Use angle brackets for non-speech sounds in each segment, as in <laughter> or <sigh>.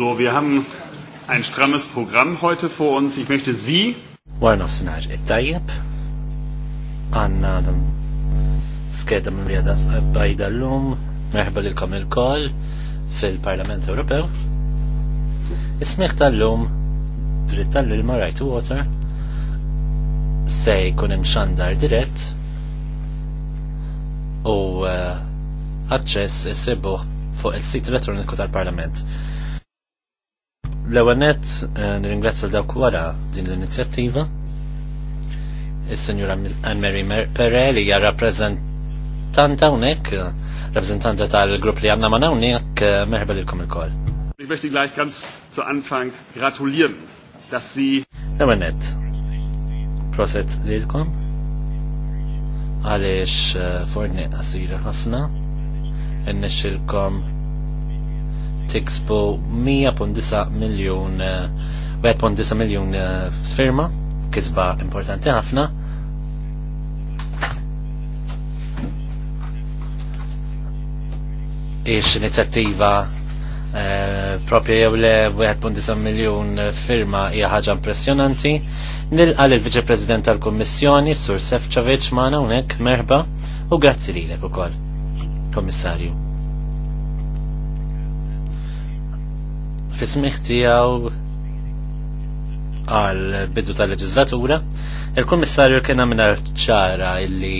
So, wir haben ein strammes Programm heute vor uns. Ich möchte Sie. it-tajjeb. Għanna dan skeda minn bajda l-lum. Merħba lilkom il-koll fil-Parlament Ewropew. Ismiħ tal-lum dritt tal-ilma right to water se jkun hemm xandar dirett u eh, aċċess isibuh fuq il-sit elettroniku tal-Parlament L-ewenet ewanet eh, nirringrazzja l-dawk wara din l-inizjattiva. Il-senjura Anne-Mary Perel ja rappresentanta unek, rappresentanta tal-grupp li għandna ma' hawnhekk eh, merħba il ilkoll. Ich möchte gleich ganz zu Anfang gratulieren, dass Sie. Ewenet, proset lilkom għaliex eh, forni qasira ħafna, n-nexilkom tiksbu 100.9 miljon 1.9 miljon firma kisba importanti ħafna ix inizjattiva Uh, propja jew le 1.9 miljun eh, firma hija ħaġa impressjonanti. Nilqa l viċe President tal-Kummissjoni, Sur Sefcovic, magħna hawnhekk merħba u grazzi lilek ukoll, Kommissarju. fismiħti tiegħu għal bidu tal-leġislatura, il-Kummissarju kien minna ċara illi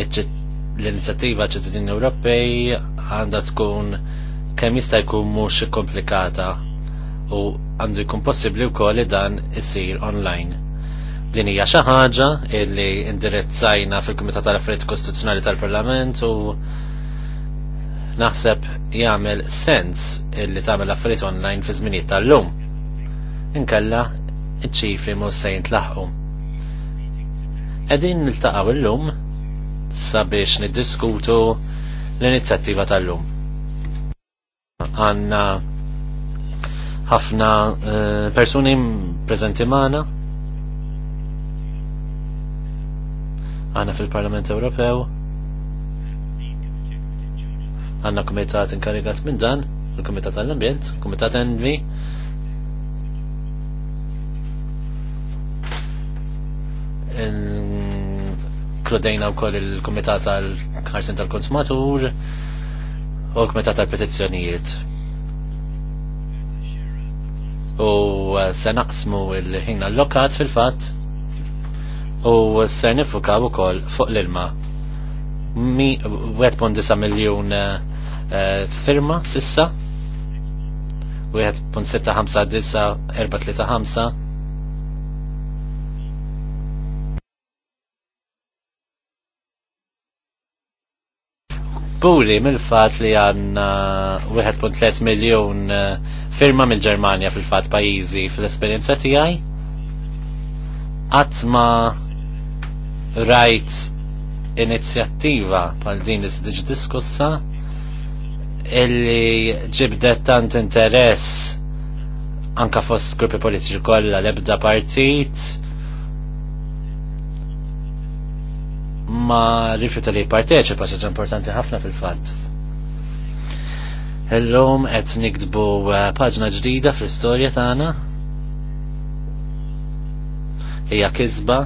l-inizjattiva ċittadini Ewropej għandha tkun kemm jista' jkun mhux komplikata u għandu jkun possibbli wkoll li dan isir online. Din hija xi ħaġa illi indirizzajna fil-Kumitat tal-Affarijiet Kostituzzjonali tal-Parlament u naħseb jagħmel sens illi tagħmel affarijiet online fi żminijiet tal-lum. Inkella iċ-ċifri mhux se jintlaħqu. Qegħdin niltaqgħu llum sabiex niddiskutu l-inizjattiva tal-lum. Għanna ħafna eh, persuni prezenti magħna għanna fil-Parlament Ewropew għanna komitat inkarigat minn dan, il-komitat għall-ambjent, komitat envi. Klodejna u koll il-komitat tal ħarsin tal-konsumatur u komitat tal petizzjonijiet U uh, se naqsmu il l lokat fil-fat u se nifukaw u koll fuq l-ilma. 1.9 miljon eh, eh, firma sissa 1.659 Buri mill-fat li għanna 1.3 miljon eh, firma mill-Germania fil-fat pajizi fil-esperienza tijaj għatma rajt inizjattiva pal din li s diskussa illi ġibdet tant interess anka fost gruppi politiċi kollha l-ebda partit ma rifjuta li jipparteċipa xaġa importanti ħafna fil-fatt. Illum qed nikdbu eh, paġna ġdida fl-istorja tagħna. Hija kisba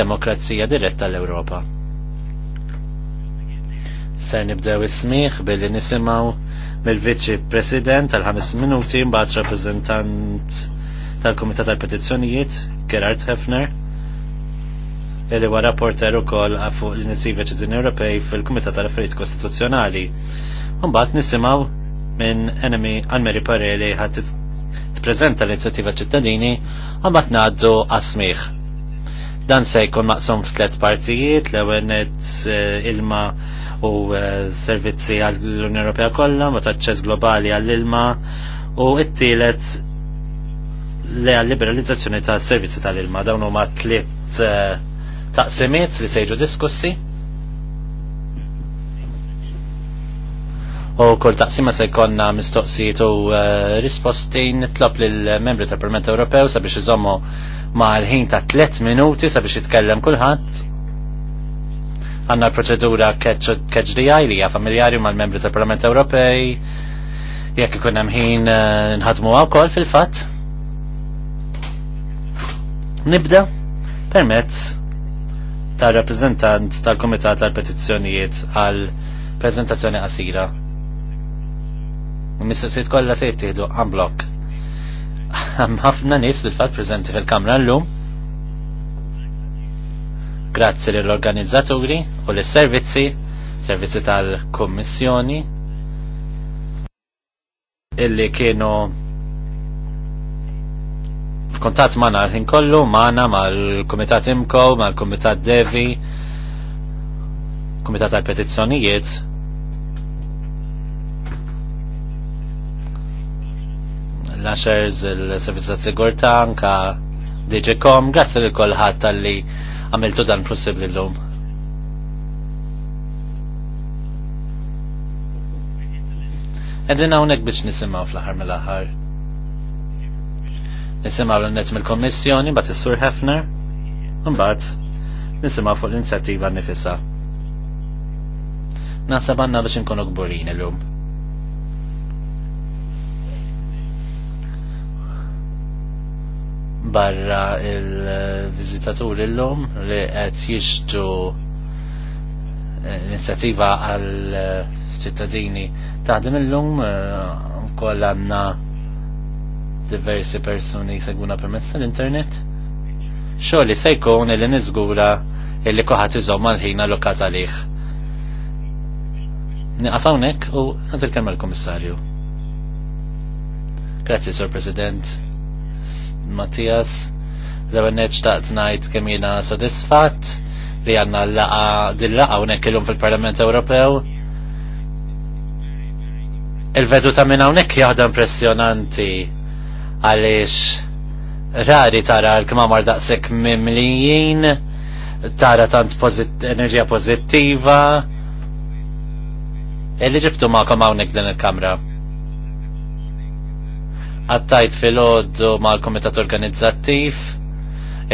demokrazija diretta l-Ewropa. Ser nibdew ismiħ billi nisimaw mill-Viċi President tal-5 minuti mbagħad rappreżentant tal-Kumitat tal-Petizzjonijiet Gerard Hefner li huwa rapporter ukoll fuq l-Inizjattiva Ċittadini Ewropej fil-Kumitat tal-Affarijiet Kostituzzjonali. Mbagħad nisimgħu minn enemy Anmeri Pareli ħadd tippreżenta l-Inizjattiva Ċittadini u mbagħad ngħaddu għasmiħ. Dan se jkun maqsum f'tliet partijiet, l-ewwel eh, ilma u eh, servizzi għall-Unjoni Ewropea kollha, ma taċċess globali għall-ilma u t-tielet le għall-liberalizzazzjoni ta' servizzi tal-ilma dawn huma tliet eh, taqsimiet li sejġu diskussi. U kull taqsima se jkollna mistoqsijiet u eh, risposti nitlob lill membri tal-Parlament Ewropew sabiex iżommu ma' l-ħin ta' 3 minuti sabiex jitkellem kulħadd Għanna proċedura catch the eye li familjari mal-membri tal-Parlament Ewropej, jekk ikun hemm ħin eh, nħadmu wkoll fil-fatt. Nibda permezz tal-rappreżentant tal-Kumitat tal-Petizzjonijiet għal prezentazzjoni qasira. mis Sid kollha se jittieħdu għan blok. Hemm ħafna nies li fatt preżenti fil-Kamra llum. Grazzi lill-organizzaturi u l-servizzi, servizzi tal-Kommissjoni illi kienu f'kuntatt magħna ħin kollu M'a mal-Kumitat Imko, mal-Kumitat Devi, Kumitat tal-Petizzjonijiet. L-Ashers, il servizzat ta' Sigurta, anka DJ.com, grazzi l kolħat tal-li għamiltu dan possibli l-lum. Edin għawnek biex nisimaw fl-ħar mill-ħar. Nisimaw l-net mill-kommissjoni, bat s sur Hefner, un-bat nisimaw fuq l-inizjattiva nifisa. Nasab għanna biex nkunu gburin l-lum. barra il-vizitaturi l-lum li qed jixtu eh, inizjattiva għal eh, ċittadini taħdem l-lum eh, koll għanna diversi personi seguna permezz tal-internet xogħol se jkun li niżgura li koħat iżom għal-ħin allokat għalih. Niqafawnek u għandil kemm komissarju Grazie, Sir President. Mattias l neċ taqt najt kemina sadisfat li għanna l-laqa dil-laqa unek il fil-Parlament Ewropew. Il-vedu ta' minna unek jahda impressionanti għalix rari tara l-kmamar daqsek mimlijin, tara tant enerġija pozittiva. Il-li ġibtu ma' kom din il-kamra għattajt fil-ħoddu mal-komitat organizzattiv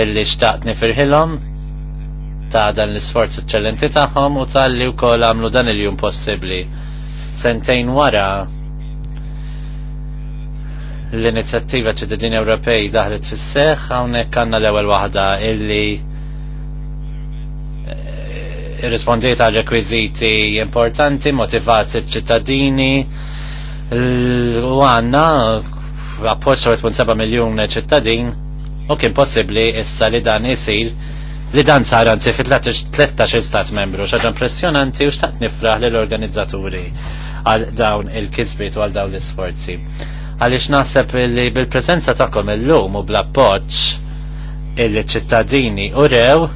illi xtaqtni firħilom ta' dan l-sforz eccellenti tagħhom u tal-li wkoll għamlu dan il-jum possibbli. Sentejn wara l-inizjattiva ċittadin Ewropej daħlet fis seħħ hawnhekk għandna l-ewwel waħda illi eh, irrispondiet għal rekwiżiti importanti, motivati ċittadini u għanna f'appoġġ 7 miljun ċittadin u kien possibbli issa li dan isir li dan sar anzi fit-13 stat membru xaġa impressjonanti u xtaqt nifraħ lill organizzaturi għal dawn il-kisbiet u għal dawn l-isforzi. Għaliex naħseb li bil-preżenza tagħkom illum u bl-appoġġ il-ċittadini u rew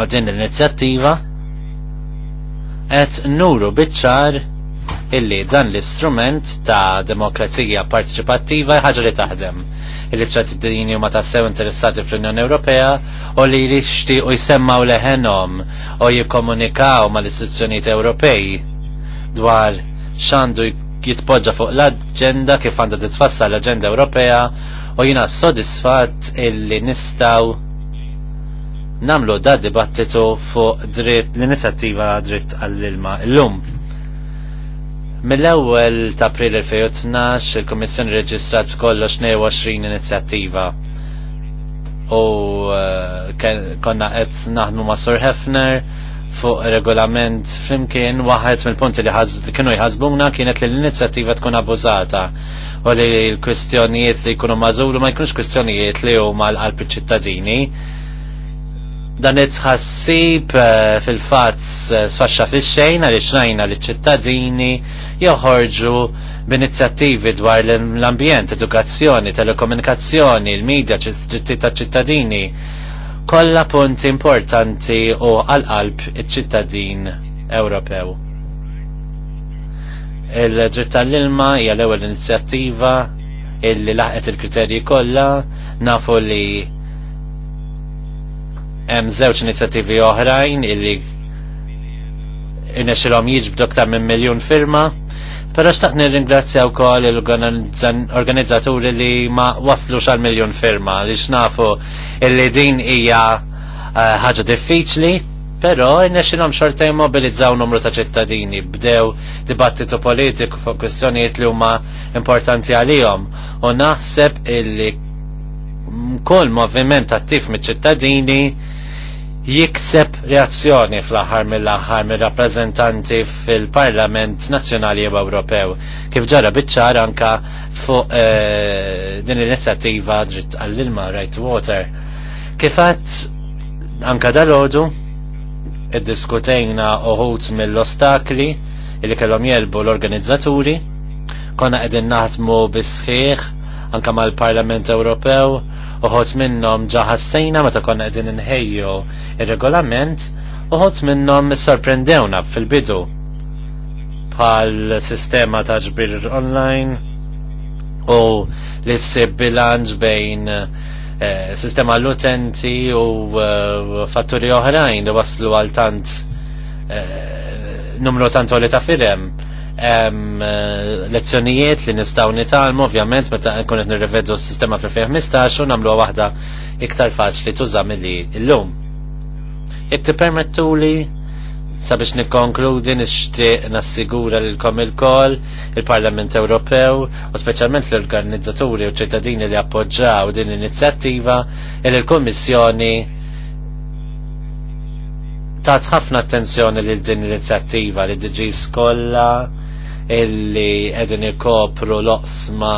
u din l-inizjattiva qed nuru biċ-ċar illi dan l-istrument ta' demokrazija partiċipattiva ħaġa li taħdem illi ċattidini huma tassew interessati fl-Unjoni Ewropea u li u jsemmaw leħenhom u jikkomunikaw mal-istituzzjonijiet Ewropej dwar x'għandu jitpoġġa fuq l-aġenda kif għandha titfassal l agenda Ewropea u jina sodisfatt illi nistgħu namlu da dibattitu fuq dritt l-inizjattiva dritt għall-ilma l-lum. Mill-ewwel ta' April 2012 il komissjoni reġistrat kollox 22 inizjattiva u eh, konna qed naħdmu ma' Sur Hefner fuq regolament flimkien waħed mill-punti li kienu jħasbuna kienet li l-inizjattiva tkun abbużata u li l-kwistjonijiet li jkunu mażuru ma jkunux kwistjonijiet li huma l-qalb iċ-ċittadini Dan it-tħassib eh, fil-fatt eh, sfaxxa fix-xejn għaliex rajna li ċittadini joħorġu b'inizjattivi dwar l-ambjent, edukazzjoni, telekomunikazzjoni, il-medja, ċitti ta' ċittadini. Kolla punti importanti u għal-qalb iċ-ċittadin Ewropew. il dritt tal-ilma hija l-ewwel inizjattiva illi laħqet il-kriterji kollha nafu li Hemm żewġ inizjattivi oħrajn illi inexilhom jiġbdu aktar minn miljun firma, però xtaqt nirringrazzja wkoll l-organizzaturi li ma waslux għal miljun firma li xnafu illi din hija eh, ħaġa diffiċli, però inexilhom nexilom xorta numru ta' ċittadini, bdew dibattitu politiku fuq kwistjonijiet li huma importanti għalihom u naħseb illi kol moviment attiv mit ċittadini jikseb reazzjoni fl-aħħar mill-aħħar mill rappreżentanti fil-Parlament Nazzjonali u Ewropew kif ġara biċċar anka fuq eh, din l-inizjattiva dritt għall-ilma Right Water. Kifat anka dal-ħodu id-diskutejna uħut mill-ostakli li kellhom jelbu l-organizzaturi konna qegħdin naħdmu bisħiħ anka mal-Parlament Ewropew uħot minnom ma meta konna qegħdin inħejju il regolament uħot minnom sorprendewna fil-bidu bħal sistema ta' ġbir online u li s-sib bilanġ bejn eh, sistema l-utenti u eh, fatturi oħrajn li waslu għal tant eh, numru tant li ta' firem Eh, lezzjonijiet li nistaw nitalmu, ovvjament, meta kunet nirrevedu s-sistema fil-2015 u namlu waħda iktar faċli tuża mill-li l-lum. Jek ti permettu li sabiex nikkonkludi nixtieq nassigura lilkom il-kol, il-Parlament Ewropew u speċjalment l-organizzaturi u ċittadini li appoġġaw din l-inizjattiva il l kummissjoni tat ħafna attenzjoni lil din l-inizjattiva li diġi skolla illi edin ikopru loqsma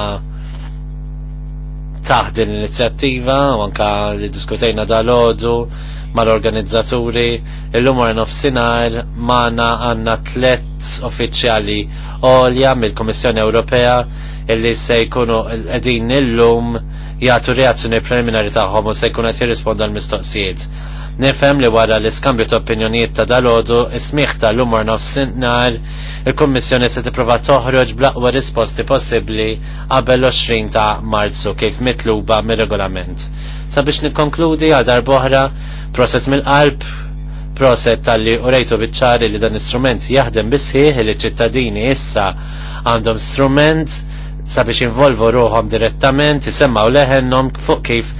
taħt din l-inizjattiva u li diskutejna dal-ħodu mal-organizzaturi il-lum għar nofsinar maħna għanna tlet uffiċjali olja mill-Komissjoni Ewropea illi se jkunu edin il-lum jgħatu reazzjoni preliminari taħħom u se jkunu għati rispondu għal-mistoqsijiet. Nifhem li wara l-iskambju ta' opinjonijiet ta' dalodu ismiħ ta' l-umor nofsinhar il-Kummissjoni se tipprova toħroġ blaqwa risposti possibbli qabel 20 ta' Marzu kif mitluba mir-regolament. Sabiex nikkonkludi għal darboħra proset mill-qalb proset tal-li urejtu bitċari li dan istrument jaħdem bisħiħ li ċittadini issa għandhom strument sabiex involvu ruħom direttament, jisemmaw leħennom fuq kif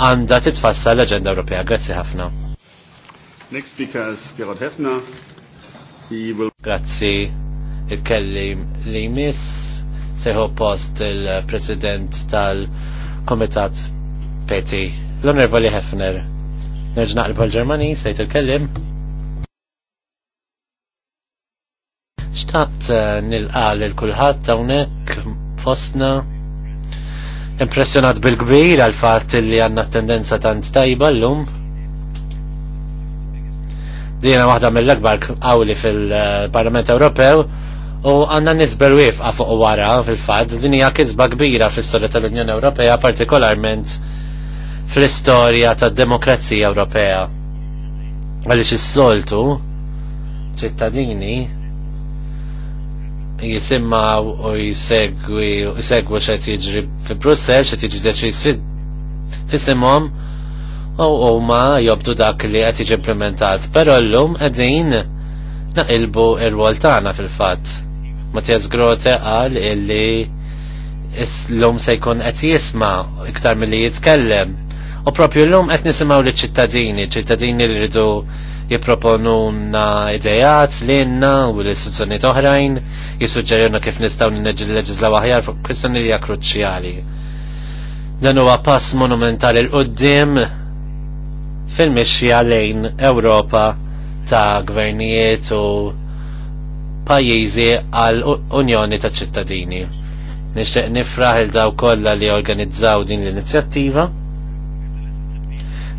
għandha titfassal l-Aġenda Ewropea. Grazzi ħafna. Next speaker is Gerard Hefner. Will... Grazzi il-kellim li jmiss seħu post il-president tal-Komitat Peti. L-Onorevoli Hefner. Nerġnaq l-Ġermani, sejt il-kellim. xtaqt eh, nilqa il kulħat tawnek fosna impressionat bil-kbir għal fatt li għanna tendenza tant tajba l-lum. Dina waħda mill-akbar għawli fil-Parlament Ewropew u għanna nisber wifqa fuq u wara fil-fat din hija kisba kbira fis-storja tal-Unjoni Ewropea partikolarment fl-istorja tad-demokrazija Ewropea. Għaliex is-soltu ċittadini jisimma u jisegwu xed jiġri fi Brussel, xed jiġri deċis fi simom u huma jobdu dak li qed jiġi implementat. Però llum qegħdin naqilbu r-rwol tagħna fil-fatt. Mattias Grote qal illi l-lum se jkun qed jisma' iktar milli jitkellem. U propju l-lum qed nisimgħu liċ-ċittadini, ċittadini li rridu na idejat li jenna u l-istituzzjoniet oħrajn, jisuġġerjuna kif nistaw n-leġizlaw aħjar fuq kwistjoni li kruċjali. Dan huwa pass monumentali l-qoddim fil-mixja lejn Ewropa ta' gvernijiet u pajjiżi għal Unjoni ta' ċittadini. Nixtieq nifraħ il daw kollha li organizzaw din l-inizjattiva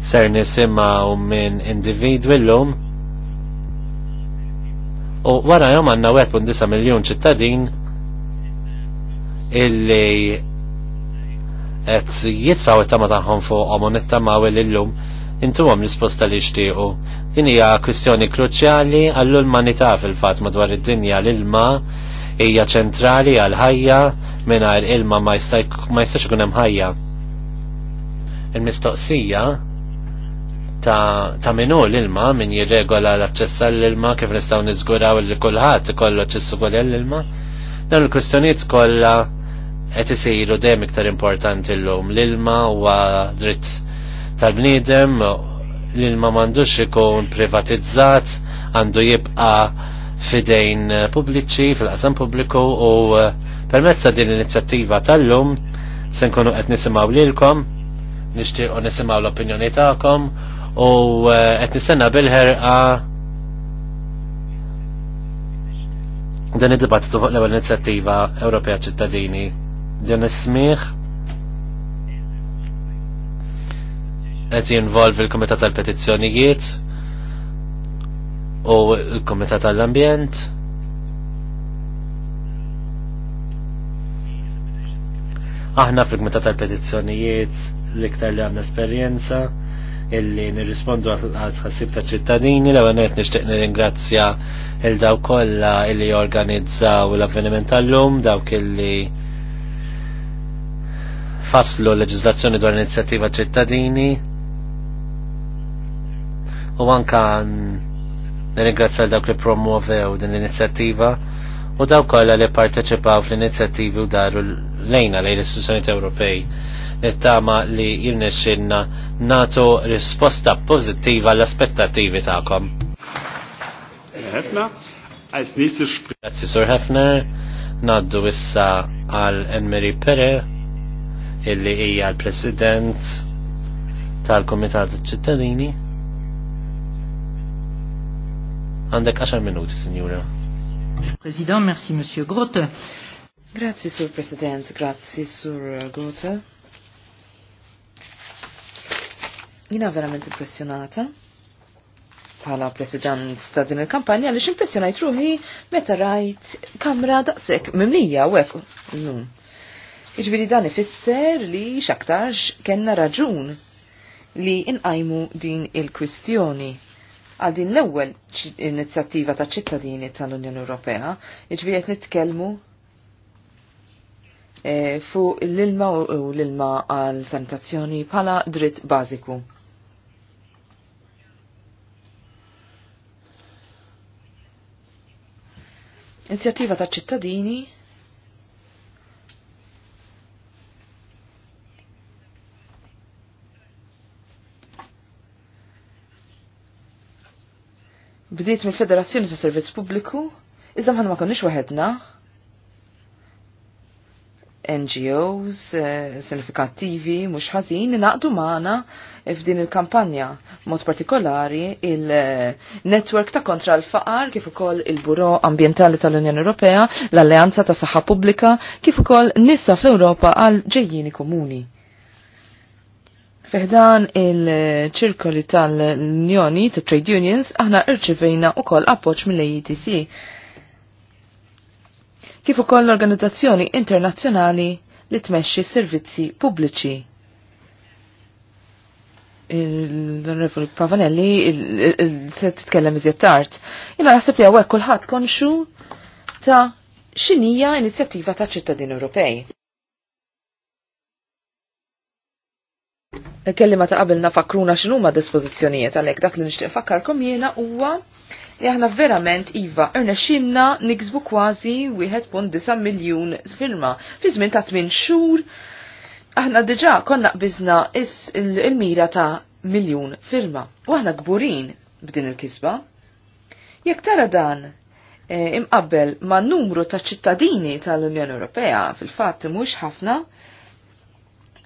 ser nisimma u minn individwi l-lum u wara jom għanna 1.9 miljon ċittadin illi et jitfaw it-tama taħħom fuqom u l-lum intu għom risposta li xtiqu. Din hija kwistjoni kruċjali għall-umanità fil-fat madwar id-dinja l-ilma hija ċentrali għal-ħajja mingħajr ilma ma jistax ikun hemm ħajja. Il-mistoqsija ta', ta minu l-ilma min jirregola l-aċċess għall-ilma kif nistgħu niżguraw li kulħadd ikollu aċċess kull l ilma Dan il-kwistjonijiet kollha qed isiru dejjem iktar importanti llum l-ilma huwa dritt tal-bniedem l-ilma m'għandux ikun privatizzat għandu jibqa' fidejn pubbliċi fil-qasam pubbliku u uh, permezza din l-inizjattiva tal-lum se nkunu qed nisimgħu lilkom nixtiequ nisimgħu l-opinjoni tagħkom u eh, qed nistenna bilħerqa. ħerqa dan id-dibattitu fuq l-ewwel inizjattiva Ewropea ċittadini dan is-smieħ qed jinvolvi l-Kumitat tal-Petizzjonijiet u l-Kumitat tal-Ambjent. Aħna fil-Kumitat tal-Petizzjonijiet l-iktar li għandna esperjenza illi nirrispondu għal tħassib ta' ċittadini l għanet nishtiq nirringrazzja il-daw kolla illi jorganizzaw l-avveniment tal-lum dawk illi faslu leġizlazzjoni dwar inizjattiva ċittadini u anka nirringrazzja dawk li promuovew din l-inizjattiva u daw kolla li parteċipaw fl-inizjattivi u daru lejna lejn l-istituzzjoniet Ewropej nittama li jirnexinna natu risposta pozittiva l-aspettativi tagħkom. Grazzi Sur Hefner, naddu issa għal Enmeri Pere, illi hija l-President tal-Komitat ċittadini. Għandek 10 minuti, Signora. President, merci, Monsieur Grote. Grazie, Sur President, grazie, Sur Grote. Jina verament impressjonata bħala president ta' din il-kampanja li ximpressjonajt ruħi meta rajt kamra daqsek mimlija u ek. Iġbiri dan ifisser li xaktarx kenna raġun li inqajmu din il-kwistjoni għal din l-ewwel inizjattiva ta' ċittadini tal-Unjoni Ewropea, iġbiri qed nitkellmu eh, fuq l-ilma u l-ilma għal sanitazzjoni bħala dritt bażiku Inizjattiva ta' ċittadini Bżiet mill-Federazzjoni ta' Servizz Pubbliku, iżda ma konniex waħedna. NGOs, eh, sinifikattivi, mhux ħażin, naqdu magħna f'din il-kampanja. Mod partikolari il-netwerk ta' kontra l-faqar kif ukoll il-Buro Ambientali tal-Unjoni Ewropea, l-Alleanza ta' Saħħa Pubblika, kif ukoll nisa fl-Ewropa għal ġejjini komuni. Fiħdan il-ċirkoli tal-Unjoni, ta' Trade Unions, aħna irċivejna ukoll appoġġ mill-AETC. Kif ukoll l-Organizzazzjoni Internazzjonali li tmexxi servizzi pubbliċi l-Onorevoli Pavanelli se titkellem iżjed tard. Jina naħseb li għawek kulħadd konxu ta' x'inhija inizjattiva ta' ċittadin Ewropej. ma ta' qabel nafakruna x'inhuma dispożizzjonijiet għalhekk dak li nixtieq fakkarkom jena huwa li aħna verament iva xinna niksbu kważi 1.9 miljun firma fi żmien ta' 8 xhur aħna diġa konna is il-mira ta' miljun firma. U aħna gburin b'din il-kisba. Jekk tara dan e, imqabbel ma' numru ta' ċittadini tal-Unjoni Ewropea fil-fatt mhux ħafna,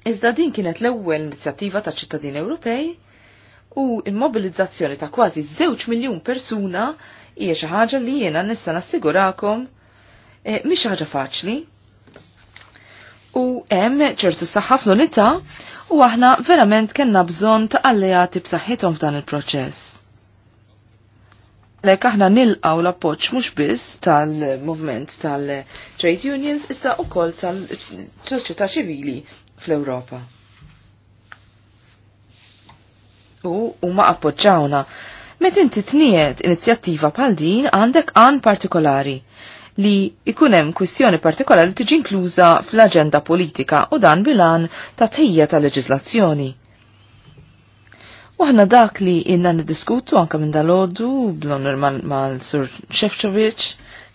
iżda din kienet l-ewwel inizjattiva ta' ċittadini Ewropej u immobilizzazzjoni ta' kważi żewġ miljun persuna hija xi ħaġa li jiena nista' nassigurakom e, mhix ħaġa faċli u hemm ċertu saħħa fl-unità u aħna verament kellna bżonn ta' alleati b'saħħithom f'dan il-proċess. Lek aħna nilqaw l appoġġ mhux biss tal-movement tal-trade unions issa wkoll tal-soċjetà ċivili fl-Ewropa. U huma appoġġawna. Met inti tniet inizjattiva bħal din għandek għan partikolari li ikunem kwistjoni partikolari tiġi inkluża fl-aġenda politika u dan bilan ta' tħija ta' leġislazzjoni. Waħna dak li inna niddiskutu anka minn dal-ħoddu bl onur mal-sur Shevchovic,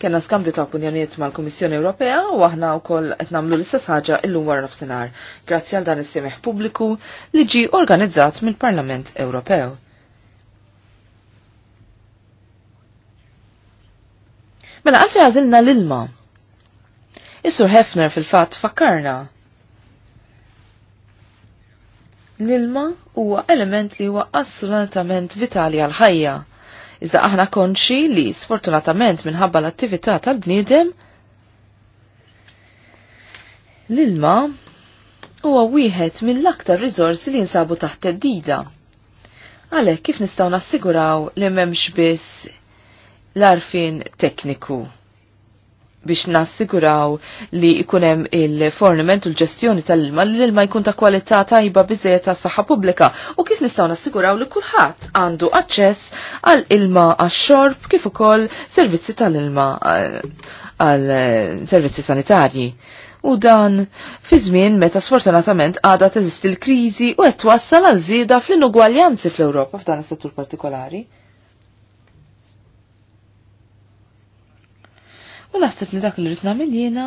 kena skambju ta' opinjoniet mal-Komissjoni Ewropea u aħna u koll etnamlu l-istess ħaġa illum war nofsinar, grazzi għal dan is-semeħ pubbliku li ġi organizzat mill-Parlament Ewropew. Mela għalfej għazilna l-ilma. Issur Hefner fil-fatt fakkarna. L-ilma huwa element li huwa assolutament vitali għal ħajja. Iżda aħna konxi li sfortunatament minħabba l-attività tal-bniedem l-ilma huwa wieħed mill-aktar riżorsi li nsabu taħt id-dida. Għalhekk kif nistgħu nassiguraw li m'hemmx biss l-arfin tekniku biex nassiguraw li ikunem il fornament u l-ġestjoni tal-ilma li l-ilma jkun ta' kwalità tajba biżejjed ta' saħħa pubblika u kif nistgħu nassiguraw li kulħadd għandu aċċess għal ilma għax-xorb kif ukoll servizzi tal-ilma eh, għal eh, servizzi sanitarji. U dan fi żmien meta sfortunatament għadha teżisti l-kriżi u qed twassal għal żieda fl-inugwaljanzi fl-Ewropa f'dan is-settur partikolari. U naħseb li dak li rrid nagħmel jiena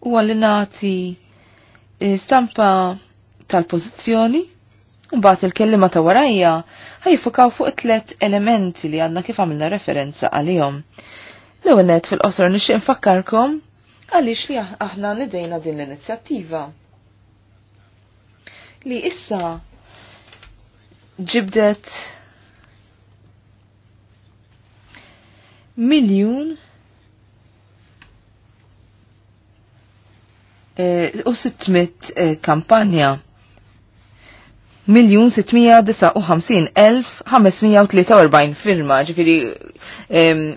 u għalli nagħti e, stampa tal-pożizzjoni u mbagħad il-kellima ta' warajja ħajfukaw fuq tliet elementi li għandna kif għamilna referenza għalihom. L-ewwel fil-qosor nixtieq infakkarkom għaliex li aħna nidejna din l-inizjattiva li issa ġibdet miljun eh, u 600 eh, kampanja. Miljun 659.543 firma, ġifiri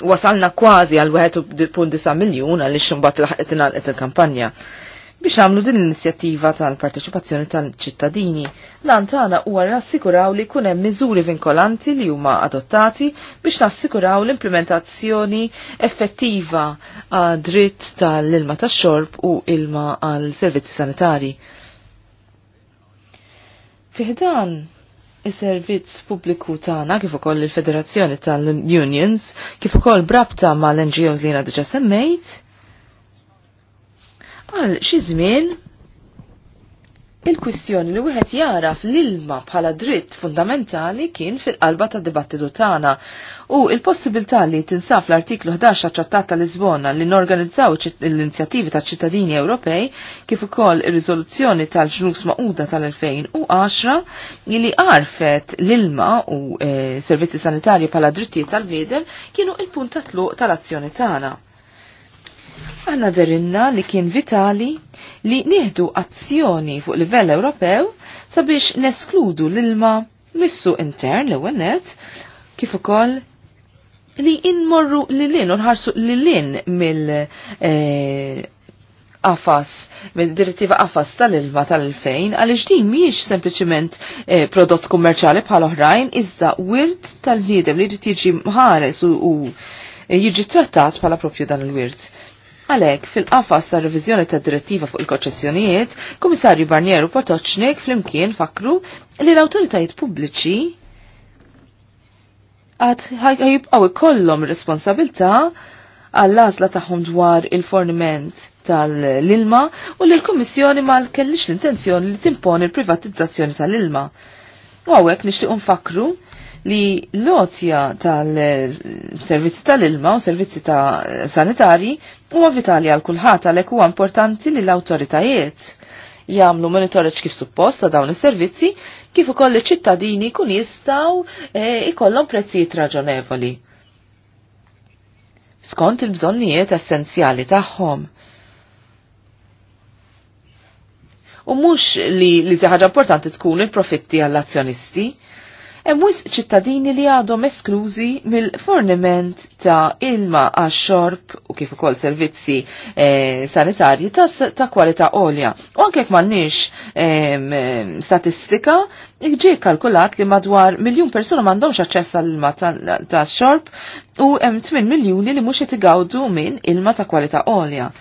wasalna kważi għal disa miljun għal ixumbat l-ħaqetina l-kampanja biex għamlu din l-inizjattiva tal-parteċipazzjoni tal-ċittadini. Lan tagħna huwa nassikuraw li jkun hemm miżuri vinkolanti li huma adottati biex nassikuraw l-implementazzjoni effettiva għad dritt tal-ilma tax-xorb u ilma għal servizzi sanitari. Fiħdan Is-servizz pubbliku tagħna kif ukoll il-Federazzjoni tal-Unions kif ukoll brabta mal-NGOs li jiena diġà semmejt, Għal xi żmien il-kwistjoni li wieħed jaraf l-ilma bħala dritt fundamentali kien fil-qalba ta' dibattitu tagħna u il-possibilità li tinsaf l-artiklu 11 ċattat ta' Lisbona li norganizzaw l inizjattivi ta' ċittadini Ewropej kif ukoll ir-riżoluzzjoni tal-ġnus maquda tal-2010 li għarfet l-ilma u eh, servizzi sanitarji bħala drittijiet tal-bniedem kienu il punt tluq tal-azzjoni tagħna. Għanna derinna li kien vitali li nieħdu azzjoni fuq livell Ewropew sabiex neskludu l-ilma missu intern l ewwelnet kif ukoll li inmorru l lin u nħarsu l lin mill eh, afas minn direttiva qafas tal-ilma tal-2000, għalix din miex sempliciment eh, prodott kummerċali bħal oħrajn, iżda wirt tal-bniedem li jrid jiġi mħares u, u jiġi trattat bħala propju dan il-wirt. Għalek, fil-qafas ta' revizjoni ta' direttiva fuq il-konċessjonijiet, Komissarju Barnieru Potoċnik fl-imkien fakru li l-autoritajiet pubbliċi għad ħajibqaw kollom responsabilta għall-għazla taħħom dwar il-forniment tal-ilma u li l-Komissjoni ma kellix l-intenzjoni li timponi l-privatizzazzjoni tal-ilma. U għawek nishtiq fakru li l lotja tal-servizzi tal-ilma u servizzi ta' sanitari huwa vitali għal kulħadd għalhekk huwa importanti li l-awtoritajiet jagħmlu monitoraġġ kif suppost ta' dawn is-servizzi kif ukoll iċ-ċittadini kun jistgħu e, ikollhom prezzijiet raġonevoli. Skont il-bżonnijiet essenzjali tagħhom. U mhux li li ħaġa importanti tkun il-profitti għall-azzjonisti, hemm wisq ċittadini li għadhom esklużi mill-forniment ta' ilma għax-xorb u kif ukoll servizzi e, sanitarji ta', ta kwalità olja. U anke jekk m'għandniex e, statistika, ġie kalkulat li madwar miljun persuna m'għandhomx aċċess għall-ilma ta' xorb u hemm 8 miljuni li mhux qed igawdu minn ilma ta' kwalità olja.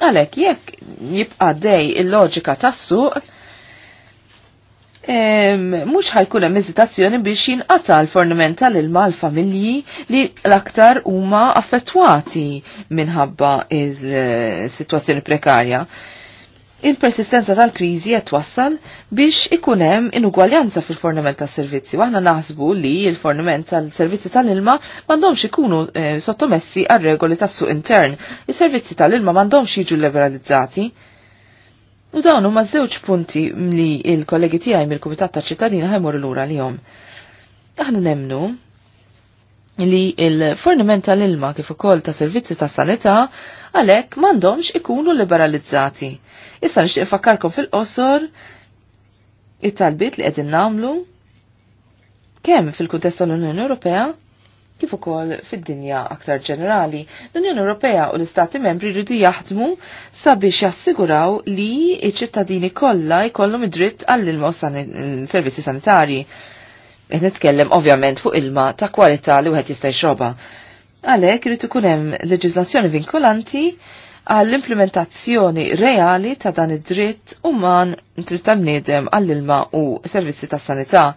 Għalhekk jekk jibqa' dej il-loġika tas-suq, mhux ħajkun hemm eżitazzjoni biex jinqata l-forniment tal-ilma l-familji li l-aktar huma affettwati minħabba il-sitwazzjoni prekarja il-persistenza tal-krizi qed wassal biex ikun hemm inugwaljanza fil-forniment tas-servizzi. Waħna naħsbu li l-forniment tal-servizzi tal-ilma m'għandhomx ikunu eh, sottomessi għar regoli tas-suq intern. Is-servizzi tal-ilma m'għandhomx jiġu liberalizzati. U dawn huma żewġ punti li il-kollegi tiegħi mill-Kumitat ta' ċittadina ħajmur lura lihom. Aħna nemnu li il-forniment tal-ilma kif ukoll ta' servizzi ta' sanità għalhekk m'għandhomx ikunu liberalizzati. Issa nixtieq fakkarkom fil-qosor it-talbiet li qegħdin nagħmlu kemm fil-kuntest tal-Unjoni Ewropea kif ukoll fid-dinja aktar ġenerali. L-Unjoni Ewropea u l-Istati membri rridu jaħdmu sabiex jassiguraw li iċ-ċittadini kollha jkollhom id-dritt għall-ilma u servizzi sanitarji. Nitkellem ovvjament fuq ilma ta' kwalità li wieħed jista' jxroba. Għalhekk irid ikun hemm leġiżlazzjoni vinkolanti għall-implementazzjoni reali ta' dan id-dritt uman dritt tan bniedem għall-ilma u servizzi tas-sanità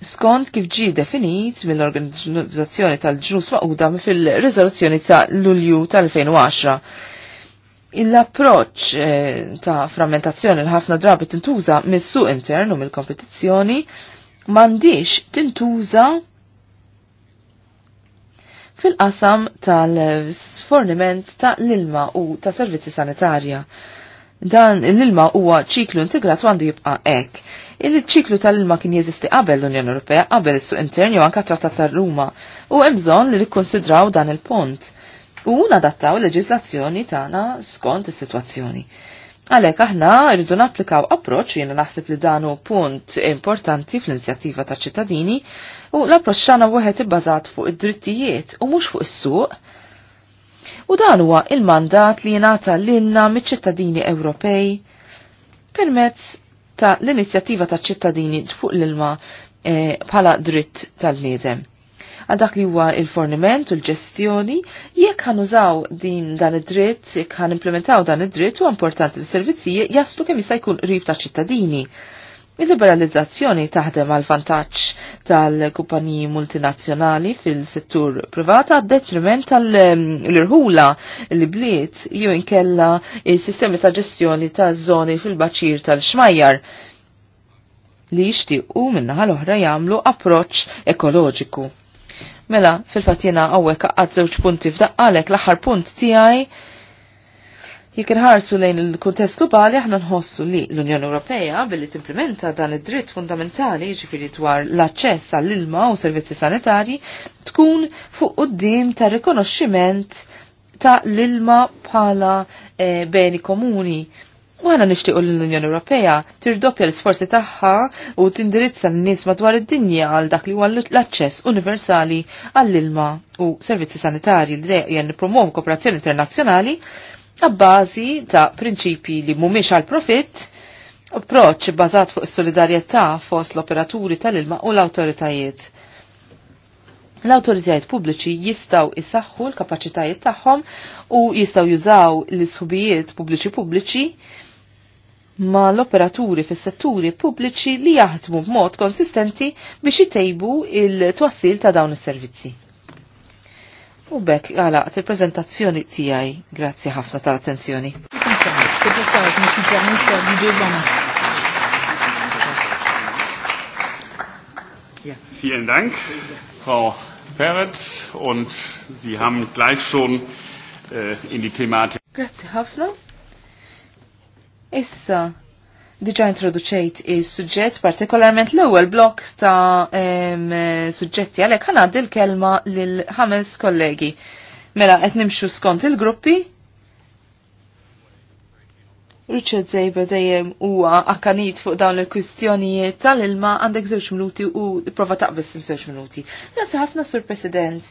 skont kif ġi definit mill-organizzazzjoni tal ġus maquda fil-rizoluzzjoni ta' Lulju tal-2010. Il-approċ eh, ta' frammentazzjoni l-ħafna drabi tintuża mis-suq internu mill-kompetizzjoni mandiċ tintuża fil-qasam tal-sforniment ta' l-ilma u ta' servizzi sanitarja. Dan l-ilma huwa ċiklu integrat għandu jibqa' hekk. Il-ċiklu tal-ilma kien jeżisti qabel l-Unjoni Ewropea, qabel is-suq intern jew anke trattat tar-Ruma u hemm bżonn li nikkonsidraw dan il-punt u nadattaw l-leġiżlazzjoni tagħna skont is-sitwazzjoni. Għalek aħna rridu napplikaw approċ jiena naħseb li dan hu punt importanti fl-inzjattiva ta' ċittadini u l approċċ xana wieħed ibbażat fuq id-drittijiet u mhux fuq is-suq U dan huwa il-mandat li jingħata lilna miċ-ċittadini Ewropej permezz ta' l-inizjattiva ta' ċittadini fuq l-ilma eh, bħala e, dritt tal liedem Għadak li huwa il-forniment u l-ġestjoni, jekk użaw din dan id-dritt, jekk ħan implementaw dan id-dritt, u importanti l servizzi jaslu kemm jista' jkun rib ta' ċittadini Il-liberalizzazzjoni taħdem għal vantaġġ tal-kumpaniji multinazzjonali fil-settur privata detriment tal-irħula li bliet jew inkella il-sistemi ta' ġestjoni ta' zoni fil-baċir tal-xmajjar li jixtiequ minna l-oħra jagħmlu approċċ ekoloġiku. Mela, fil-fatt jiena hawnhekk qaqqad żewġ punti f'daqqalek l-aħħar punt tiegħi Jikin ħarsu lejn il-kuntest globali aħna nħossu li l-Unjoni Ewropea billi timplementa dan id-dritt fundamentali jiġifieri dwar l-aċċess għall-ilma u servizzi sanitarji tkun fuq quddiem ta' rikonoxximent ta' l-ilma bħala e, beni komuni. U għana nishtiqu l-Unjoni Ewropea tirdoppja l-sforzi tagħha u tindirizza n-nies madwar id-dinja għal dak li huwa l-aċċess universali għall-ilma u servizzi sanitarji li dejjem nippromovu kooperazzjoni internazzjonali għabbażi ta' prinċipi li mumiex għal profitt, approċ bazat fuq solidarjetà fost l-operaturi tal-ilma u l-autoritajiet. L-autoritajiet pubbliċi jistaw isaħħu l-kapacitajiet tagħhom u jistaw jużaw l-isħubijiet pubbliċi pubbliċi ma l-operaturi fis setturi pubbliċi li jaħdmu b'mod konsistenti biex jitejbu il-twassil ta' dawn is-servizzi. U bekk għalaqt il-prezentazzjoni tijaj. Grazie ħafna tal-attenzjoni. Vielen Dank, Frau Peretz, und Sie haben gleich schon äh, in die Thematik. Grazie, Hafner. Issa, Diġa introduċejt is-suġġett partikolarment l-ewwel blok ta' suġġetti għalhekk ħana dil kelma l ħames kollegi. Mela qed nimxu skont il-gruppi. Richard Zejba dejjem huwa akkanit fuq dawn il-kwistjonijiet tal-ilma għandek żewġ minuti u prova taqbis żewġ minuti. Nasi ħafna sur President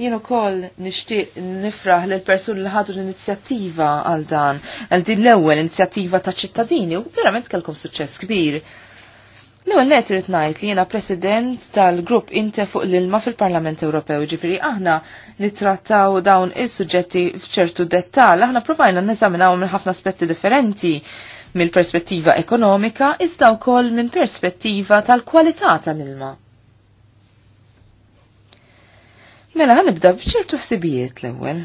Jien ukoll nixtieq nifraħ l persuni li ħadu l-inizjattiva għal dan, għal din l-ewwel inizjattiva ta' ċittadini u verament kellkom suċċess kbir. l ewel net irid ngħid li jiena President tal-grupp Inte fuq l-ilma fil-Parlament Ewropew, ġifiri aħna nittrattaw dawn is-suġġetti f'ċertu dettall, aħna provajna n-nezaminaw minn ħafna aspetti differenti mill-perspettiva ekonomika iżda wkoll minn perspettiva tal-kwalità tal-ilma. Mela ħanibda bċertu ħsibijiet l-ewwel.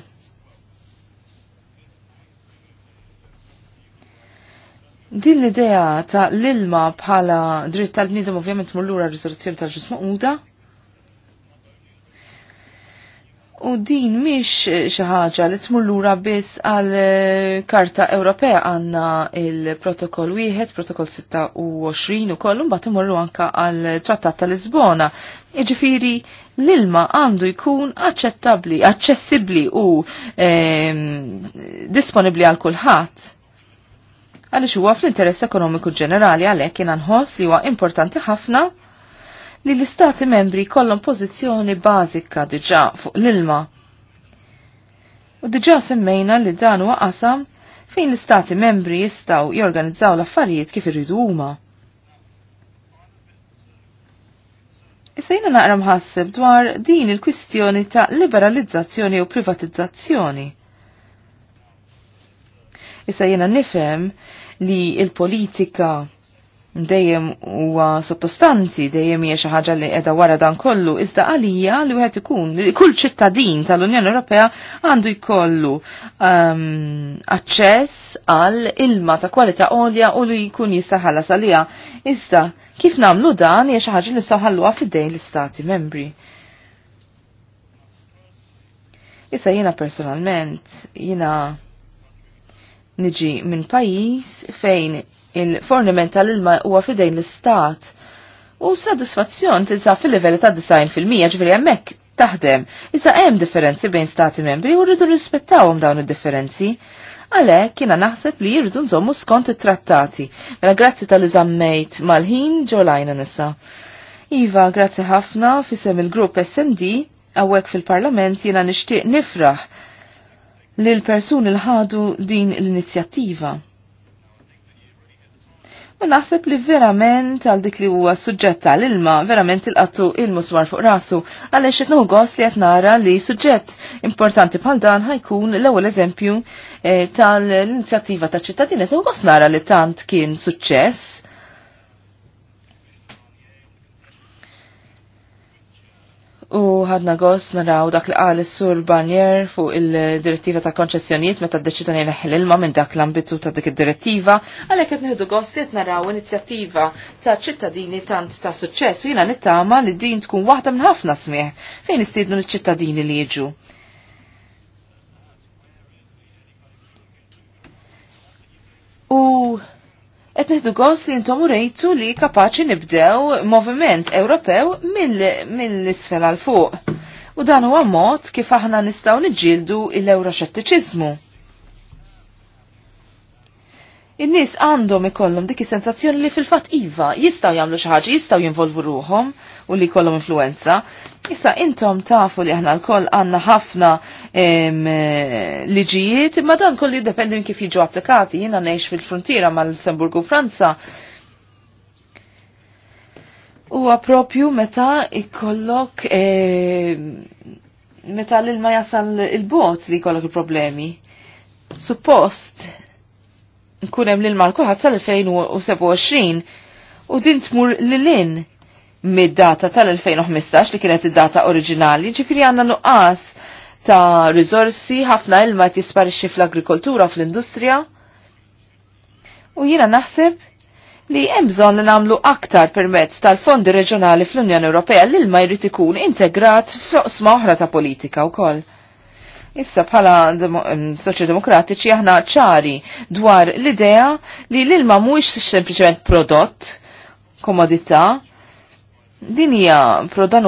Din l-idea ta' l-ilma bħala dritt tal-bniedem ovvjament mullura r-riżoluzzjoni tal da' U din miex eh, xi ħaġa li tmur lura biss għal eh, Karta Ewropea għandna il-Protokoll wieħed, Protokoll 26 u kollu mbagħad imorru anka għal Trattat tal Lisbona. Jiġifieri l-ilma għandu jkun aċċettabbli, aċċessibbli u e, disponibbli għal kulħadd għaliex huwa fl-interess ekonomiku ġenerali għalhekk jiena nħoss li huwa importanti ħafna li l-istati membri kollhom pożizzjoni bażika diġa' fuq l-ilma. U diġa' semmejna li dan huwa qasam fejn l-istati membri jistgħu jorganizzaw l-affarijiet kif irridu huma. Issa jiena naqra mħasseb dwar din il-kwistjoni ta' liberalizzazzjoni u privatizzazzjoni. Issa jiena nifhem li il-politika dejjem huwa sottostanti, dejjem hija xi ħaġa li qiegħda wara dan kollu, iżda għalija li wieħed ikun li kull ċittadin tal-Unjoni Ewropea għandu jkollu um, aċċess għal ilma ta' kwalità għolja u li jkun jista' ħallas għalija. Iżda kif nagħmlu dan hija xi ħaġa li nistgħu ħalluha fid-dejn l-istati membri. Issa jiena personalment jiena niġi minn pajjiż fejn il-forniment tal-ilma huwa fidejn l-istat u s-sadisfazzjon tinsa fil-livell ta' design fil-mija ġveri għemmek taħdem. Iżda hemm differenzi bejn stati membri u rridu rispettawhom dawn id-differenzi. Għale kiena naħseb li jirridu nżommu skont it-trattati. Mela grazzi tal-iżammejt mal-ħin ġolajna nissa. Iva, grazzi ħafna fisem il-grupp SMD għawek fil-parlament jiena nixtieq nifraħ lil persuni l-ħadu din l-inizjattiva ma naħseb li verament għal dik li huwa suġġett tal ilma verament il-qattu il muswar fuq rasu, għaliex qed għos li qed nara li suġġett importanti bħal dan ħajkun l-ewwel eżempju eh, tal-inizjattiva ta' ċittadini qed għos nara li tant kien suċċess U ħadna gost naraw dak li qal is-sur Barnier fuq il-direttiva ta' konċessjonijiet meta d-deċidani neħel ilma minn dak l-ambitu ta' dik id-direttiva, għalhekk qed neħdu gost li qed naraw inizjattiva ta' ċittadini tant ta' suċċess u jiena nittama li din tkun waħda minn ħafna smieħ fejn istiednu l-ċittadini li jiġu. U Et neħdu għos li intom rejtu li kapaċi nibdew moviment Ewropew mill-isfel għal fuq. U dan huwa mod kif aħna nistgħu niġġieldu l-euroxettiċiżmu in-nies għandhom ikollhom dik is-sensazzjoni li fil-fatt iva jistgħu jagħmlu xi ħaġa, jistgħu jinvolvu ruhom u li jkollhom influenza. Issa intom tafu li aħna l-koll għandna ħafna eh, liġijiet, imma dan kollu jiddependi minn kif jiġu applikati. Jiena ngħix fil-frontiera mal-Lussemburgu Franza huwa propju meta ikollok meta l-ilma jasal il-bot li jkollok il-problemi. Suppost nkun hemm lil ilma l sal-2027 u din tmur lil-in mid-data tal-2015 li kienet id-data oriġinali, ġifiri għanna nuqqas ta' rizorsi, ħafna ilma qed jisparixxi fl-agrikoltura, fl-industrija. U jiena naħseb li hemm bżonn li nagħmlu aktar permezz tal-fondi reġjonali fl-Unjoni Ewropea l ma jrid ikun integrat f'oqsma oħra ta' politika wkoll. Issa bħala demokratiċi aħna ċari dwar l-idea li l-ilma mhuwiex sempliċement prodott, komodità, Din hija prodan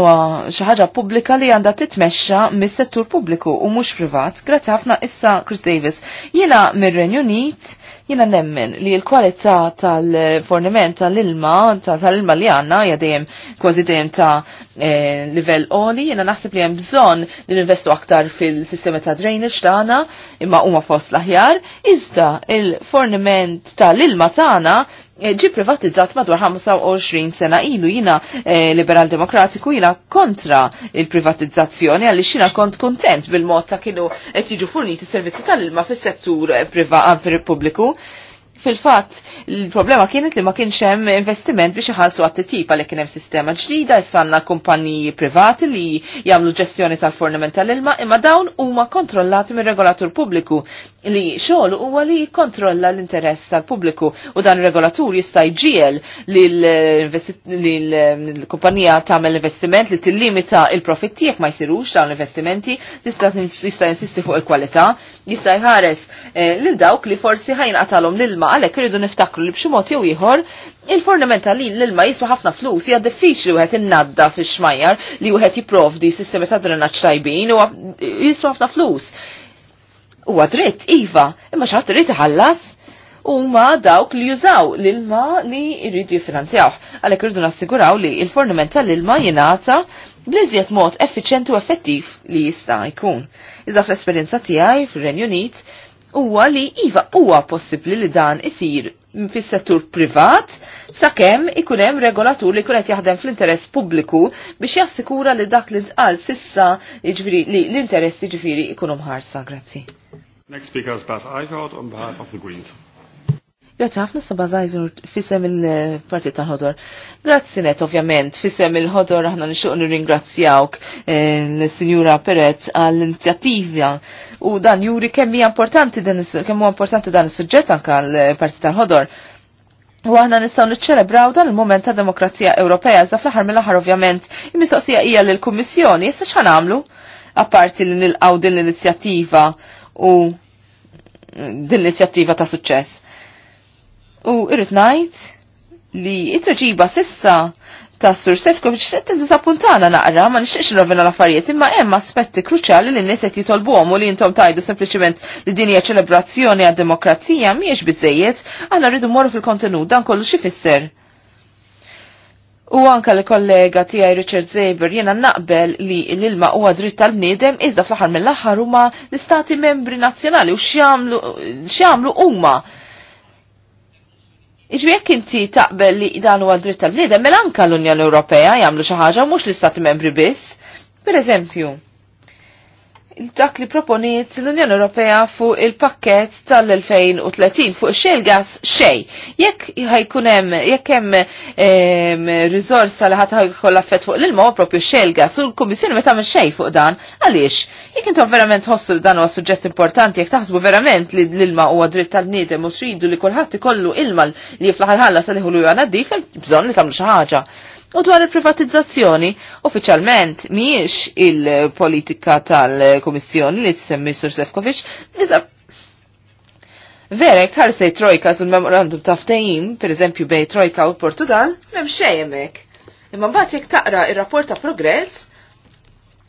xi ħaġa pubblika li għandha titmexxa mis-settur pubbliku u mhux privat. Grazzi ħafna issa Chris Davis. Jiena mir-Renju Unit jiena nemmen li l-kwalità tal-forniment tal-ilma tal-ilma li għandna hija dejjem kważi dejjem ta' eh, livell oli, jiena naħseb li hemm bżonn li ninvestu aktar fil-sistema ta' drainage tagħna imma huma fost l-aħjar, iżda il-forniment tal-ilma tagħna Eh, ġi privatizzat madwar 25 sena ilu jina eh, liberal demokratiku jina kontra il-privatizzazzjoni għalli xina kont kontent bil-mod ta' kienu qed jiġu forniti servizzi tal-ilma fis-settur eh, ah, pubbliku. Fil-fatt, il-problema kienet li ma kienx hemm investiment biex iħallsu għat tip għalhekk kien hemm sistema ġdida issanna kumpaniji privati li jagħmlu ġestjoni tal fornament tal-ilma imma dawn huma kontrollati mir-regolatur pubbliku li xogħol huwa li jikkontrolla l-interess tal-pubbliku u dan regolatur jista' jġiel lill-kumpanija ehm, tagħmel investiment li tillimita il-profitt tiegħek ma jsirux dawn l-investimenti, jista' insisti fuq il-kwalità, jista' jħares eh, lil dawk li forsi ħajnqatalhom l-ilma għalhekk iridu niftakru li b'xi mod jew ieħor il fornamenta li l-ilma jiswa ħafna flus hija diffiċli wieħed innadda fix-xmajjar li wieħed jipprovdi sistemi ta' drenaġġ tajbin u jiswa ħafna flus huwa dritt, iva, imma xaħat dritt iħallas huma dawk li jużaw l-ilma li jridu jiffinanzjaw. Għalhekk irridu nassiguraw li l-forniment tal-ilma jingħata bliżjed mod effiċent u effettiv li jista' jkun. Iżda fl-esperjenza tiegħi fir-Renju Unit huwa li iva huwa possibbli li dan isir fis-settur privat sakemm ikun hemm regolatur li jkun qed jaħdem fl-interess pubbliku biex jassikura li dak li ntqal sissa jiġifieri li l-interess jiġifieri ikunu mħarsa. Grazzi. Next speaker is Bas Eichhardt on behalf of the Greens. Grazzi ħafna Saba Zajzer fisem il-Partit tal-Ħodor. Grazie net ovvjament fissem il-Ħodor aħna nixuq nirringrazzjawk eh, l-Sinjura Perez għall-inizjattiva u dan juri kemm hija importanti dan kemm huwa importanti dan is-suġġett anke l partit tal-Ħodor. U aħna nistgħu niċċelebraw dan il-moment ta' demokrazija Ewropea iżda fl-aħħar mill-aħħar ovvjament il-mistoqsija hija lill-Kummissjoni issa x'għamlu apparti li għaw din l-inizjattiva u din l-inizjattiva ta' suċċess. U irrit najt li it tuġiba sissa ta' Sur Sefkovic settin puntana naqra ma nixtieqx nrovina l-affarijiet imma hemm aspetti kruċjali li n-nies qed jitolbuhom u li intom tajdu sempliċiment li din hija ċelebrazzjoni għad-demokrazija mhijiex biżejjed aħna rridu morru fil-kontenut dan kollu x'ifisser. U anka l-kollega tiegħi Richard Zeber jiena naqbel li l-ilma huwa dritt tal-bniedem iżda fl-aħħar mill-aħħar huma l-istati membri nazzjonali u x'jagħmlu huma Iġbi jekk inti taqbel li dan huwa dritt tal-bniedem, mela anka l-Unjoni Ewropea jagħmlu xi ħaġa mhux l-Istati Membri biss. Per eżempju, dak li proponiet l-Unjoni Ewropea fuq il-pakket tal-2030 fuq xejl gas xej. Jekk ħajkun hemm jekk hemm riżorsa li ħadd ħajkollha affett fuq l-ilma propju xejl gas u l-Kummissjoni ma tagħmel xejn fuq dan. Għaliex? Jekk intom verament ħossu li dan huwa suġġett importanti jekk taħsbu verament li l-ilma huwa dritt tal-bniedem u tridu li kulħadd ikollu ilma li jiflaħ ħalla sa liħu li għandif, hemm bżonn li tagħmlu xi ħaġa. U dwar il-privatizzazzjoni, uffiċjalment miex il-politika tal-Komissjoni li tsemmi Sur Sefkovic, iżda verek tħarsej trojka sul memorandum ta' ftehim, per eżempju bej trojka u Portugal, m'hemm xejemek. Imman Imma mbagħad jekk taqra il rapport ta' progress,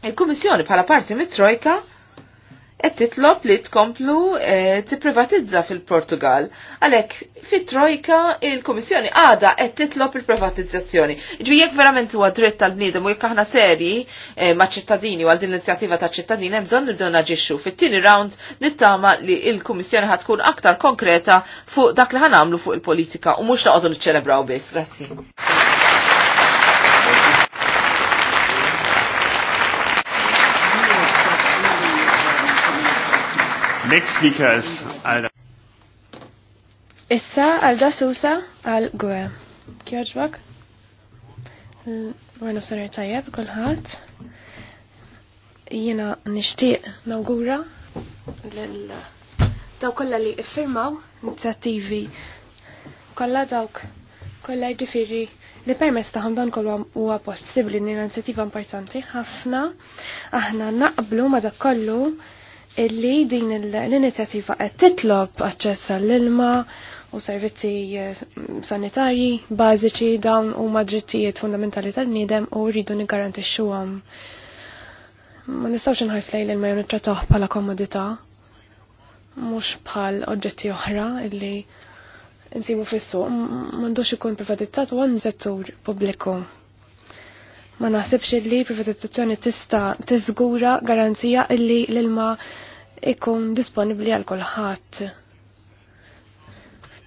il-Kummissjoni bħala parti mit-trojka qed titlob li tkomplu eh, tipprivatizza fil-Portugal. Għalhekk fit-trojka il-Kummissjoni għada qed titlob il-privatizzazzjoni. Ġbi jekk verament huwa dritt tal-bniedem u jekk aħna serji eh, ma' ċittadini u għal din l-inizjattiva ta' ċittadini hemm bżonn nibdew naġixxu. Fit-tieni round nittama li il-Kummissjoni ħad tkun aktar konkreta fuq dak li ħanamlu fuq il-politika u mhux noqogħdu niċċelebraw biss. Grazzi. Next speakers Alda. Issa Alda Sousa għal Gwe. Kjoġbak? s sanar tajab, kolħat. Jena nishtiq nawgura l-daw kolla li iffirmaw inizjattivi kolla dawk kolla ġifiri li permess taħom dan kollu huwa possibbli li l-inizjattiva importanti ħafna aħna naqblu ma dak kollu illi din l-inizjattiva qed titlob aċċess għall-ilma u servizzi eh, sanitarji bażiċi dawn huma drittijiet fundamentali tal-bniedem u rridu niggarantixxuhom. Ma nistgħux inħass lejn il-ma nittrattawh bħala komodità mhux bħal oġġetti oħra illi nsibu fis-suq m'għandux ikun privatizzat u għan settur pubbliku. Ma naħsibx li privatizzazzjoni tista' tiżgura garanzija illi l-ilma ikun disponibbli għal kulħadd.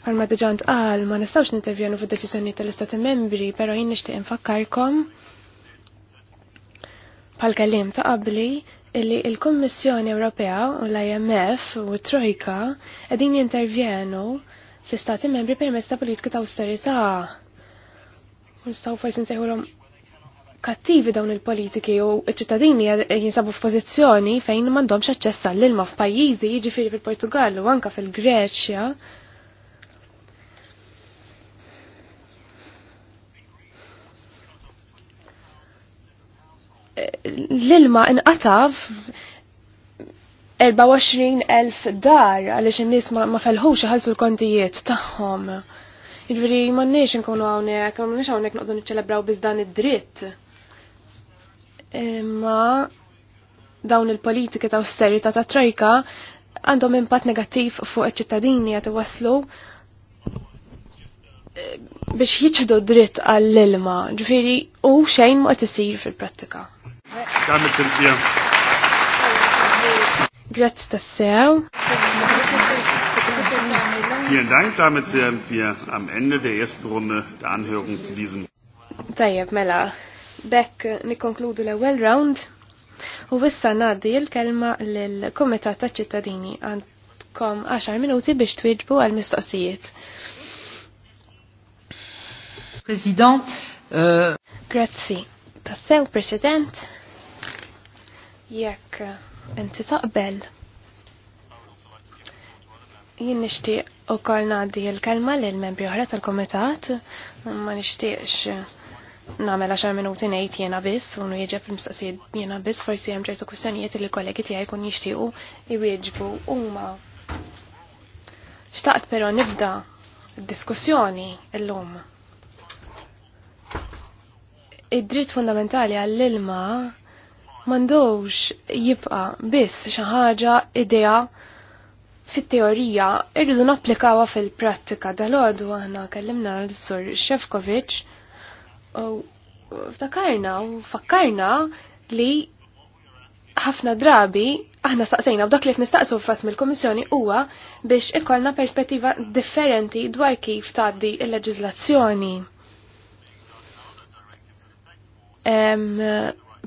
Palma diġant għal, ma nistgħux nintervjenu fid deċizjoni tal-Istati Membri, però jien nixtieq infakkarkom pal kellim ta' qabli illi il-Kommissjoni Ewropea u l-IMF u Trojka qegħdin jintervjenu fl-Istati Membri permezz ta' politika ta' austerita. Nistgħu forsi nsejħulhom kattivi dawn il-politiki u ċ-ċittadini jinsabu f'pożizzjoni fejn m'għandhomx xaċċessa għall-ilma f'pajjiżi, jiġifieri fil-Portugal u anka fil-Greċja. L-ilma inqataf 24,000 dar għaliex in-nies ma felħux iħallsu l-kontijiet tagħhom. Ġviri, jiġifieri ma n-nix nkunu għawnek, ma n-nix għawnek nuqdu niċċelebraw bizdan id-dritt. Ma dawn il-politika ta' austerita ta' trojka għandhom impatt negattiv fuq iċ-ċittadini għat waslu eh, biex jiċħdu dritt għall-ilma, ġifiri, u xejn ma t-sir fil-prattika. Kamet il-fija. Vielen Dank, damit sind wir am Ende der ersten Runde der Anhörung zu diesem. Tajjeb, mela, Bekk nikkonkludu l-ewwel round u wissa ngħaddi l-kelma lill-Kumitat taċ-ċittadini għandkom 10 minuti biex twieġbu għal mistoqsijiet. President. Uh, Grazzi. Tassew, President. Jekk inti taqbel. Jien nixtieq ukoll ngħaddi l-kelma lill membri oħra tal-Kumitat ma nixtieqx namel 10 minuti ngħid jiena biss u jieġe fil-mistaqsijiet jiena biss forsi hemm ċertu kwistjonijiet li kollegi tiegħi jkun jixtiequ jwieġbu huma. Xtaqt però nibda diskussjoni llum. Id-dritt fundamentali għall-ilma m'għandux jibqa' biss xi ħaġa idea fit-teorija irridu napplikawha fil-prattika dal għadu aħna kellimna l-sur Shevkovic U ftakarna u fakkarna li ħafna drabi aħna staqsejna u dak li nistaqsu fatt mill-Kummissjoni huwa biex ikollna perspettiva differenti dwar kif tgħaddi l-leġiżlazzjoni.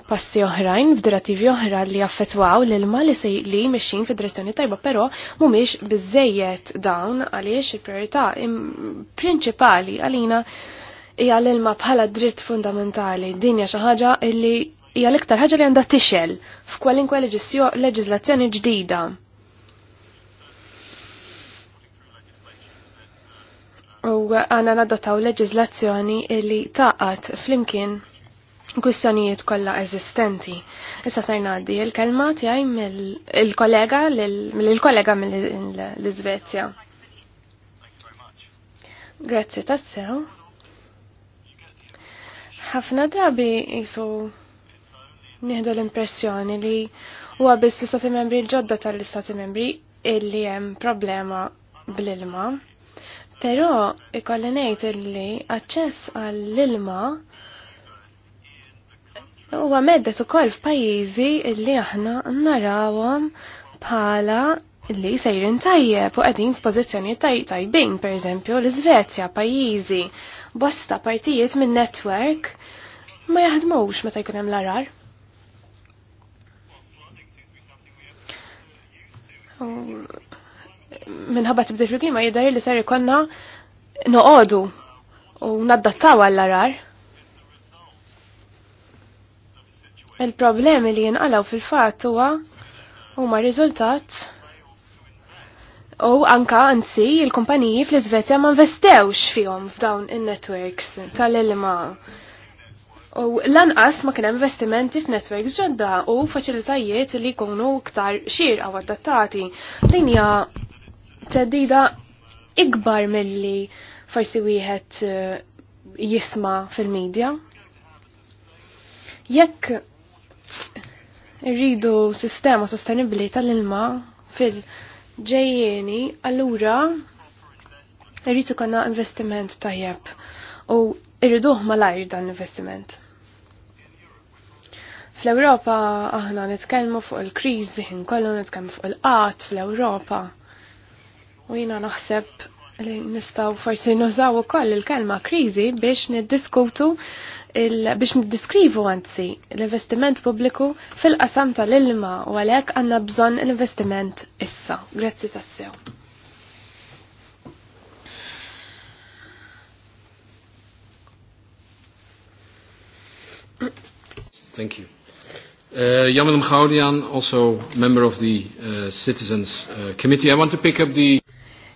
Passi oħrajn f'direttivi oħra li affettwaw l-ilma li se li mixin f'direzzjoni tajba, però mhumiex biżejjed dawn għaliex il-priorità prinċipali għalina hija l-ilma bħala dritt fundamentali, din hija xi ħaġa illi hija l-iktar ħaġa li għandha tixel f'kwalinkwe leġislazzjoni ġdida. U għana nadotaw leġizlazzjoni illi taqat flimkien kwistjonijiet kollha eżistenti. Issa se ngħaddi l-kelma tiegħi mill-kollega mill kollega mill-Iżvezja. Grazzi tassew ħafna drabi jisu nieħdu l-impressjoni li huwa biss l-istati membri ġodda tal-istati membri illi hemm problema bl-ilma. Però ikolli ngħid illi aċċess għall-ilma huwa meddet ukoll f'pajjiżi illi aħna narawhom bħala Illi sejrin tajjeb u qegħdin f'pożizzjoni tajbin, pereżempju l-Iżvezja, pajjiżi, bosta partijiet minn netwerk ma jaħdmux meta jkun hemm l-arar. Minħabba tibdil fil-klima jidher li ser ikonna noqogħdu u naddattaw għall-arar. Il-problemi li jinqalaw fil-fatt huwa huma riżultat U anka anzi il-kumpaniji fl izvezja ma investewx fihom f'dawn in-networks tal-ilma. U lanqas ma kien hemm investimenti f'networks ġodda u faċilitajiet li jkunu iktar xir għaw adattati. Linja teddida ikbar milli forsi wieħed eh, jisma fil-medja. Jekk irridu sistema sostenibbli tal-ilma fil-medja ġejjeni, allura rritu konna investiment tajjeb u ma malajr dan l-investiment. Fl-Ewropa aħna nitkellmu fuq il-kriżi ħin kollu nitkellmu fuq il qat fl-Ewropa. U jina naħseb li nistaw forsi nużaw ukoll il-kelma kriżi biex niddiskutu biex niddiskrivu għanzi l-investiment publiku fil-qasam tal-ilma u għalek għanna bżon l-investiment issa. Grazzi tassew. Thank you. Uh, Jamal Mkhaurian, also member of the uh, Citizens uh, Committee. I want to pick up the...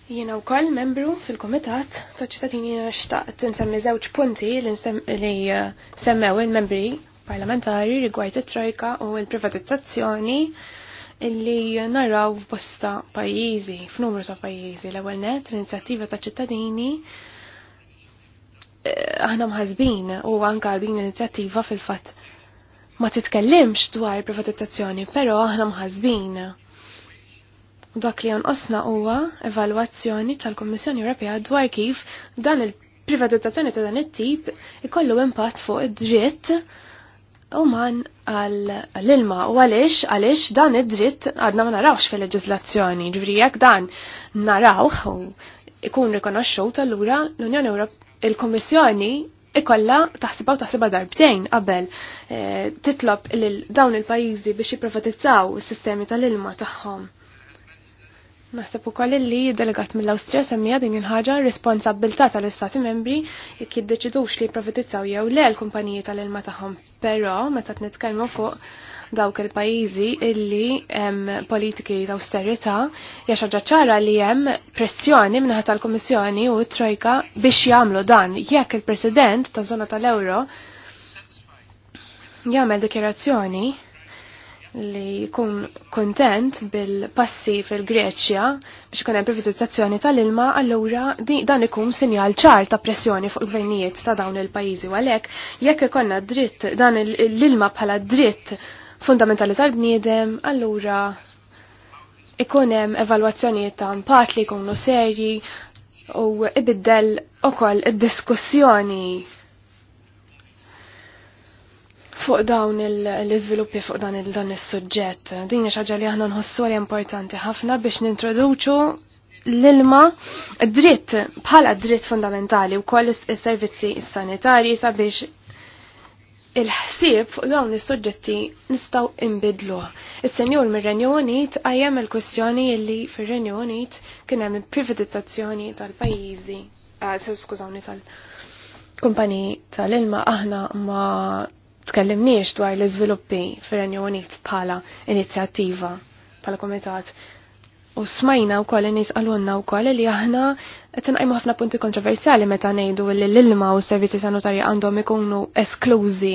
Jiena wkoll membru fil-Kumitat ta' ċittadini xtaqt insemmi żewġ punti li eh, semmew il-membri parlamentari rigward it-trojka u l-privatizzazzjoni illi naraw f'bosta pajjiżi, f'numru ta' pajjiżi l-ewwel net l-inizjattiva ta' ċittadini eh, aħna mħazbin u anka din l-inizjattiva fil-fatt ma titkellimx dwar privatizzazzjoni, però aħna mħazbin Dak li jonqosna huwa evalwazzjoni tal-Kummissjoni Ewropea dwar kif dan il-privatizzazzjoni ta' dan it-tip ikollu impatt fuq id-dritt u man għall-ilma u għalix, għalix dan id-dritt għadna ma narawx fil-leġizlazzjoni, ġviri jek dan narawx u ikun rikonoxxut allura l-Unjoni Ewropea, il-Kommissjoni ikolla taħsibaw taħsiba darbtejn qabel eh, titlob lil dawn il-pajjiżi biex jipprivatizzaw is-sistemi tal-ilma tagħhom. Naħseb ukoll li delegat mill-Awstrija semmija din il-ħaġa responsabilità tal-Istati membri jekk jiddeċidux li profetizzaw jew le l-kumpaniji tal-ilma tagħhom. Però meta t-netkelmu fuq dawk il-pajjiżi illi hemm politiki ta' austerita, hija ħaġa ċara li hemm pressjoni minnaħat tal-Kummissjoni u t-Trojka biex jagħmlu dan jekk il-President taż-żona tal-Ewro jagħmel dikjerazzjoni li jkun kontent bil-passi fil-Greċja biex ikun hemm privatizzazzjoni tal-ilma, allura dan ikun sinjal ċar ta' pressjoni fuq gvernijiet ta' dawn il-pajjiżi għalhekk jekk ikonna dritt dan l-ilma bħala dritt fundamentali tal-bniedem, allura ikun hemm evalwazzjonijiet ta' impatt li jkunu serji u ibiddel ukoll id-diskussjoni fuq dawn l-iżviluppi fuq dan il-dan is-suġġett. Din hija xaġa li aħna nħossu importanti ħafna biex nintroduċu l-ilma dritt bħala dritt fundamentali u koll is-servizzi sanitarji sabiex il-ħsieb fuq dawn is-suġġetti nistgħu imbidlu. Is-senjur mir-Renju Unit qajjem il-kwestjoni li fir-Renju Unit kien hemm privatizzazzjoni tal-pajjiżi, eh, skużawni tal-kumpaniji tal-ilma aħna ma tkellimniex dwar l-iżviluppi fir-Renju Unit bħala inizjattiva bħala komitat. U smajna u koll nis għalunna u koll li aħna tinqajmu ħafna punti kontroversjali meta ngħidu li l-ilma u s-servizzi sanitarji għandhom ikunu esklużi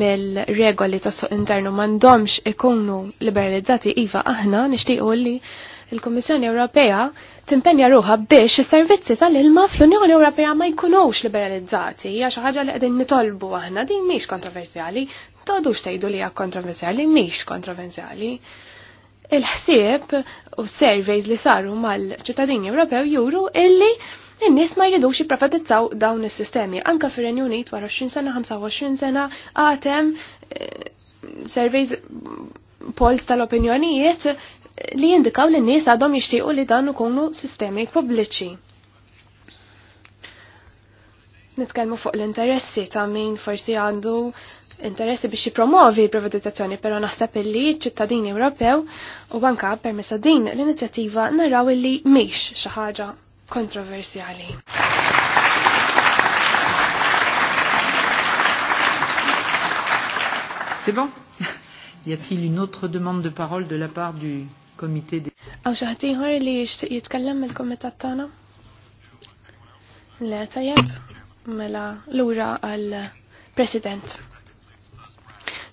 mill-regoli tas suq internu m'għandhomx ikunu liberalizzati iva aħna nixtiequ li l-Kummissjoni Ewropea timpenja ruħa biex is-servizzi tal-ilma fl-Unjoni Ewropea ma jkunux liberalizzati, hija xi ħaġa li qegħdin nitolbu aħna din mhix kontroversjali, tgħidux tgħidu li hija kontroversjali, mhix kontroversjali. Il-ħsieb u surveys li saru mal-ċittadini Ewropew juru illi n nies ma jridux jipprofatizzaw dawn is-sistemi. Anka fir-Renju Unit wara 20 sena, 25 sena għatem eh, surveys polls tal-opinjonijiet li jindikaw li n-nies għadhom jixtiequ li dan ikunu sistemi pubbliċi. Nitkellmu fuq l-interessi ta' min forsi għandu interessi biex jipromovi l-privatizzazzjoni, però naħseb illi ċittadini Ewropew u banka permessa din l-inizjattiva naraw illi miex xi ħaġa kontroversjali. C'est bon? <laughs> Y a-t-il une autre demande de parole de la part du komite di. Għaw xaħtiħor li jishtiq jitkellem il-komitat tana? Le, tajab, mela l-ura għal-president.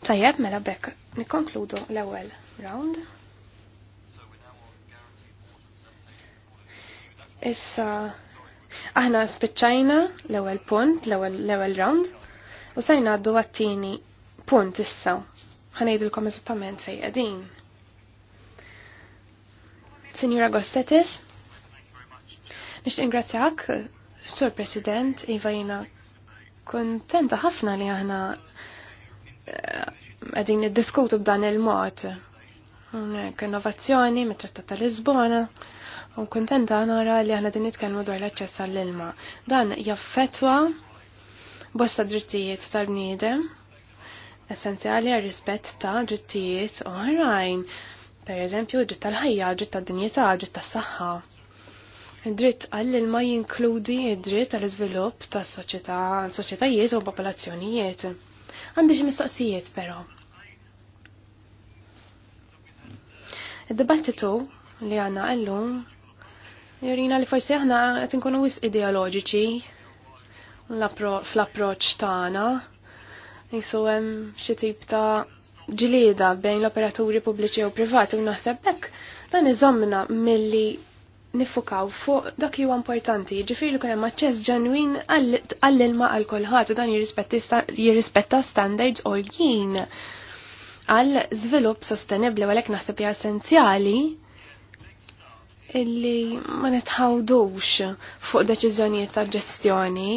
Tajab, mela bekk, nikonkludu l-ewel round. Issa, aħna spiċċajna l-ewel punt, l-ewel round, u sajna għaddu għattini punt issa. Ħanajdilkom eżattament fejn qegħdin. Signora Gostetis, nix ingrazzjak, Sur President, Iva jina kontenta ħafna li aħna eh, għedin id-diskutu b'dan il-mod. Unek innovazzjoni, mit-trattat tal-Lisbona, u kontenta nara li aħna din nitkellmu dwar l-aċċess għall-ilma. Dan jaffetwa bosta drittijiet tal-bniedem, essenzjali għal rispett ta' drittijiet oħrajn. Oh, Per eżempju, dritt tal-ħajja, dritt tal-dinjità, dritt tas-saħħa. id Dritt għall-ilma jinkludi id-dritt għall-iżvilupp tas-soċjetà, soċjetajiet u popolazzjonijiet. Għandi xi mistoqsijiet però. Id-dibattitu li għanna għallum jorina li forsi aħna qed inkunu wis ideoloġiċi fl-approċċ tagħna. Jisu hemm xi tip ta' ġlieda bejn l-operaturi pubbliċi u privati u naħseb hekk dan iżommna milli nifukaw fuq dak huwa importanti, ġifieri kun hemm aċċess ġenwin għall-ilma għal kulħadd u dan jirrispetta standards għoljin għal żvilupp sostenibbli għalhekk naħseb essenzjali illi ma netħawdux fuq deċiżjonijiet ta' ġestjoni,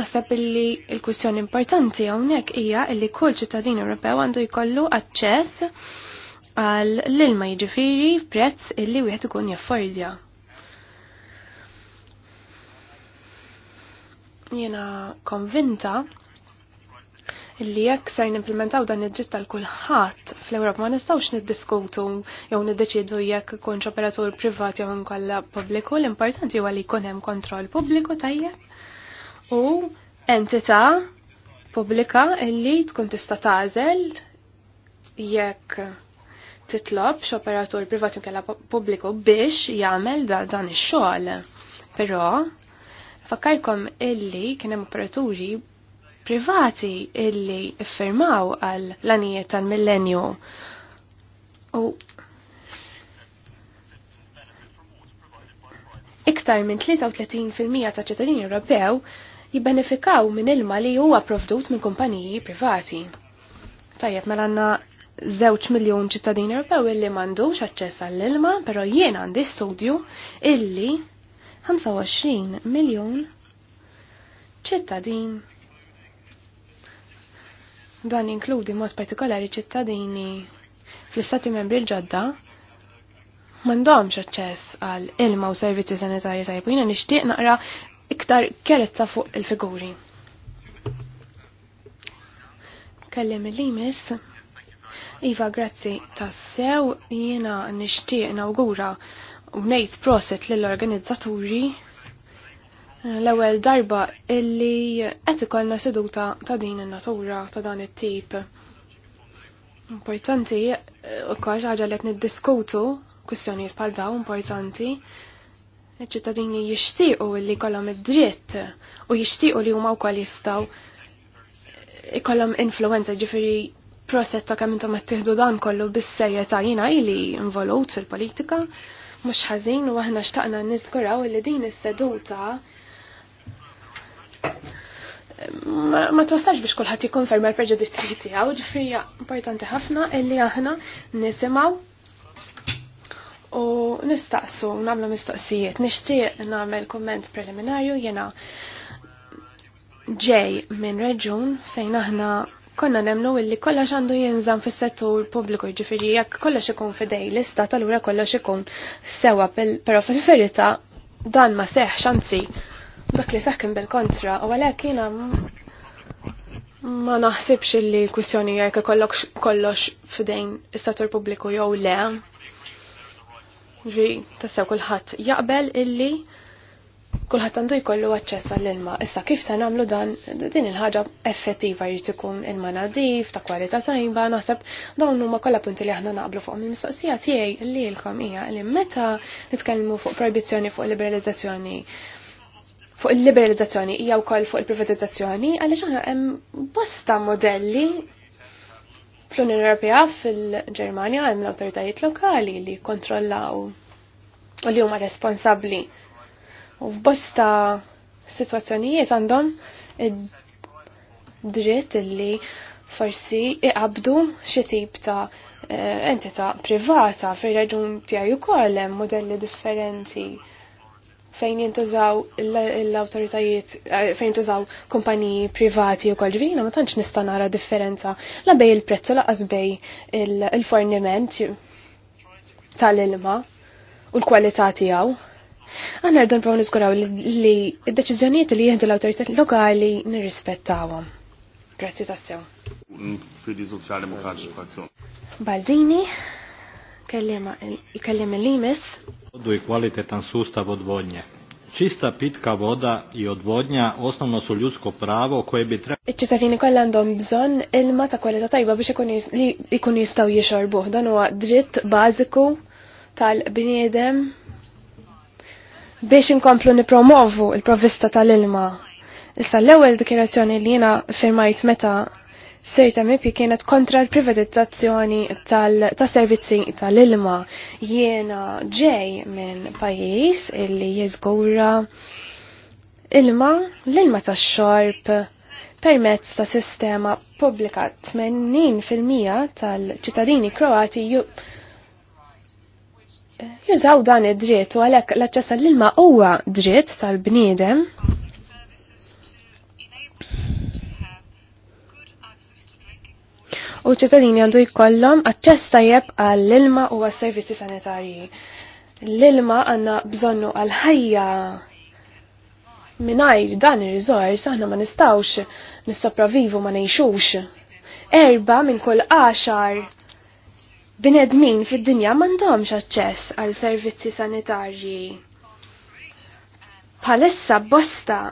naħseb illi l-kwistjoni importanti hawnhekk hija illi kull ċittadin Ewropew għandu jkollu aċċess għal l-ilma jiġifieri f'prezz illi wieħed ikun jaffordja. Jiena konvinta li jekk ser nimplementaw dan id-dritt tal kulħadd fl-Ewropa ma nistgħux niddiskutu jew niddeċidu jekk kontx operatur privat jew inkolla pubbliku, l-importanti huwa li jkun hemm kontroll pubbliku tajjeb u entità pubblika li tkun tista' tagħżel jekk titlob x'operatur privat inkella pubbliku biex jagħmel da, dan ix-xogħol. Però fakkarkom illi kien hemm operaturi privati illi iffirmaw għal l-anijiet tal-millenju. U iktar minn 33% ta' ċittadini Ewropew jibbenefikaw minn ilma li huwa provdut minn kumpaniji privati. Tajjeb mela għandna żewġ miljun ċittadini Ewropew illi m'għandux aċċess għall-ilma, però jien għandi studju illi 25 miljun ċittadin Dan inkludi mod partikolari ċittadini fl-istati membri l-ġodda mandomx aċċess għal ilma u servizzi sanitarji tajbu jina nixtieq naqra iktar kerezza fuq il-figuri. Kellim il-limis. Iva, grazzi tassew jiena nixtieq nawgura u ngħid proset lill-organizzaturi l-ewwel darba illi qed ikollna seduta ta' din in-natura ta' dan it-tip. Importanti eh, ukoll ħagġa li għet niddiskutu kwistjonijiet bħal dawn importanti. Iċ-ċittadini jixtiequ illi kollhom id-dritt u jixtiequ li huma wkoll jistgħu ikollhom influenza ġifieri proset ta' kemm intom qed dan kollu bis-serjetà jiena ili involut fil-politika mhux ħażin u aħna xtaqna nniżguraw li din is-seduta ma twastax biex kulħadd jikkonferma l-preġudizzji tiegħu, ġifieri importanti ħafna illi aħna nisimgħu u nistaqsu nagħmlu mistoqsijiet. Nixtieq nagħmel kumment preliminarju jiena ġej minn reġun fejn aħna konna nemnu illi kollox għandu jinżam fis settur pubbliku ġifiri jekk kollox ikun fidej l-istat allura kollox ikun sewa però fil-verità dan ma seħx anzi Dak li saħkem bil-kontra, u għalhekk jiena ma naħsibx li l-kwistjoni jekk kollox kollox f'dejn istatur pubbliku jew le. Ġi tassew kulħadd jaqbel illi kulħadd għandu jkollu għacċessa għall-ilma. Issa kif se nagħmlu dan din il-ħaġa effettiva jrid ikun ilma nadif, ta' kwalità tajba, naħseb dawn huma kollha punti li aħna naqblu fuq il-mistoqsija tiegħi lilkom hija li meta nitkellmu fuq proibizzjoni fuq liberalizzazzjoni fuq il-liberalizzazzjoni hija wkoll fuq il-privatizzazzjoni għaliex aħna hemm bosta modelli fl-Unjoni Ewropea fil-Ġermanja hemm l-awtoritajiet lokali li kontrollaw u li huma responsabbli. U f'bosta sitwazzjonijiet għandhom id-dritt li forsi iqabdu xi tip ta' eh, entità privata fir raġun tiegħi wkoll hemm modelli differenti fejn jintużaw l-autoritajiet, eh, fejn jintużaw kumpaniji privati u kol ġvina, ma tantx nista' nara differenza la bej il-prezzu la bej il-forniment tal-ilma u l-kwalità tiegħu. Għanna rridu nprofaw niskuraw li id-deċiżjonijiet li jieħdu l-awtoritajiet lokali nirrispettawhom. Grazzi tassew. Fidi Baldini. Kellima li limes. Vodu i kvalitetan sustav odvodnje. Čista pitka voda i odvodnja osnovno su ljudsko pravo koje bi trebalo... Iċ-ċittadini kollha għandhom bżonn ilma ta' kwalità tajba biex ikun jistgħu jixorbuh. Dan huwa dritt bażiku tal-bniedem biex inkomplu nipromovu il-provvista tal-ilma. Issa l-ewwel dikjerazzjoni li jiena firmajt meta Serta Mipi kienet kontra l-privatizzazzjoni tal-servizzi tal-ilma. Jiena ġej minn pajis illi jizgura ilma, l-ilma tax-xorb permezz ta' sistema publika 80% tal-ċittadini kroati jużaw dan id-dritt u għalhekk l-aċċess għall-ilma huwa dritt tal-bniedem. u ċittadini għandu jkollhom aċċess tajjeb għall-ilma u għas-servizzi sanitarji. L-ilma għandna bżonnu għal-ħajja minnajr dan ir-riżors aħna ma nistawx nissopravivu ma nejxux. Erba minn kull għaxar bnedmin fid-dinja m'għandhomx aċċess għal servizzi sanitarji. Palessa bosta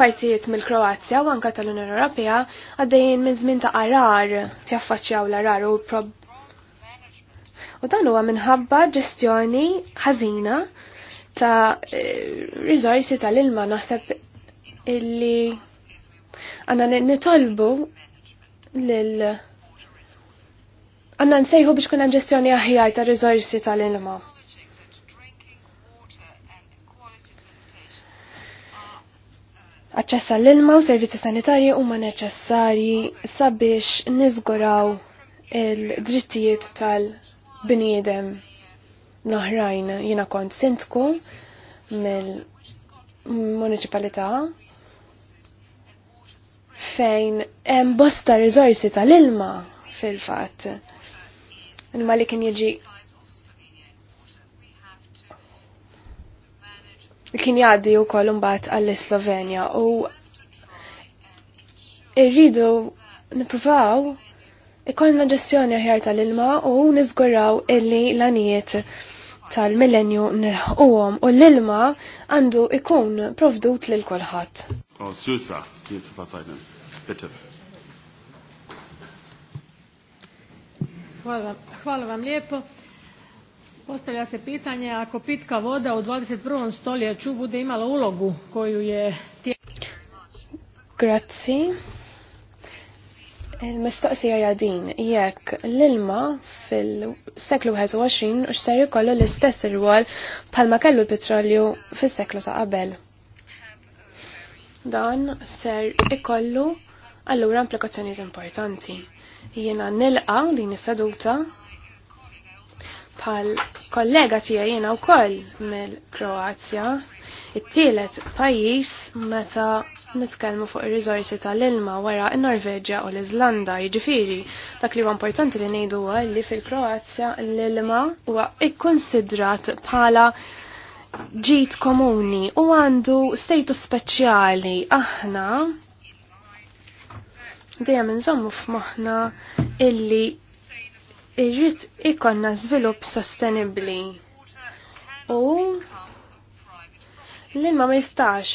partijiet mill-Kroazja u anka tal-Unjoni Ewropea għaddejjin minn żmien ta' arar tjaffaċċjaw l-arar u prob. U dan huwa minħabba ġestjoni ħażina ta' eh, riżorsi tal-ilma naħseb illi għanna nitolbu lil għanna nsejħu biex kunem ġestjoni aħjar ta' riżorsi tal-ilma. Aċċess għall-ilma u servizzi sanitarji huma neċessarji sabiex niżguraw il-drittijiet tal-bniedem l-oħrajn. Jiena kont sintku mill-municipalità fejn hemm bosta riżorsi tal-ilma fil-fatt. Imma li kien jiġi kien jgħaddi u koll mbagħad għall-Slovenja u irridu nipruvaw ikollna ġestjoni aħjar tal-ilma u niżguraw illi l-anijiet tal-millenju nirħuhom u l-ilma għandu ikun provdut lil kulħadd. Oh, Susa, jetzt verzeichnen. Bitte. Hvala vam lijepo. Postavlja se pitanje ako pitka voda u 21. stoljeću bude imala ulogu koju je Grazzi. Il-mistoqsija jadin, jekk l-ilma fil-seklu 21 ux ser jkollu l-istess rwol palma kellu l-petrolju fil-seklu ta' qabel. Dan ser ikollu għallura implikazzjoni importanti. Jiena nilqa din is-seduta pal kollega tiegħi u wkoll mill-Kroazja, it-tielet pajjiż meta nitkellmu fuq ir rizorsi tal-ilma wara n-Norveġja u l izlanda jiġifieri dak li huwa importanti li nejdu li fil-Kroazja l-ilma huwa ikkonsidrat bħala ġit komuni u għandu status speċjali aħna dejjem inżommu f'moħħna illi irrid ikonna żvilupp sostenibbli. U l-ilma ma jistax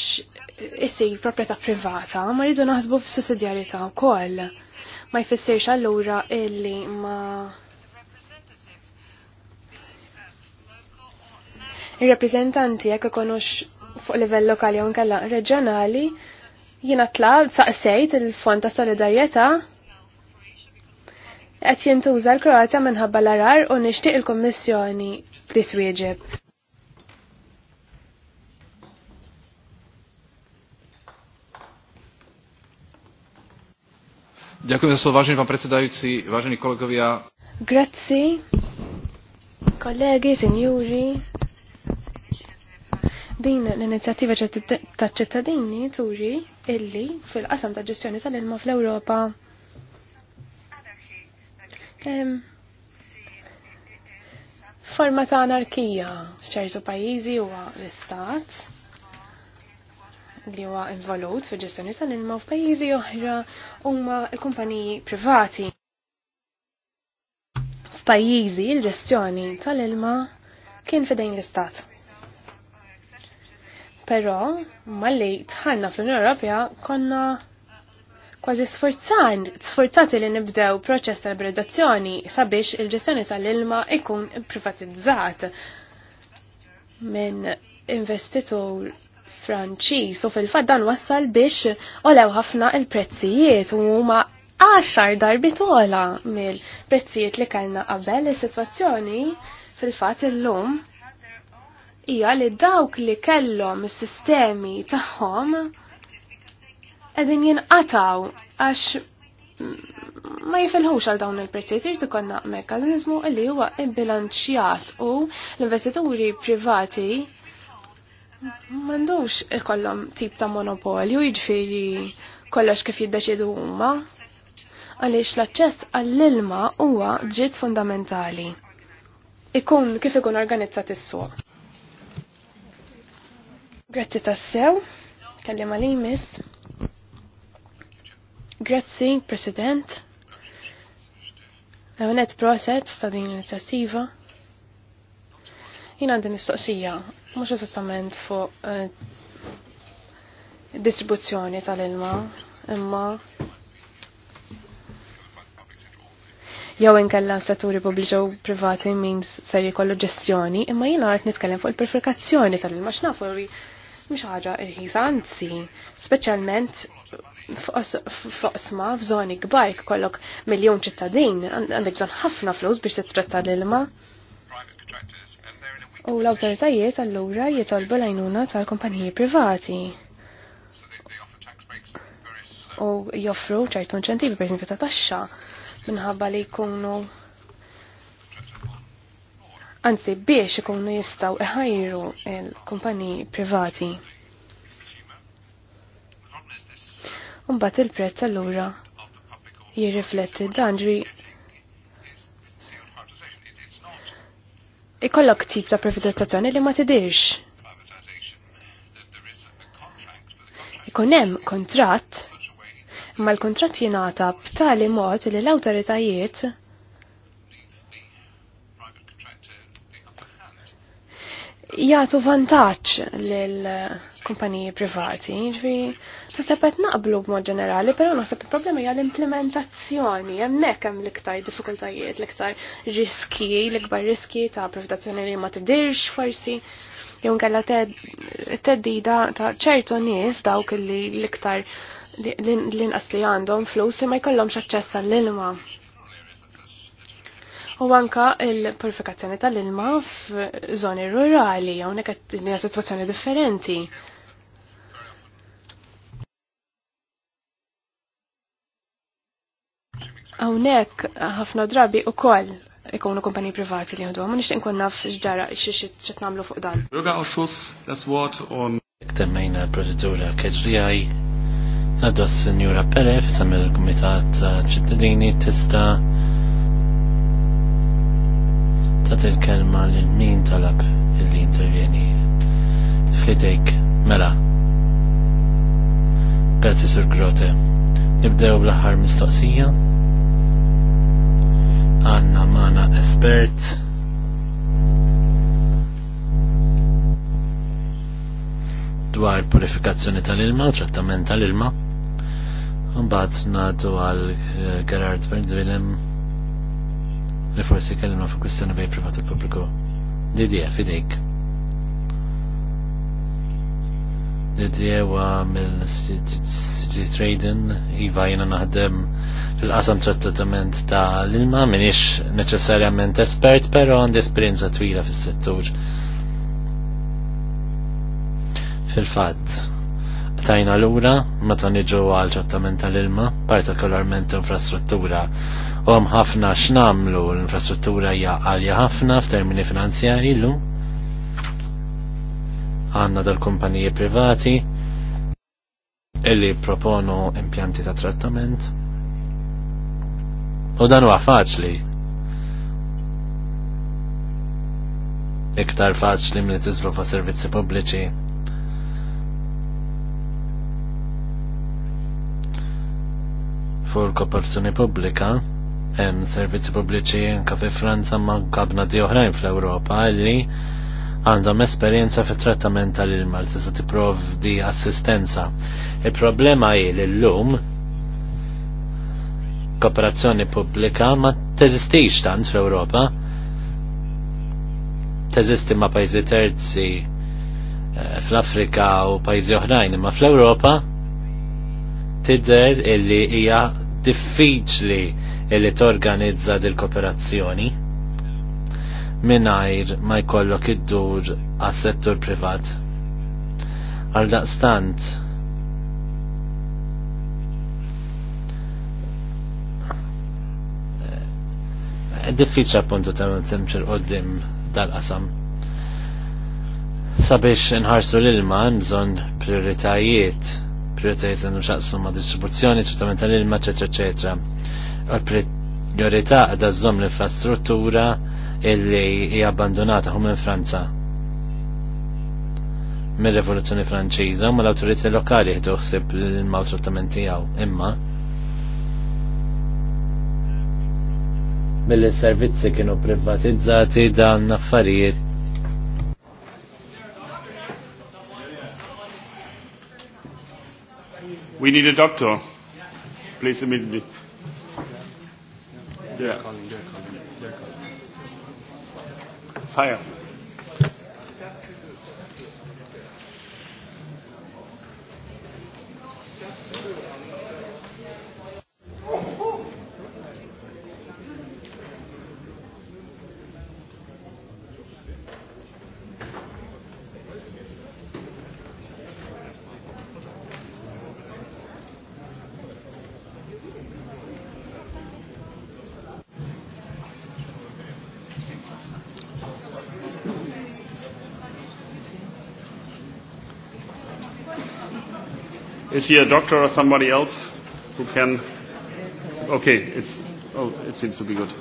isir proprjetà privata, ma rridu naħsbu f'sussidjarjetà wkoll. Ma jfissirx allura illi ma Il-reprezentanti jekk ikonux fuq livell lokali u nkella reġjonali jiena tlab saqsejt il-Fond ta' Solidarjetà qed jintuża l-Kroatja minħabba l-arar u nixtieq il-Kommissjoni li twieġeb. Ďakujem za slovo, vážený pán predsedajúci, vážení kolegovia. Grazzi, kollegi, signori. Din l-inizjattiva ta' ċittadini turi illi fil-qasam ta' ġestjoni tal-ilma fl-Ewropa Forma ta' anarkija f'ċertu pajjiżi huwa l-istat li huwa involut fil-ġestjoni tal-ilma f'pajjiżi oħra huma l-kumpaniji privati. F'pajjiżi l-ġestjoni tal-ilma kien fidejn l-istat. Però malli tħallna fl-Unjoni Ewropea konna kważi sforzan, sforzati li nibdew proċess tal-bredazzjoni sabiex il-ġestjoni tal-ilma ikun privatizzat minn investitur Franċiż u fil-fatt dan wassal biex olew ħafna il-prezzijiet u huma għaxar darbit ola mill-prezzijiet li kellna qabel is-sitwazzjoni fil-fatt illum hija li dawk li kellhom is-sistemi tagħhom edin jenqataw għax ma jifelħux għal dawn il-prezzijiet irtu konna mekkaniżmu li huwa bilanċjat u l-investituri privati m'għandux ikollhom tip ta' monopolju jiġifieri kollox kif jiddeċiedu huma għaliex l-aċċess għall-ilma huwa dritt fundamentali. Ikun kif ikun organizzat is-suq. Grazzi tassew, kellim li jmiss. Grazzi, President. Għonet proset ta' din l-inizjattiva. Jina għandi mistoqsija, mux eżattament fuq eh, distribuzzjoni tal-ilma, imma jew inkella setturi pubbliċi u privati minn ser jkollu ġestjoni, imma jina għart nitkellem fuq il perfekazzjoni tal-ilma x'nafu li mhix ħaġa irħisa anzi, speċjalment f'qosma f'żoni kbar kollok miljon ċittadin għandek bżonn ħafna flus biex t-tratta l-ilma. U l-awtoritajiet allura jitolbu l-għajnuna tal-kumpaniji privati. U joffru ċajtu inċentivi per ta' taxxa minħabba li jkunu Anzi, biex ikunu jistaw iħajru il kompanji privati. Umbat il-prezz allura jirrifletti dan ġri ikollok tip ta' privatizzazzjoni li ma tidirx. Ikun hemm kontratt, imma l kontrat jenata b'tali mod li l autoritajiet jgħatu vantaċ l kumpaniji privati, Ġvi, Naħseb qed naqblu b'mod ġenerali, però naħseb il-problema hija l-implementazzjoni. Hemmhekk hemm l-iktar diffikultajiet, l-iktar riski, l-ikbar riski ta' profitazzjoni li ma tidirx forsi. Jew nkella teddida ta' ċertu nies dawk li l-iktar l-inqas li għandhom flus li ma jkollhomx aċċess għall-ilma. U anka il-purifikazzjoni tal-ilma f'żoni rurali, hawnhekk qed situazzjoni differenti. Għawnek, ħafna drabi u koll ikonu kumpaniji privati li għandhom, nixtieq nkun naf x'ġara xiexit nagħmlu fuq dan. Bürgerausschuss, das Wort und Temmejna l-proċedura KGI, għaddu s-Sinjura Pere, fissam il-Komitat ċittadini tista tat il-kelma l-min talab il-li intervjeni. Fidejk, mela. Grazie sur Grote. Nibdew bl-ħar mistoqsija għanna mana espert dwar purifikazzjoni tal-ilma u trattament tal-ilma mbagħad nadu għal eh, Gerard Bernzwilem li forsi kellimna fuq kustjoni bej privat u pubbliku. Didija fidejk. l-diewa mill-Trading, iva jena naħdem fil-qasam trattament ta' l-ilma, minix neċessarjament espert, pero għandi esperienza twila fil-settur. Fil-fat, tajna l-ura, ma ta' għal trattament tal-ilma, partikolarment infrastruttura, u ħafna x'namlu l-infrastruttura hija għalja ħafna f'termini finanzjari l-lum għanna dal-kumpaniji privati illi proponu impjanti ta' trattament u dan huwa faċli iktar faċli minn tiżviluppa servizzi pubbliċi fuq il-kooperazzjoni pubblika hemm servizzi pubbliċi anke fi Franza ma' kabna di oħrajn fl-Ewropa li għandhom esperjenza fit trattament tal-ilma li tista' tipprovdi assistenza. Il-problema hi li llum kooperazzjoni pubblika ma teżistix tant fl-Ewropa. Teżisti ma' pajjiżi terzi eh, fl-Afrika u pajjiżi oħrajn, imma fl-Ewropa tidher illi hija diffiċli illi torganizza dil-kooperazzjoni mingħajr ma jkollok id-dur għas-settur privat. Għal daqstant eh, diffiċa appuntu ta' timxil qoddim tal-qasam. Sabiex nħarsu l-ilma nżon prioritajiet, prioritajiet għandu xaqsu ma' distribuzzjoni, trattament tal-ilma, ċetra Għal Priorità għadda żżomm l-infrastruttura, illi hija abbandonata hum minn Franza. Mir-Rivoluzzjoni Franċiża u mal-awtoriti lokali ħdu ħsieb l maltrattamenti tiegħu, imma mill servizzi kienu privatizzati dan affarijiet We need a doctor. Please immediately. Yeah. Fire. Is he a doctor or somebody else who can? Okay, it's, oh, it seems to be good.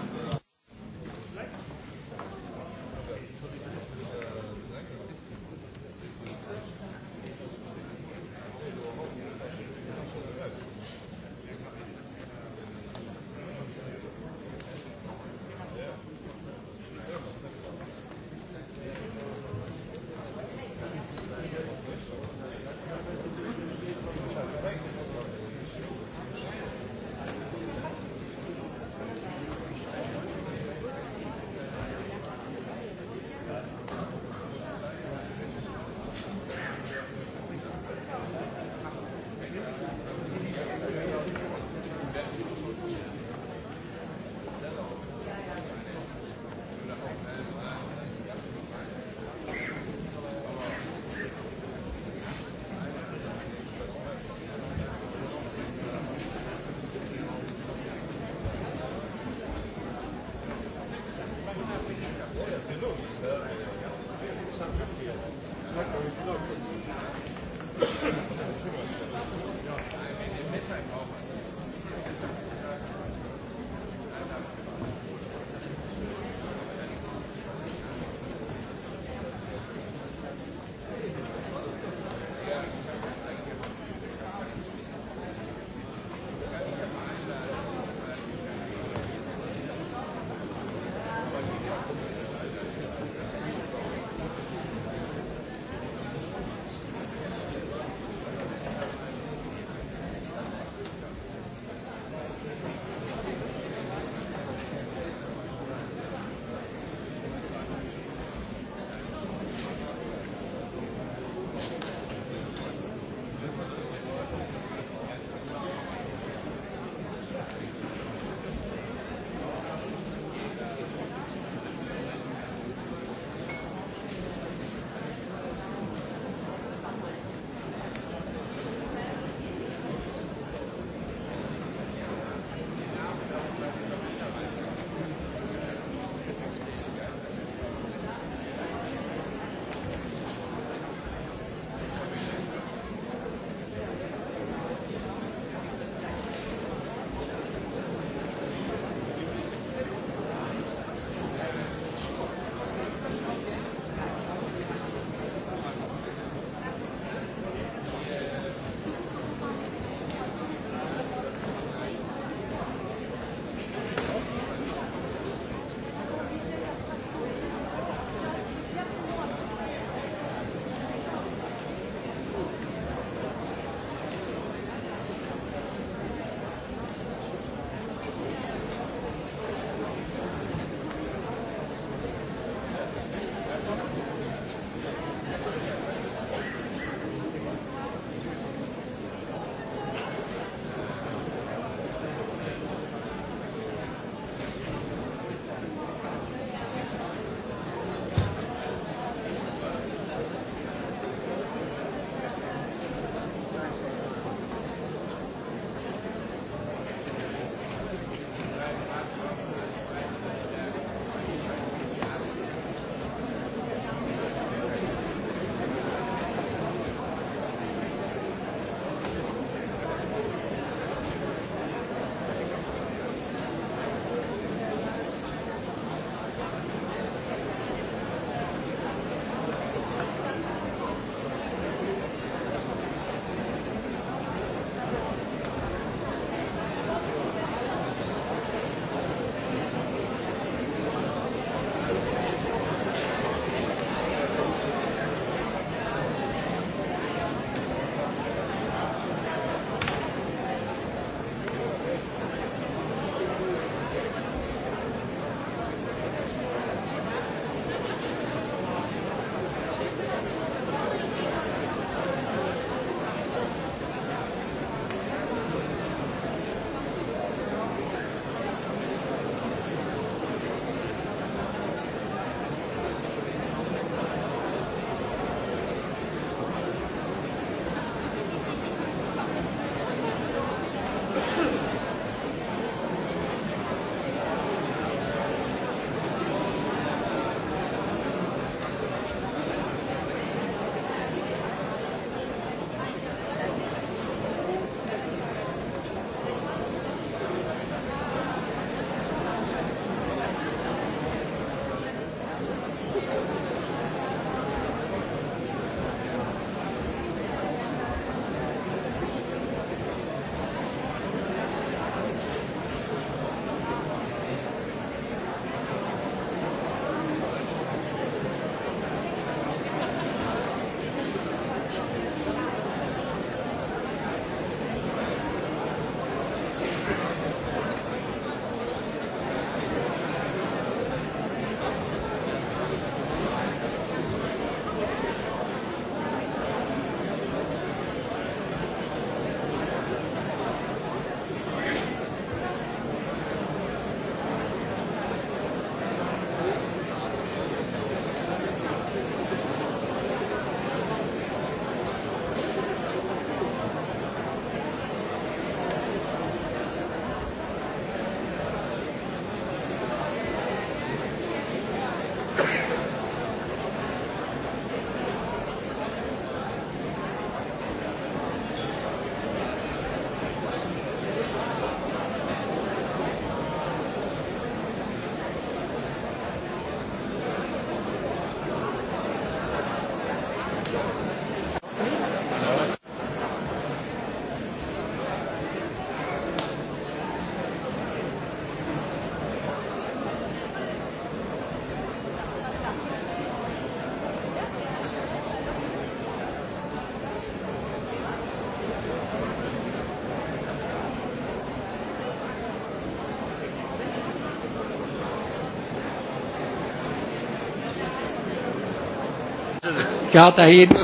Gerhard Dahin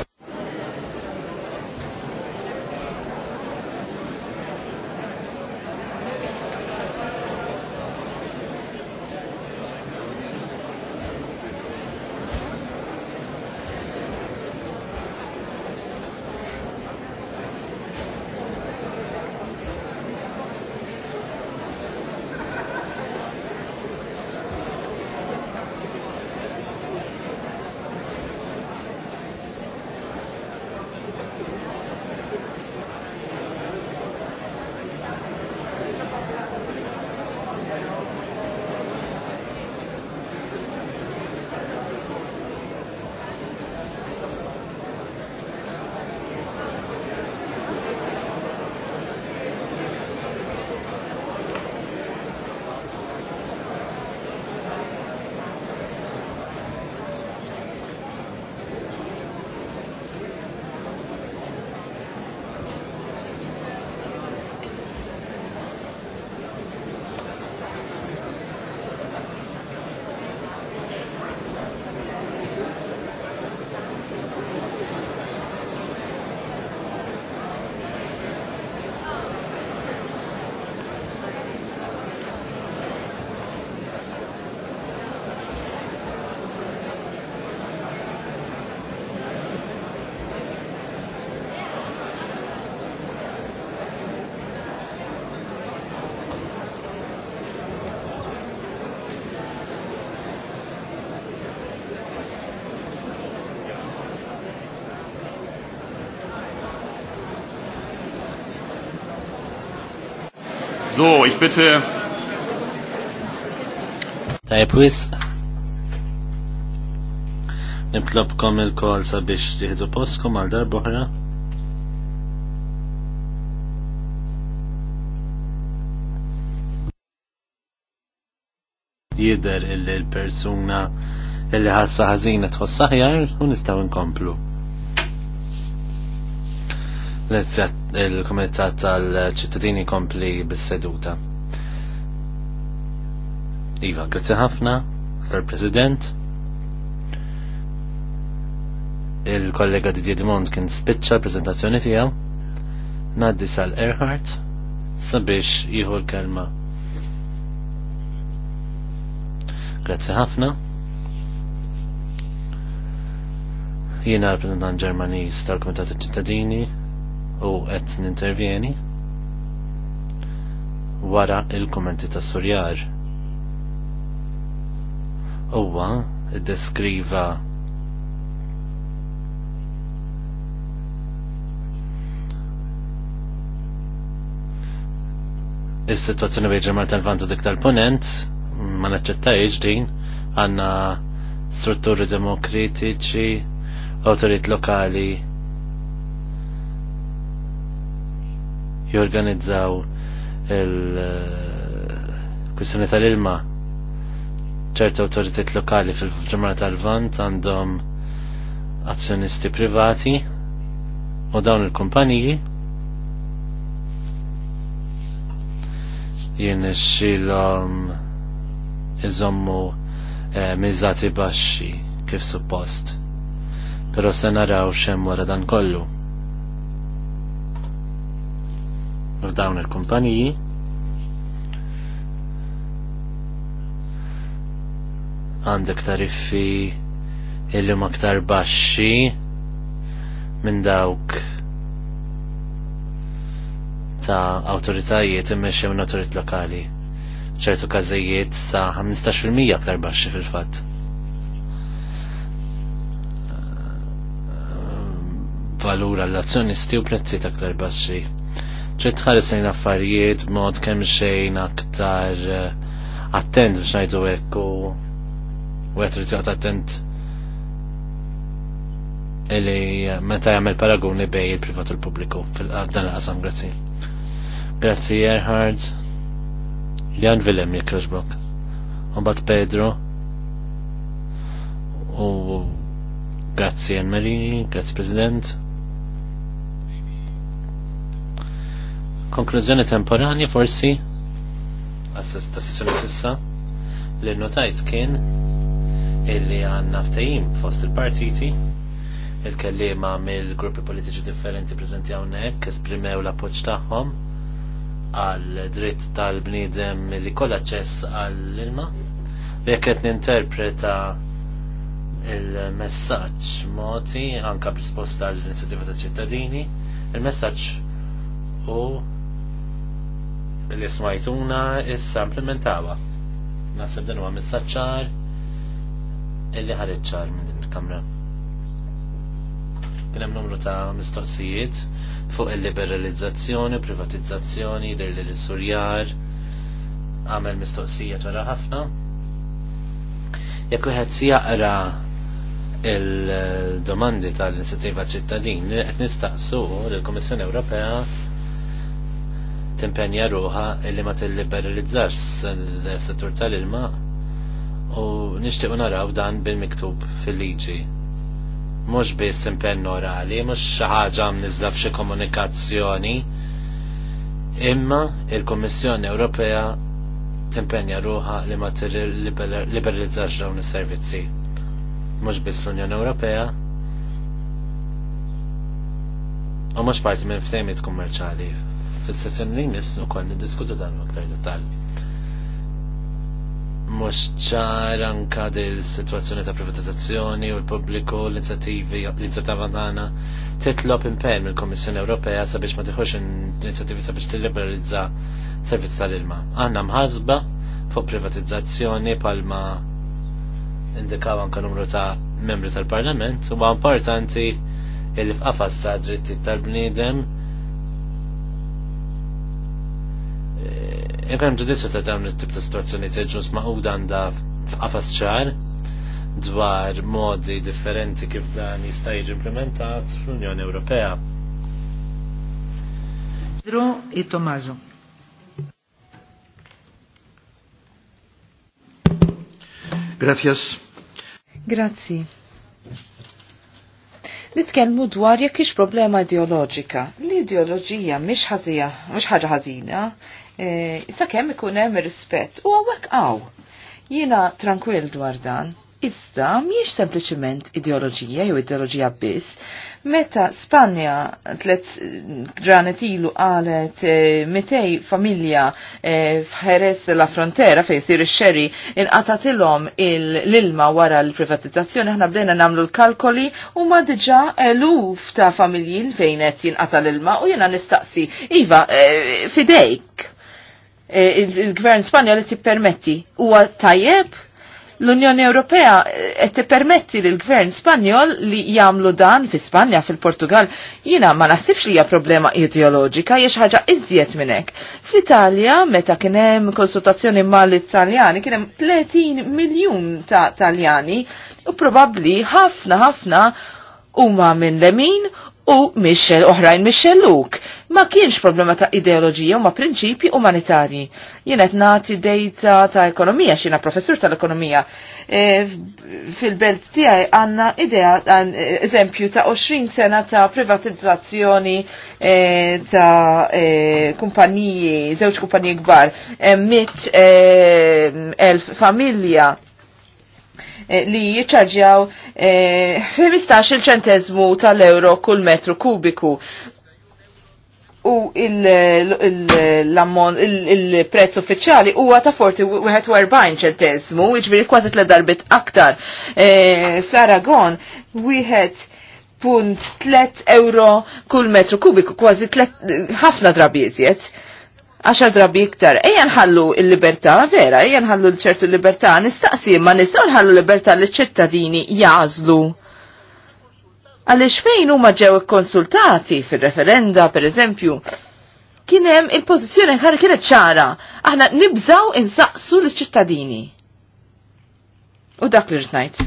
So, ich bitte. Tajb wis. Nitlobkom il-kol sabiex tieħdu postkom għal darbohra. Jider il-persuna illi ħassa ħażina tħossaħjar u nistgħu nkomplu il-Komitat tal-ċittadini kompli bis-seduta. Iva, grazie ħafna, Sir President. Il-kollega Didier Dimont kien spiċċa l-prezentazzjoni tiegħu. Naddi sal Earhart sabiex jieħu l-kelma. Grazzi ħafna. Jiena l-prezentant Ġermaniż tal-Kumitat ċittadini u qed nintervjeni wara il-kommenti ta' Surjar. Huwa deskriva il-situazzjoni bej ġermal tal-vantu dik tal-ponent ma naċċettajx din għanna strutturi demokratiċi, autorit lokali jorganizzaw il eh, kwissjoni tal-ilma ċerta autoritet lokali fil-ġemra tal-vant għandhom azzjonisti privati u dawn il-kumpaniji jien xilom iżommu eh, mizzati baxxi kif suppost. Pero se naraw xem wara dan kollu. f'dawn il-kumpaniji għandek tariffi illi ma ktar baxxi minn dawk ta' awtoritajiet immexxew minn awtorit lokali. ċertu każijiet sa' 15% aktar baxxi fil-fatt. Valur għall-azzjonisti u prezzijiet aktar baxxi ċed tħarisen l-affarijiet mod kemm xejn aktar eh, attent biex ngħidu hekk u qed irid attent illi meta jagħmel paragoni bej il-privat u l-pubbliku fil-qadda l-qasam grazzi. Grazzi Erhard, Jan Willem jekk u bat Pedro u grazzi Jan Marini, grazzi President. Konklużjoni temporanja forsi ta' sessjoni sissa li notajt kien illi għanna ftajim fost il-partiti il-kellima mill-gruppi politiċi differenti prezenti hawnhekk esprimew l-appoġġ tagħhom għal dritt tal-bniedem li kollha aċċess għall-ilma jekk qed ninterpreta il-messaġġ moti anka b'risposta għall inizjativa ta' ċittadini il-messaġġ u li smajtuna issa implementawa. Nasib din huwa mis-saċċar illi ħadet ċar minn din il-kamra. Kien hemm numru ta' mistoqsijiet fuq il-liberalizzazzjoni, privatizzazzjoni, dir li l-surjar għamel mistoqsija ċara ħafna. Jekk wieħed jaqra il-domandi tal-inizjattiva ċittadin, qed nistaqsu lill-Kummissjoni Ewropea timpenja ruħa illi ma tilliberalizzax il-settur tal-ilma u nixtiequ naraw dan bil-miktub fil-liġi. Mhux biss impenn orali, mhux xi ħaġa mniżla f'xi komunikazzjoni, imma il-Kummissjoni Ewropea timpenja ruħa li ma tilliberalizzax dawn is-servizzi. Mhux biss l-Unjoni Ewropea, u mhux parti minn ftehimiet kummerċali fil sessjoni li jmiss ukoll niddiskutu dan aktar dettal. Mhux ċar anka dil sitwazzjoni ta' privatizzazzjoni u l-pubbliku l-inizjattivi l-inizjattiva tagħna titlob impen mill-Kommissjoni Ewropea sabiex ma l inizjattivi sabiex tilliberalizza servizz tal-ilma. Għandna mħasba fuq privatizzazzjoni palma indikaw anka numru ta' membri tal-Parlament u importanti il f'qafas ta' drittijiet tal-bniedem Ikon ġudizzju ta' dawn it-tip ta' situazzjoni ta' ġus ma' għanda f'qafas ċar dwar modi differenti kif dan jista' jiġi implementat fl-Unjoni Ewropea. Pedro e Tommaso. Gracias. Grazzi. Nitkellmu dwar jekk ix problema ideoloġika. L-ideoloġija mhix ħażija, mhux ħaġa ħażina, Issa eh, kemm ikun hemm rispett u hawnhekk għaw. Jiena tranquil dwar dan. Iżda miex sempliciment ideoloġija jew ideoloġija biss. Meta Spanja tlet granet ilu għalet eh, mitej familja eh, fħeres la frontera fej sir xeri inqatatilhom l-ilma wara l-privatizzazzjoni aħna bdejna namlu l-kalkoli u ma diġa eluf ta' familji fejn qed jinqata l-ilma u jiena nistaqsi iva fidejk E, il-gvern Spanjol qed jippermetti. Huwa tajjeb l-Unjoni Ewropea qed tippermetti lil gvern Spanjol li jagħmlu dan fi Spanja, fil-Portugal, jiena ma naħsibx li hija problema ideoloġika jiex ħaġa iżjed minn hekk. Fl-Italja meta kien hemm konsultazzjoni mal-Italjani kien hemm 30 miljun ta' Taljani u probabbli ħafna ħafna huma minn lemin u Michel oħrajn Michel Luke. Ma kienx problema ta' ideoloġija u ma' prinċipji umanitarji. Jien qed nagħti dejta ta' ekonomija x'ina professur tal-ekonomija. E, Fil-belt tiegħi għandna idea e, eżempju ta' 20 sena ta' privatizzazzjoni e, ta' e, kumpaniji, żewġ kumpaniji kbar, e, mit e, elf familja Eh, li jiċċarġjaw 15 eh, ċentezmu tal-euro kull metru kubiku. U il-prezz uffiċjali huwa ta' forti 41 ċentezmu, iġbiri kważi tla darbit aktar. Eh, Fl-Aragon, wieħed punt 3 euro kull metru kubiku, kważi ħafna drabiet għaxar drabi iktar. Ejjan ħallu l-libertà, vera, ejjan ħallu l-ċertu libertà, nistaqsi ma nistgħu nħallu libertà li ċittadini jażlu. Għaliex fejn huma ġew konsultati fir-referenda, per eżempju, kien hemm il-pożizzjoni ħar kienet ċara, aħna nibżaw insaqsu l-ċittadini. U dak li rtnajt.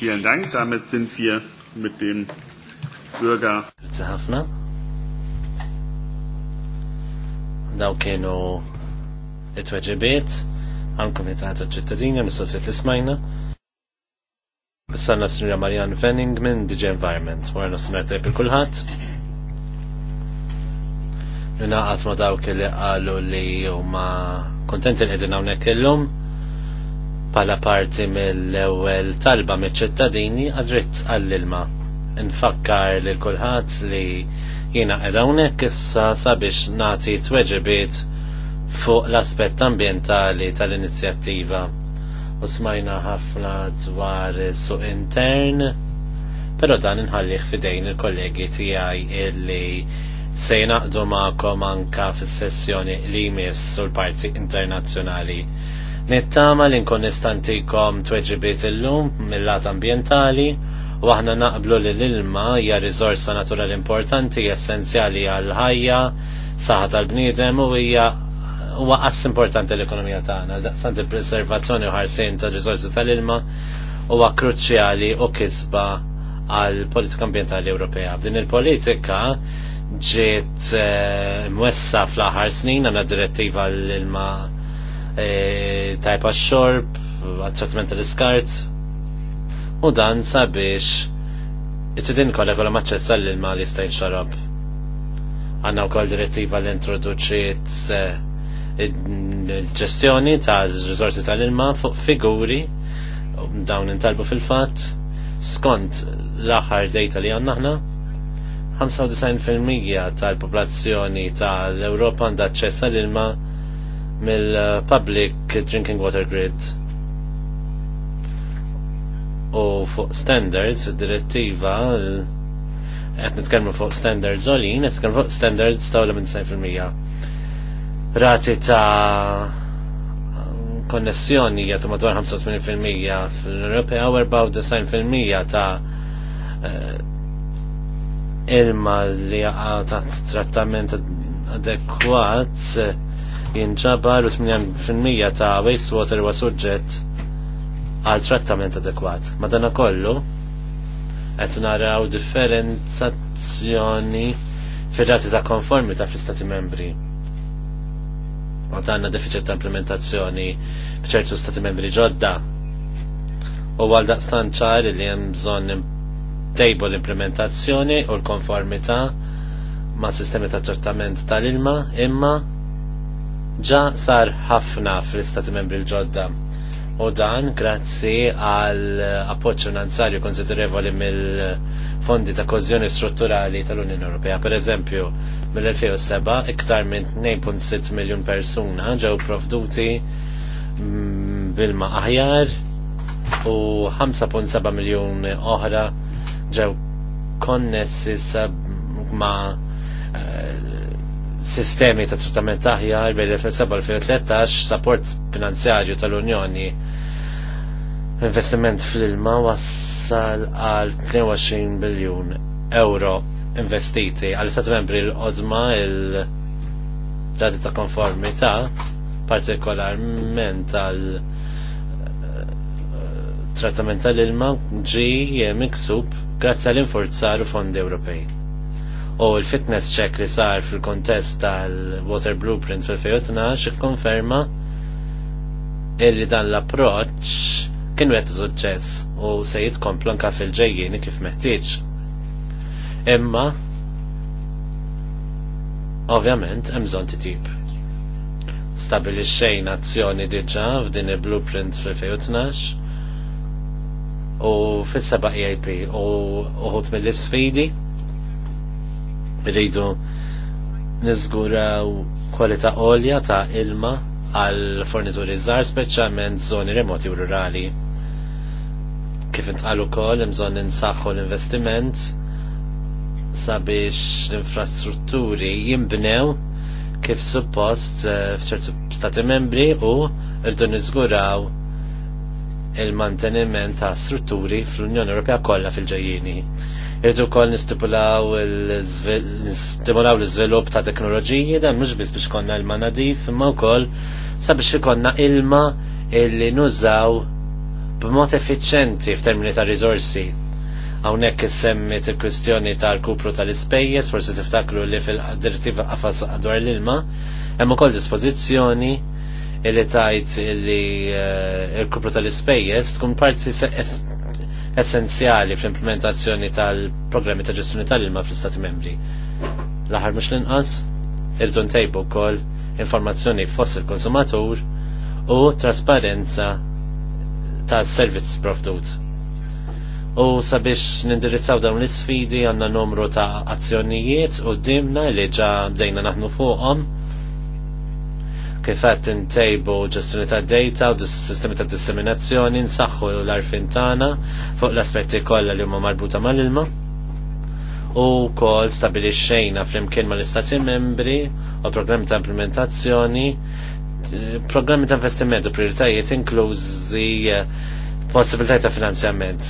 Vielen Dank, damit sind wir mit dem Bürger. Grazie ħafna. Daw kienu it-tweġibiet għal komitat ċittadini mis-sosiet li smajna. Sanna Sinja Marjan Fenning minn DJ Environment, wara nofsinhar tajb il-kulħadd. Rinaqat għatma dawk li għallu li huma kontenti li qegħdin hawnhekk illum pala parti mill-ewwel talba mill-ċittadini għadritt għall-ilma. Nfakkar li kulħadd li jina qed hawnhekk issa sabiex nagħti tweġibiet fuq l-aspett ambientali tal-inizjattiva u smajna ħafna dwar suq intern, pero dan inħallih fidejn il-kollegi tiegħi illi se jinaqdu ma'kom anka fis-sessjoni li jmiss sul-parti internazzjonali Nittama li nkun nistantikom tweġibiet illum mill-lat ambientali u aħna naqblu li l-ilma hija rizorsa naturali importanti essenzjali għal ħajja saħħa tal-bniedem u hija huwa qass importanti l-ekonomija tagħna, daqsant il-preservazzjoni u ħarsien ta' riżorsi tal-ilma huwa kruċjali u kisba għal politika ambientali Ewropea. Din il-politika ġiet eh, mwessa fl-aħħar snin għandha direttiva l-ilma E, tajpa xorb, għat-trattament tal-iskart, u dan sabiex it-tidin kolla kolla maċċessa l-ilma li stajn xarab. Għanna u koll direttiva l-introduċiet il-ġestjoni ta' rizorsi tal-ilma fuq figuri um, dawn intalbu fil-fat skont l-aħħar dejta li għannaħna 95% tal-popolazzjoni tal-Europa għandha ċessa l-ilma mill-Public Drinking Water Grid u fuq standards fid direttiva qed nitkellmu fuq standards għolin, qed nitkellmu fuq standards ta' minn 90%. Rati ta' konnessjoni għet ta' madwar 85% fl europea Ewropea u 94% ta' eh, ilma li għata trattament adekwat jinġabar u 80% ta' wastewater huwa suġġett għal trattament adekwat. Madana kollu, qed naraw differenzazzjoni fir-rati ta' konformità fl-Istati membri. Ma għandna deficit ta' implementazzjoni f'ċertu Stati membri ġodda. U għal daqstan ċar li hemm bżonn tejbu l-implementazzjoni u l-konformità ma' sistemi ta' trattament tal-ilma imma ġa sar ħafna fl-istati membri l-ġodda. U dan grazzi għal appoġġ finanzarju konsiderevoli mill-fondi ta' kozjoni strutturali tal-Unjoni Ewropea. Per eżempju, mill-2007 iktar minn 2.6 miljon persuna ġew provduti mm, bilma aħjar u 5.7 miljon oħra ġew konnessi ma' eh, sistemi ta' trattament aħjar bejn 2007-2013 support finanzjarju tal-Unjoni investiment fl-ilma wassal għal 22 biljun euro investiti għal stat membri l-qodma il-rati ta' konformità partikolarment għal eh, trattament tal-ilma ġi miksub grazzi għal u fondi Ewropej u l-fitness check li sar fil-kontest tal-Water Blueprint fil-2012 konferma illi dan l-approċ kienu għed suċċess u se jitkomplu anka fil-ġejjien kif meħtieġ. Imma ovvjament hemm bżonn titib. Stabilixxejn azzjoni diġà f'din il-blueprint fil-2012 u fis-seba' EIP u uħut mill-isfidi Rridu niżguraw kwalità olja ta' ilma għal fornituri żgħar speċjalment żoni remoti u rurali. Kif intqal ukoll hemm bżonn insaħħu l-investiment sabiex l-infrastrutturi jimbnew kif suppost eh, f'ċertu stati membri u rridu niżguraw il-manteniment ta' strutturi fl-Unjoni Ewropea kollha fil-ġejjini. Irridu kol nistipulaw nistimulaw l-iżvilupp ta' teknoloġiji dan mhux biss biex konna ilma nadif imma wkoll sabiex konna ilma illi nużaw b'mod effiċenti f'termini ta' rizorsi għawnek semmit il-kwestjoni tal-kupru tal ispejjeż forse tiftaklu li fil-direttiva għafas dwar l-ilma, hemm ukoll dispożizzjoni li tajt li eh, l kupru tal ispejjeż tkun parti essenzjali fl-implementazzjoni tal-programmi ta' ġestjoni tal-ilma fl-Istati membri. L-aħħar mhux l-inqas, irdu ntejbu wkoll informazzjoni fost il-konsumatur u trasparenza tas servizz provdut. U sabiex nindirizzaw dawn l-isfidi għandna numru ta' azzjonijiet u dimna li ġa bdejna naħnu fuqhom kifet intejbu ġestjoni ta' data u sistemi ta' disseminazzjoni nsaħħu l-arfin tagħna fuq l-aspetti kollha li huma marbuta mal-ilma u kol stabilixxejna flimkien mal-istati membri u programmi ta' implementazzjoni programmi ta' investiment u prioritajiet inklużi eh, possibilitajiet ta' finanzjament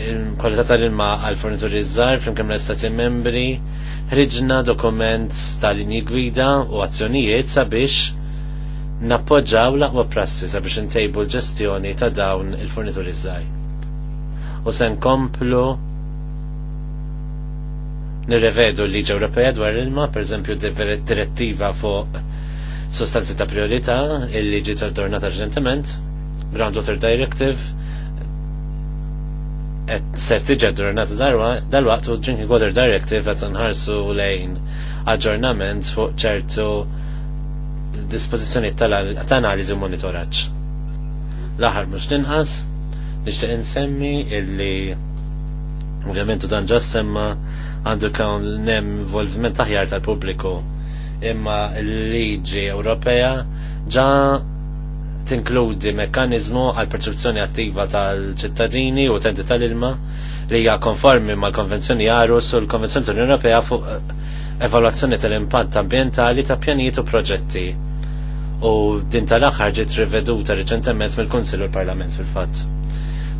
il-kwalità tal-ilma għal-fornituri żgħar flimkien l-Istati membri, ħriġna dokument tal-linji gwida u azzjonijiet sabiex nappoġġaw l-aqwa prassi sabiex intejbu l-ġestjoni ta' dawn il-fornituri żgħar. U se nkomplu nirrevedu l-liġi Ewropea dwar ilma, pereżempju direttiva fuq sostanzi ta' priorità, il-liġi tal-dornata reċentement, Groundwater Directive, qed ser tiġi ġurnata dal-waqt u Drinking Water Directive qed nħarsu lejn aġġornament fuq ċertu dispozizjoni tal-analiżi u monitoraġġ. L-aħħar mhux ninħas, nixtieq insemmi illi ovvjament dan ġas semma għandu kawn nem involviment aħjar tal-pubbliku imma l-liġi Ewropea ġa tinkludi mekkanizmu għal perċezzjoni attiva tal-ċittadini u tenti tal-ilma li hija konformi mal-Konvenzjoni Arus u l-Konvenzjoni tal-Unjoni Ewropea fuq eh, evalwazzjoni tal-impatt ambjentali ta' pjanijiet u proġetti. U din tal-aħħar ġiet riveduta riċentement mill-Kunsill u l-Parlament fil-fatt.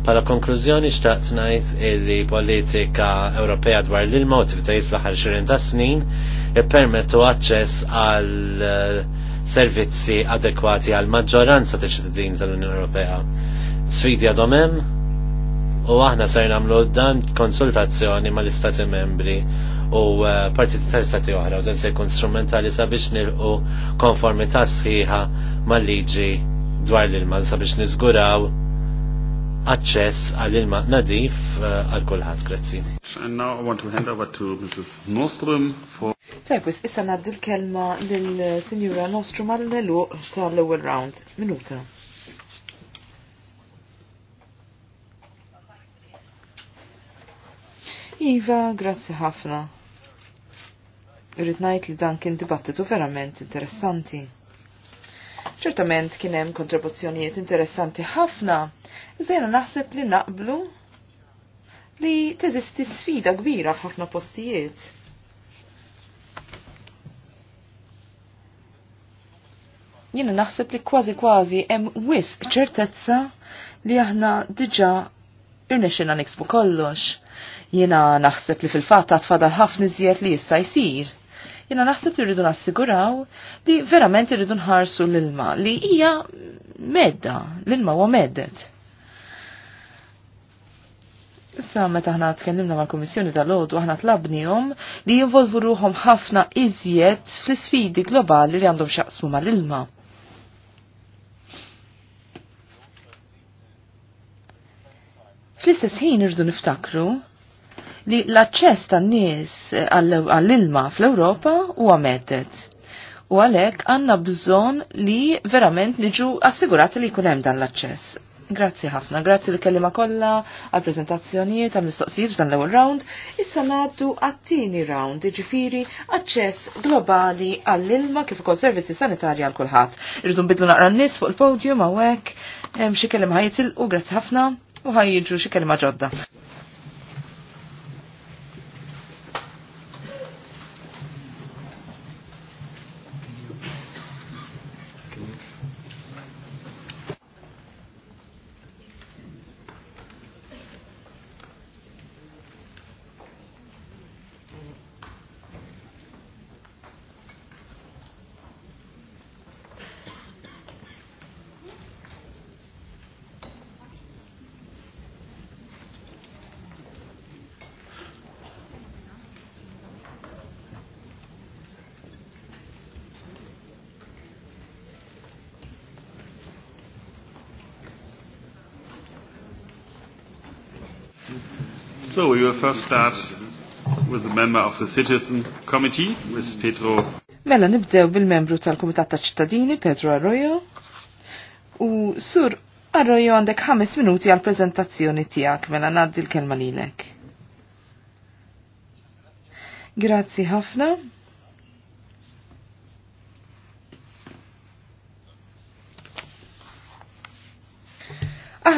Pala konklużjoni xtaqt ngħid li politika Ewropea dwar l-ilma u tivitajiet fl-aħħar 20 ta' snin ippermettu aċċess għal uh, servizzi adekwati għal maġġoranza ta' ċittadini tal-Unjoni Ewropea. Sfidi għadhom hemm u aħna ser nagħmlu dan konsultazzjoni mal-Istati membri u eh, partiti tal-Istati oħra u dan se jkun strumentali sabiex nilqu konformità sħiħa mal-liġi dwar l-ilma sabiex niżguraw aċċess għall ilma nadif eh, għal kulħadd grazzi. And now I want to hand over to Mrs. Nostrum for Tajb, issa naddil kelma lill signura Nostrum għal neluq tal-ewwel round. Minuta. Iva, grazzi ħafna. Irrid ngħid li dan kien dibattitu verament interessanti. Ċertament kien hemm kontribuzzjonijiet interessanti ħafna Zero naħseb li naqblu li teżisti sfida kbira f'ħafna postijiet. Jiena naħseb li kważi kważi hemm wisq ċertezza li aħna diġà irnexxina niksbu kollox. Jiena naħseb li fil-fatt għad fadal ħafna iżjed li jista' jsir Jiena naħseb li rridu nassiguraw li verament irridu nħarsu l-ilma, li hija medda, l-ilma huwa meddet. Issa meta aħna tkellimna mal-Kummissjoni tal odu aħna tlabnihom li jinvolvu ruhom ħafna iżjed fl-isfidi globali li għandhom xaqsmu mal-ilma. Fl-istess ħin irdu niftakru li l-aċċess tan-nies għall-ilma fl-Ewropa huwa medet. U għalhekk għandna bżonn li verament niġu assigurati li jkun hemm dan l-aċċess Grazzi ħafna, grazzi li kellima kollha għal prezentazzjonijiet għal mistoqsijiet dan l-ewwel round. Issa ngħaddu għat-tieni round, jiġifieri aċċess globali għall-ilma kif ukoll servizzi sanitarji għal kulħadd. Irridu nbidlu naqra n-nies fuq il-podium hawnhekk, hemm xi kellim ħajitilqu, grazzi ħafna u ħajjiġu xi kellima ġodda. So we will first start with the member of the Citizen Committee, Ms. Petro. Mela nibdew bil-membru tal-Kumitat ta' ċittadini, Pedro Arroyo. U sur Arroyo għandek ħames minuti għal prezentazzjoni tijak, mela naddi l-kelma lilek. Grazzi ħafna.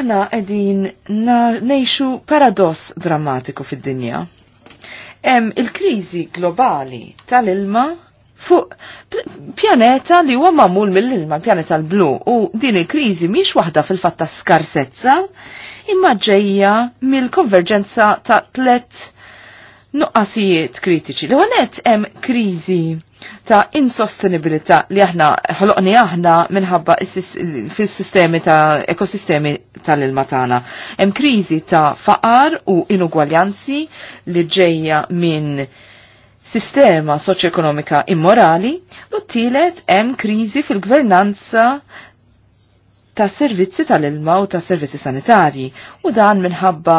Aħna qegħdin ngħixu paradoss drammatiku fid-dinja. Hemm il-kriżi globali tal-ilma fuq pjaneta li huwa mamul mill-ilma, pjaneta l-blu, u din il-kriżi mhix waħda fil-fatta skarsezza, imma ġejja mill-konverġenza ta' tlet nuqqasijiet kritiċi. Li għonet hemm kriżi ta' insostenibilità li aħna ħloqni aħna minħabba fil-sistemi ta' ekosistemi tal-ilma tagħna. Hemm kriżi ta' faqar u inugwaljanzi li ġejja minn sistema soċjoekonomika immorali u t-tielet hemm kriżi fil-gvernanza ta' servizzi tal-ilma u ta' servizzi sanitarji u dan minħabba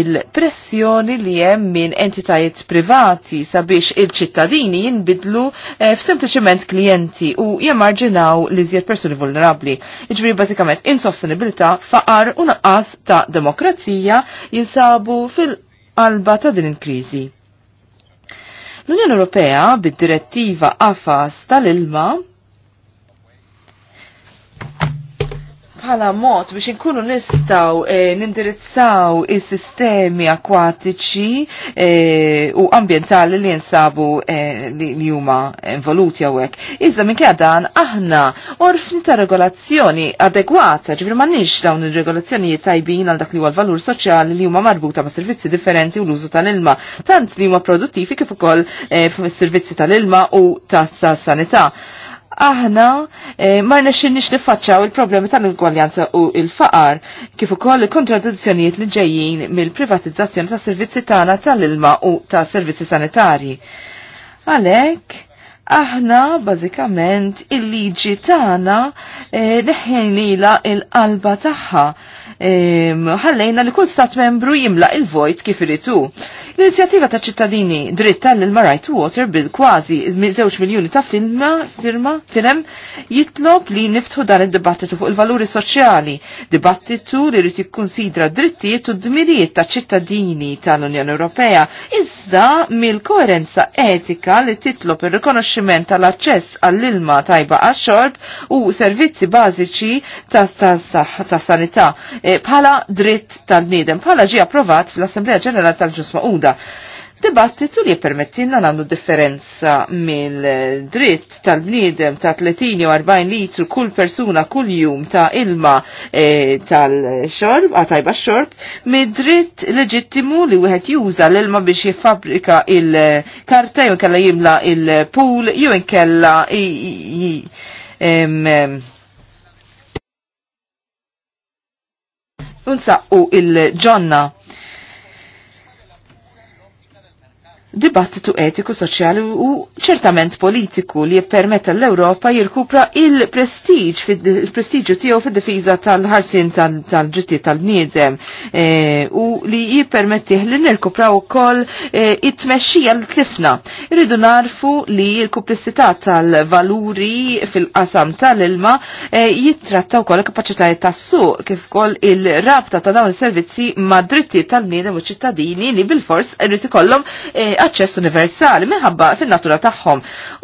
il-pressjoni li hemm minn entitajiet privati sabiex il-ċittadini jinbidlu eh, f'sempliċiment klijenti u jemarġinaw li żjed persuni vulnerabli. Iġbiri bażikament insostenibilità, faqar u naqqas ta' demokrazija jinsabu fil-qalba ta' din il-kriżi. L-Unjoni Ewropea bid-direttiva AFAS tal-ilma bħala mod biex inkunu nistaw e, nindirizzaw is-sistemi akwatiċi e, u ambientali li jinsabu e, li huma involuti hawnhekk. Iżda minkejja dan aħna orfni ta' regolazzjoni adegwata, ġifri m'għandniex dawn ir-regolazzjonijiet tajbin għal dak li huwa l-valur soċjali li huma marbuta ma' servizzi differenti u l-użu tal-ilma, tant li huma produttivi kif ukoll servizzi tal-ilma u tazza sanità aħna eh, marna li faċċaw il-problemi tal-ugwaljanza u il-faqar, kif ukoll il-kontradizzjonijiet li ġejjin mill-privatizzazzjoni ta' servizzi tagħna tal-ilma u ta' servizzi sanitarji. Għalhekk, aħna bażikament il-liġi tagħna eh, neħjenila il-qalba tagħha Ehm, ħallejna li kull stat membru jimla il-vojt kif iritu. L-inizjattiva ta' ċittadini dritt tal il Right Water bil kważi żewġ miljoni ta' filma, firma, firem jitlob li niftħu dan id-dibattitu fuq il-valuri soċjali, dibattitu li rrit jikkunsidra drittijiet u dmirijiet ta' ċittadini tal-Unjoni Ewropea, iżda mill-koerenza etika li titlob ir-rikonoxximent tal-aċċess għall-ilma tajba għax-xorb u servizzi bażiċi ta' sanità Eh, bħala dritt tal-bniedem, bħala ġi approvat fl-Assemblea Ġenerali tal-Ġus Mauda. u li permettinna nannu differenza mill-dritt tal-bniedem ta' 30 u 40 litru kull persuna kull jum ta' ilma e, tal-xorb, tajba xorb, mid-dritt leġittimu li wieħed juża l-ilma biex jiffabrika il-karta jew kella jimla il-pool jew inkella unsaqqu il-ġonna dibattitu etiku, soċjali u ċertament politiku li jippermetta l-Ewropa jirkupra il-prestiġ, il-prestiġu tiegħu fid-difiża tal-ħarsin tal-ġittijiet tal-bniedem eh, u li jippermettih li nirkupra koll eh, it-tmexxija l tlifna. Irridu narfu li l-kumplessità tal-valuri fil-qasam tal-ilma eh, jittratta wkoll koll kapaċitajiet tas-suq kif ukoll il-rabta ta' dawn il servizzi ma' drittijiet tal-bniedem u ċittadini li bil-fors irrid ikollhom aċċess universali minħabba fin-natura tagħhom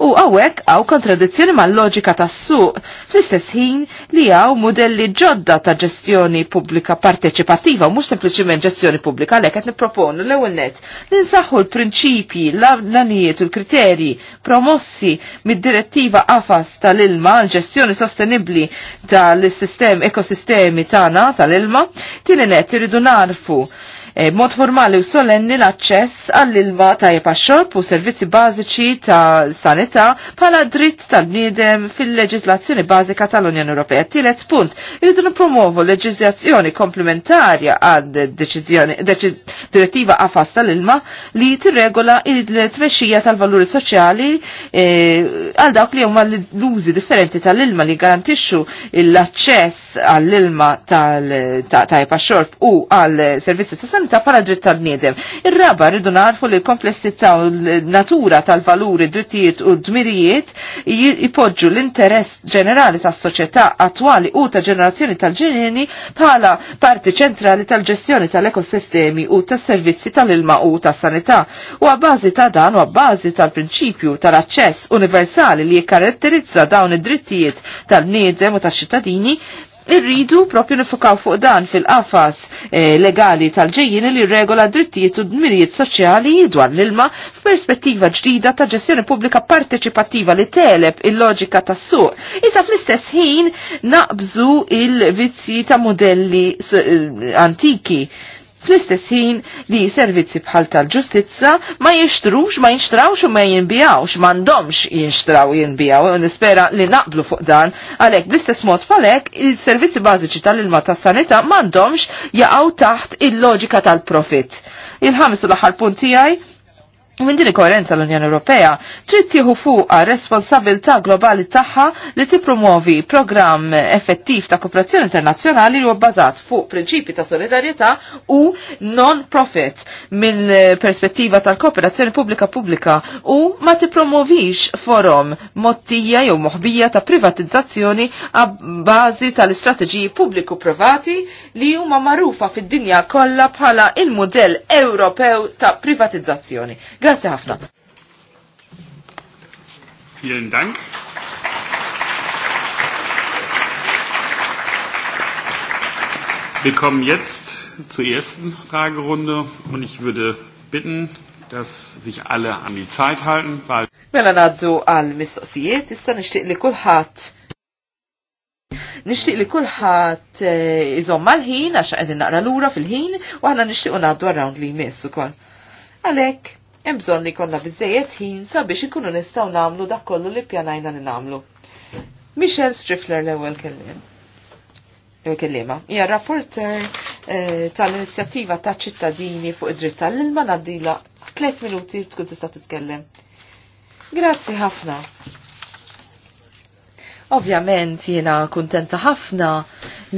u hawnhekk hawn kontradizzjoni mal-loġika tas-suq fl-istess ħin li għaw modelli ġodda ta' ġestjoni pubblika parteċipattiva u mhux sempliċiment ġestjoni pubblika għalhekk qed nipproponu l-ewwel nett li nsaħħu l-prinċipji, l-anijiet u l-kriterji promossi mid-direttiva AFAS tal-ilma l-ġestjoni sostenibbli tal-sistem ekosistemi tagħna tal-ilma, tieni net iridu narfu e, mod formali u solenni l-aċċess għall-ilma ta' għax-xorb u servizzi bażiċi ta' sanità bħala dritt tal-bniedem fil-leġislazzjoni bażika tal-Unjoni Ewropea. Tielet punt, irridu nippromovu leġislazzjoni komplementarja għad direttiva għafas tal-ilma li tirregola il-tmexxija tal-valuri soċjali eh, għal dawk li huma l-użi differenti tal-ilma li garantixxu l-aċċess għall-ilma tal tajpa xorb u għal servizzi ta' Ta' bħala dritt tal-bniedem. Ir-raba rridu narfu li l-komplessità u l-natura tal-valuri, drittijiet u dmirijiet jipoġġu l-interess ġenerali tas-soċjetà attwali u ta' ġenerazzjoni tal ġinieni bħala parti ċentrali tal-ġestjoni tal-ekosistemi u tas-servizzi tal-ilma u tas-sanità. U għabbażi ta' dan u għabbażi tal-prinċipju tal-aċċess universali li jikkaratterizza dawn id-drittijiet tal-bniedem u tax-ċittadini Irridu propju nifukaw fuq dan fil-qafas e, legali tal-ġejjin li regola drittijiet u dmirijiet soċjali dwar l-ilma f'perspettiva ġdida ta' ġestjoni pubblika partecipativa li teleb il-loġika tas suq Iżda fl-istess ħin naqbżu il-vizzi ta' modelli eh, antiki fl-istess ħin li servizzi bħal tal-ġustizza ma jinxtrux, ma jinxtrawx u ma jinbijawx, mandomx jinxtraw jinbijaw, u nispera li naqblu fuq dan, għalek bl-istess mod palek il-servizzi bażiċi tal-ilma tas-sanità mandomx jaqgħu taħt il-loġika tal-profit. Il-ħames u l-aħħar punt tiegħi Minn din il-koerenza l-Unjoni Ewropea trid tieħu fuqha responsabilità globali tagħha li tippromovi programm effettiv ta' kooperazzjoni internazzjonali li huwa bbażat fuq prinċipji ta' solidarjetà u non-profit minn perspettiva tal-kooperazzjoni pubblika pubblika u ma tippromovix forom mottija jew moħbija ta' privatizzazzjoni bażi tal-istrateġiji pubbliku privati li huma magħrufa fid-dinja kollha bħala il-mudell Ewropew ta' privatizzazzjoni. Grazie ħafna. Vielen Dank. Wir kommen jetzt zur ersten Fragerunde und ich würde bitten, dass sich alle an die Zeit halten, weil Mela naddu għal mistoqsijiet, issa nishtiq li kulħadd nishtiq li kulħadd eh, izom mal-ħin għax qegħdin naqra l-ura fil-ħin u għana nishtiq nixtiequ ngħaddu around li jmiss kol. Għalhekk hemm bżonn li jkollna biżejjed ħin sabiex ikunu nistgħu nagħmlu dak kollu li pjanajna li nagħmlu. Michelle Strifler l-ewwel kelliem. Jew kellima. Hija rapporter eh, tal-inizjattiva ta' ċittadini fuq id-dritt tal-ilma ngħaddila tliet minuti tkun tista' titkellem. Grazzi ħafna. Ovvjament jiena kuntenta ħafna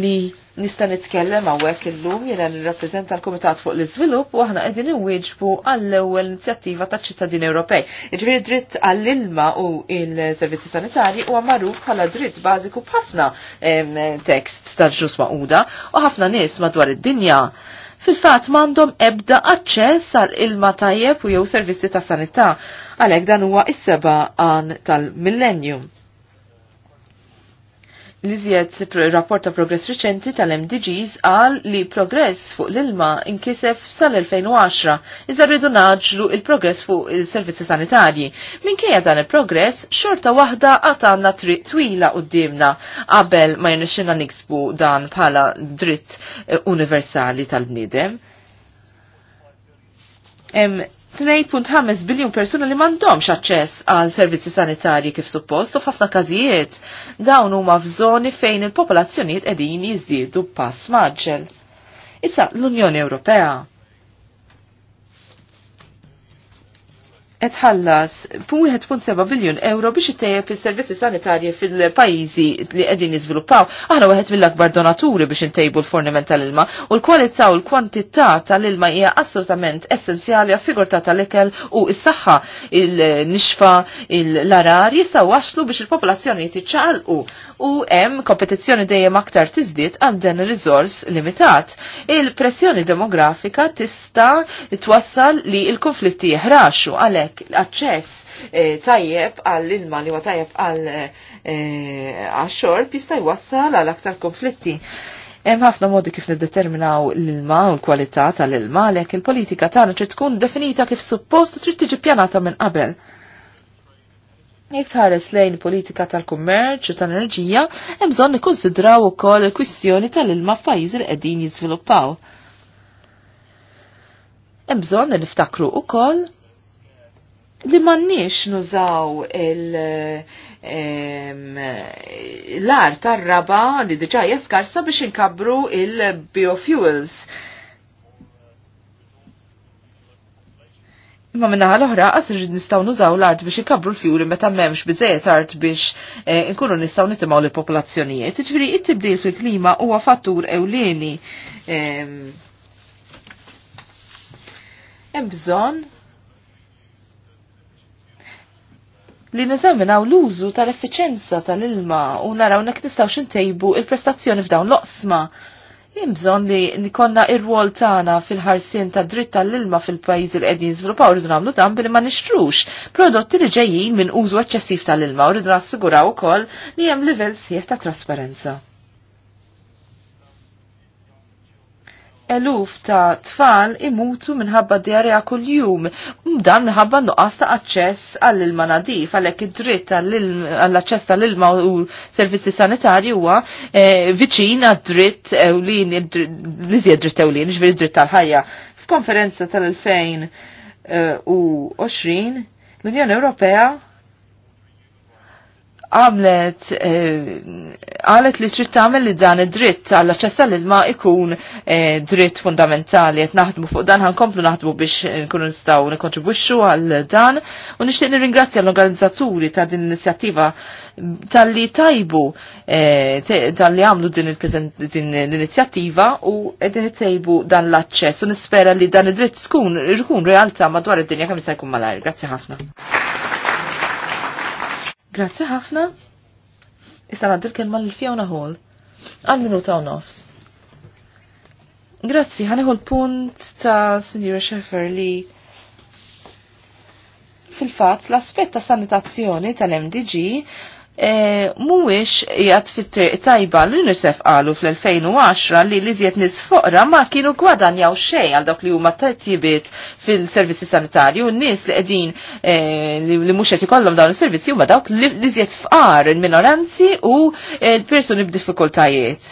li nista' nitkellem hawnhekk illum jiena nirrappreżenta l-Kumitat fuq l-Iżvilupp u aħna qegħdin inwieġbu għall-ewwel inizjattiva taċ-ċittadini Ewropej. Jiġifieri dritt għall-ilma u l-servizzi sanitarji huwa magħruf bħala dritt bażiku b'ħafna tekst tal-ġus maquda u ħafna nies madwar id-dinja fil-fat mandom ebda aċċess għal ilma tajjeb u jew servizzi ta' sanità, għalhekk dan huwa is-seba għan tal-millennium li zjed rapport ta' progress reċenti tal-MDGs għal li progress fuq l-ilma inkisef sal-2010, iżda rridu naġlu il-progress fuq il-servizzi sanitarji. Minkejja dan il-progress, xorta waħda għatanna triq twila u d-dimna qabel ma jirnexxina niksbu dan bħala dritt eh, universali tal-bnidem. 2.5 biljun persuna li mandomx aċċess għal servizzi sanitarji kif suppost u f'ħafna każijiet dawn huma f'żoni fejn il-popolazzjonijiet qegħdin jiżdiedu pass maġġel. Issa l-Unjoni Ewropea etħallas pu 1.7 biljun euro biex ittejjeb is-servizzi sanitarji fil-pajjiżi li qegħdin jiżviluppaw. Aħna waħed mill-akbar donaturi biex intejbu l-forniment tal-ilma u l-kwalità u l-kwantità tal-ilma hija assolutament essenzjali għas-sigurtà tal-ikel u s-saħħa il-nixfa l-arar jistgħu waslu biex il-popolazzjoni tiċċaqalqu u hemm kompetizzjoni dejjem aktar tiżdied għal dan ir-riżors limitat. Il-pressjoni demografika tista' twassal li l-konflitti jeħraxu għalhekk l aċċess eh, tajjeb għall ilma li huwa tajjeb għal eh, għax-xorb jista' jwassal għal aktar konflitti. Hemm ħafna modi kif niddeterminaw l-ilma u l-kwalità tal-ilma għalhekk il-politika tagħna trid tkun definita kif suppost u trid tiġi pjanata minn qabel. Jek tħares lejn politika tal-kummerċ u tal-enerġija, hemm bżonn nikkonsidraw ukoll il-kwistjoni tal-ilma f'pajjiżi li qegħdin jiżviluppaw. Hemm bżonn niftakru wkoll li mannix nużaw l-ar tar-raba li diġa jaskarsa biex inkabru il-biofuels. Imma minna l-oħra, għasir nistaw nużaw l-art biex ikabru l-fjuri meta memx bizzejet art biex eh, nkunu nistaw nitimaw li popolazzjonijiet. Ġviri, it-tibdil fil-klima huwa fattur ewlieni. Hemm bżonn li neżaminaw l-użu tal-effiċenza tal-ilma u naraw nek nistaw xintejbu il-prestazzjoni f'dawn l-oqsma. Jimżon li nikonna ir-rwol tagħna fil-ħarsien ta' dritt tal-ilma fil-pajjiż li qegħdin żviluppaw rridu nagħmlu dan billi ma nixtrux prodotti li ġejjin minn użu eċċessiv tal-ilma u rridu nassiguraw ukoll li hemm livell sieħ ta' trasparenza. eluf ta' tfal imutu minħabba diarja kull-jum, dan minħabba nuqqas ta' aċċess għall-ilma nadif, għalhekk id-dritt għall-aċċess tal-ilma u servizzi sanitarji huwa eh, viċin għad-dritt ewlin, li dritt ewlin, ġviri dritt tal-ħajja. F'konferenza tal-2020 eh, l-Unjoni Ewropea għamlet eh, għalet li trid tagħmel li dan id-dritt għall aċċess għall-ilma ikun eh, dritt fundamentali qed naħdmu fuq dan ħankomplu naħdmu biex nkunu nistgħu nikkontribwixxu għal dan u nixtieq nirringrazzja l-organizzaturi ta' din l-inizjattiva tal-li tajbu eh, tal-li għamlu din l-inizjattiva u din tajbu dan l-aċċess u nispera li dan id-dritt tkun irkun realtà madwar id-dinja kemm se jkun malajr. Grazzi ħafna. Grazzi ħafna. Issa għaddil kelma l-Fiona Hall. Għal minuta u nofs. Grazzi, ħaniħu l-punt ta' Sinjura Sheffer li fil-fat l-aspett ta' sanitazzjoni tal-MDG E, Mhuwiex jgħat fit-triq tajba l-UNICEF qalu fl-2010 li zjiet nis foqra ma kienu gwadanjaw xejn għal dawk li huma tajtibit fil-servizzi sanitarju u n-nies li qegħdin e, li mhux qed ikollhom dawn is-servizzi huma dawk li zjiet fqar il-minoranzi u l-persuni e, b'diffikultajiet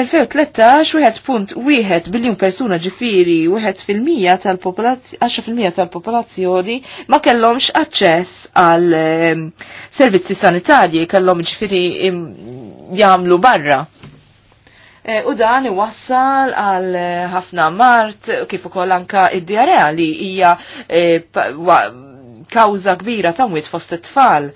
Fl-2013, 1.1 biljun persuna ġifiri, 1% tal-popolazzjoni, tal-popolazzjoni ma kellhomx aċċess għal ehm, servizzi sanitarji, kellhom ġifiri jagħmlu barra. Eh, u dan iwassal għal eh, ħafna mart, kif ukoll anka id-diarea li hija eh, kawża kbira ta' mwiet fost it-tfal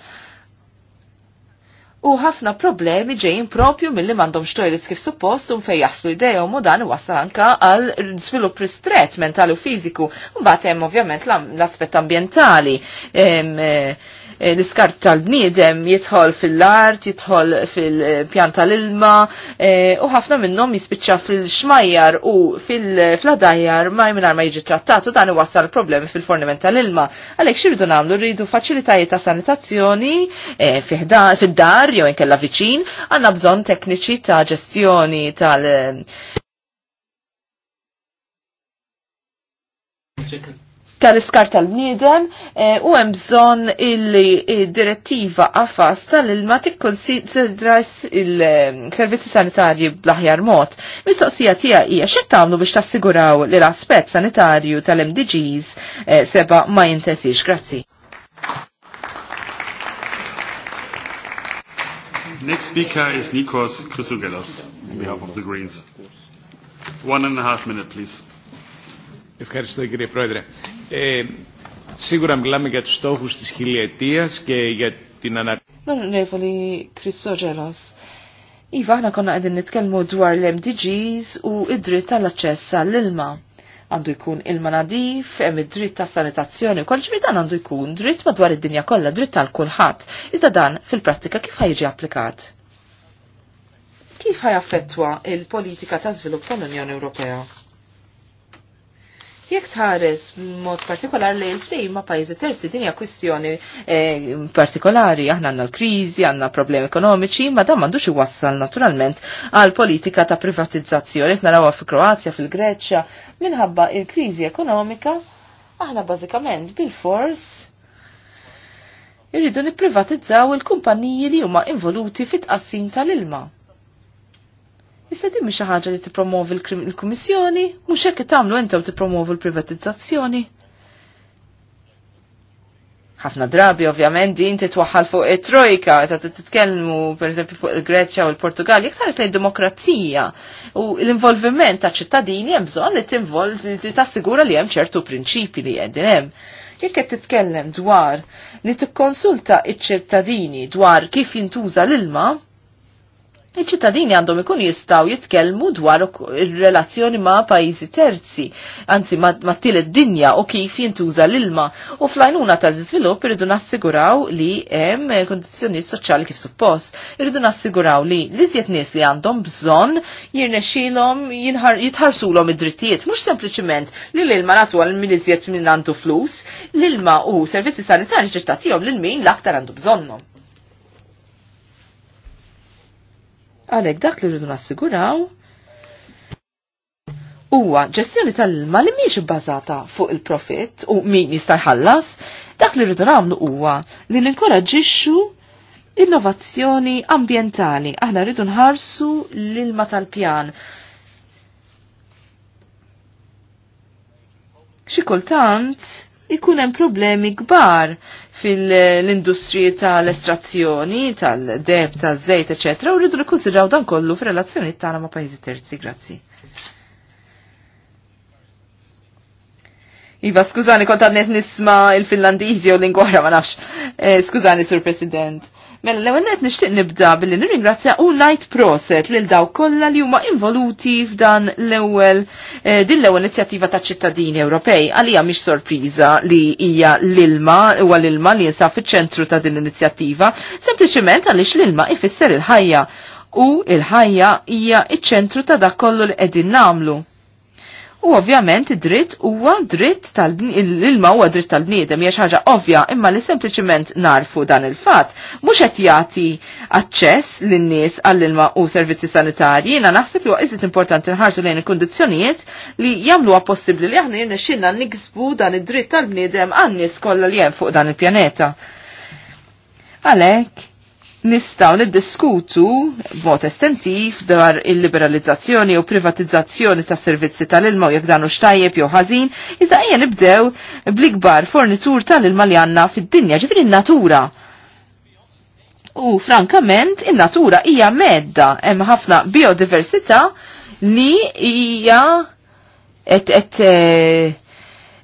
u ħafna problemi ġejjin propju mill-li m'għandhomx toilets kif suppost u um fejn jaslu idejhom u dan iwassal anka għal svilupp ristret mentali u fiżiku. Mbagħad hemm ovvjament l-aspett ambjentali eh, Eh, l-iskart tal-bniedem jidħol fil-art, jidħol fil-pjan tal-ilma eh, u ħafna minnhom jispiċċa fil-xmajjar u fil-fladajjar ma jminar ma jiġi trattat u dan wassal problemi fil-forniment tal-ilma. Għalhekk xirridu nagħmlu rridu faċilitajiet ta' sanitazzjoni eh, fil dar jew inkella viċin, għandna bżonn tekniċi ta' ġestjoni tal- tal-iskar tal-bniedem eh, u hemm bżonn illi direttiva qafas tal-ilma tikkonsidra il-servizzi sanitarji bl-aħjar mod. Mistoqsija tiegħi hija x'qed tagħmlu biex tassiguraw li l-aspett sanitarju tal-MDGs eh, seba ma jintesix. Grazzi. Next speaker is Nikos Chrysogelos, on behalf of the Greens. One and a half minute, please. Ευχαριστώ κύριε Πρόεδρε. Ε, σίγουρα μιλάμε για τους στόχους της χιλιετίας και για την αναπτύξη. Νονρεύολη Κρυσόγελος. Iva, ħna konna għedin nitkelmu dwar l-MDGs u id-dritt tal-aċċess għall-ilma. Għandu jkun ilma nadif, hemm id-dritt ta' sanitazzjoni, kol ġmi dan għandu jkun dritt madwar id-dinja kollha, dritt tal kulħadd. Iżda dan fil-prattika kif ħajġi applikat? Kif ħajaffettwa il-politika ta' żvilupp tal-Unjoni Ewropea? Jekk tħares mod partikolar li l-ftejn ma' pajjiżi terzi din hija kwistjoni eh, partikolari, aħna għandna l-kriżi, għandna problemi ekonomiċi, ma dan m'għandux iwassal naturalment għal politika ta' privatizzazzjoni qed narawha fi Kroazja, fil-Greċja, minħabba il-kriżi ekonomika aħna bażikament bil-fors irridu nipprivatizzaw il-kumpaniji li huma involuti fit qassin tal-ilma Issa dimmi xi ħaġa li tippromovi l-Kummissjoni, mhux hekk tagħmlu intom tippromovu l-privatizzazzjoni. Ħafna drabi ovvjament din titwaħħal fuq it-trojka ta' titkellmu pereżempju fuq il-Greċja u l-Portugal, jekk saris lejn demokrazija u l-involviment ta' ċittadini hemm bżonn li tinvolv li tassigura li hemm ċertu prinċipi li qegħdin hemm jekk qed titkellem dwar li tikkonsulta iċ-ċittadini dwar kif jintuża l-ilma, iċ-ċittadini għandhom ikun jistaw jitkellmu dwar il-relazzjoni ma' pajjiżi terzi, anzi ma' t-tile dinja u kif jintuża l-ilma. U fl-għajnuna tal-iżvilupp irridu nassiguraw li hemm kondizjoni soċjali kif suppost. Irridu nassiguraw li l zjet nis li għandhom bżonn jirnexxilhom jitħarsulhom id-drittijiet, mhux sempliciment li l-ilma nagħtu għal min iżjed min għandu flus, l-ilma u servizzi sanitarji ġirtatihom lil min l-aktar għandu bżonnhom. Għalek dak li rridu nassiguraw huwa ġestjoni tal-ilma li miex bbażata fuq il-profit u min jista' jħallas, dak li rridu nagħmlu huwa li ninkoraġixxu innovazzjoni ambientali. Aħna rridu nħarsu l-ilma tal-pjan. Xi kultant ikun hemm problemi kbar fil-industriji tal-estrazzjoni, tal-deb, tal-żejt, eccetera, u rridu nikkonsidraw dan kollu fil relazzjoni tagħna ma' pajjiżi terzi. Grazzi. Iva, skużani, kont għadnet nisma il-Finlandizi u lingwara ma nafx. Eh, skużani, Sur President. Mela l-ewwel qed nixtieq nibda billi nirringrazzja u Light proset lil daw kollha li huma involuti f'dan l-ewwel eh, din l-ewwel inizjattiva ta' ċittadini Ewropej għalija mhix sorpriża li hija l-ilma u l-ilma li jinsab fiċ-ċentru ta' din l-inizjattiva, sempliċement għaliex l-ilma ifisser il-ħajja u il-ħajja hija iċ-ċentru ta' dak kollu li qegħdin nagħmlu. U ovvjament dritt huwa dritt tal-ilma huwa dritt tal-bniedem hija ħaġa ovvja, imma li sempliċiment narfu dan il-fatt mhux qed jagħti aċċess lin-nies għall-ilma u servizzi sanitarji, jiena naħseb li huwa iżid importanti nħarsu lejn il-kundizzjonijiet li jagħmluha possibbli li aħna jirnexxinna niksbu dan id-dritt tal-bniedem għan-nies kollha li hemm fuq dan il-pjaneta. Għalhekk, nistaw niddiskutu b'mod estentiv dwar il-liberalizzazzjoni u privatizzazzjoni ta' servizzi tal-ilma u jekk danu xtajjeb jew ħażin, iżda ejja nibdew bl-ikbar fornitur tal-ilma li għandna fid-dinja in natura. U frankament, in-natura hija medda hemm ħafna biodiversità li hija et et eh,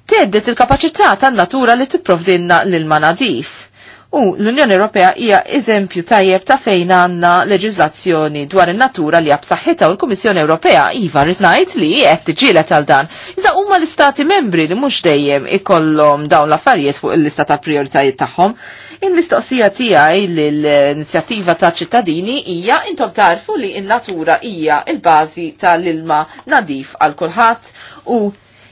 teddet il-kapacità tan-natura li tipprovdinna l-ilma nadif U l-Unjoni Ewropea hija eżempju tajjeb ta' fejn għandna leġiżlazzjoni dwar in-natura li jabsaħħitha u l-Kummissjoni Ewropea iva rrid ngħid li qed tiġielet għal dan. Iżda huma l-istati membri li mhux dejjem ikollhom dawn l-affarijiet fuq il-lista ta' prijoritajiet tagħhom. Il-mistoqsija tiegħi l-inizjattiva ta' ċittadini hija intom tarfu li n-natura hija il-bażi tal-ilma nadif għal kulħadd u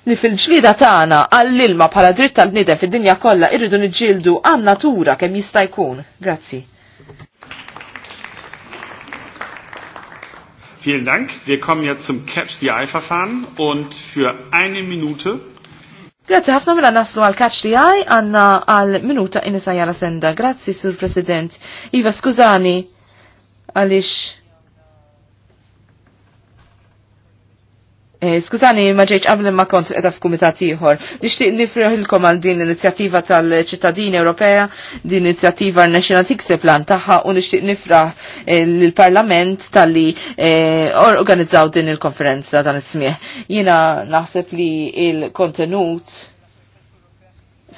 li fil-ġlida tagħna għall-ilma bħala dritt tal-bniedem fid-dinja kollha irridu niġġieldu għan natura kemm jista' jkun. Grazzi. Vielen Dank. Wir kommen jetzt zum Catch the Eye Verfahren und für eine Minute. Grazie ħafna mela naslu għal catch the eye għanna għal minuta in jala senda. Grazzi, Sur President. Iva, skużani għalix Eh, skużani, ma ġejċ qabel ma kont edha f'kumitat ieħor. Nixtieq nifriħilkom għal din l-inizjattiva tal-ċittadini Ewropea, din inizjattiva National Tiksel Plan tagħha u nixtieq nifraħ eh, l-Parlament tal-li eh, organizzaw din il-konferenza dan is-smieħ. Jiena naħseb li il-kontenut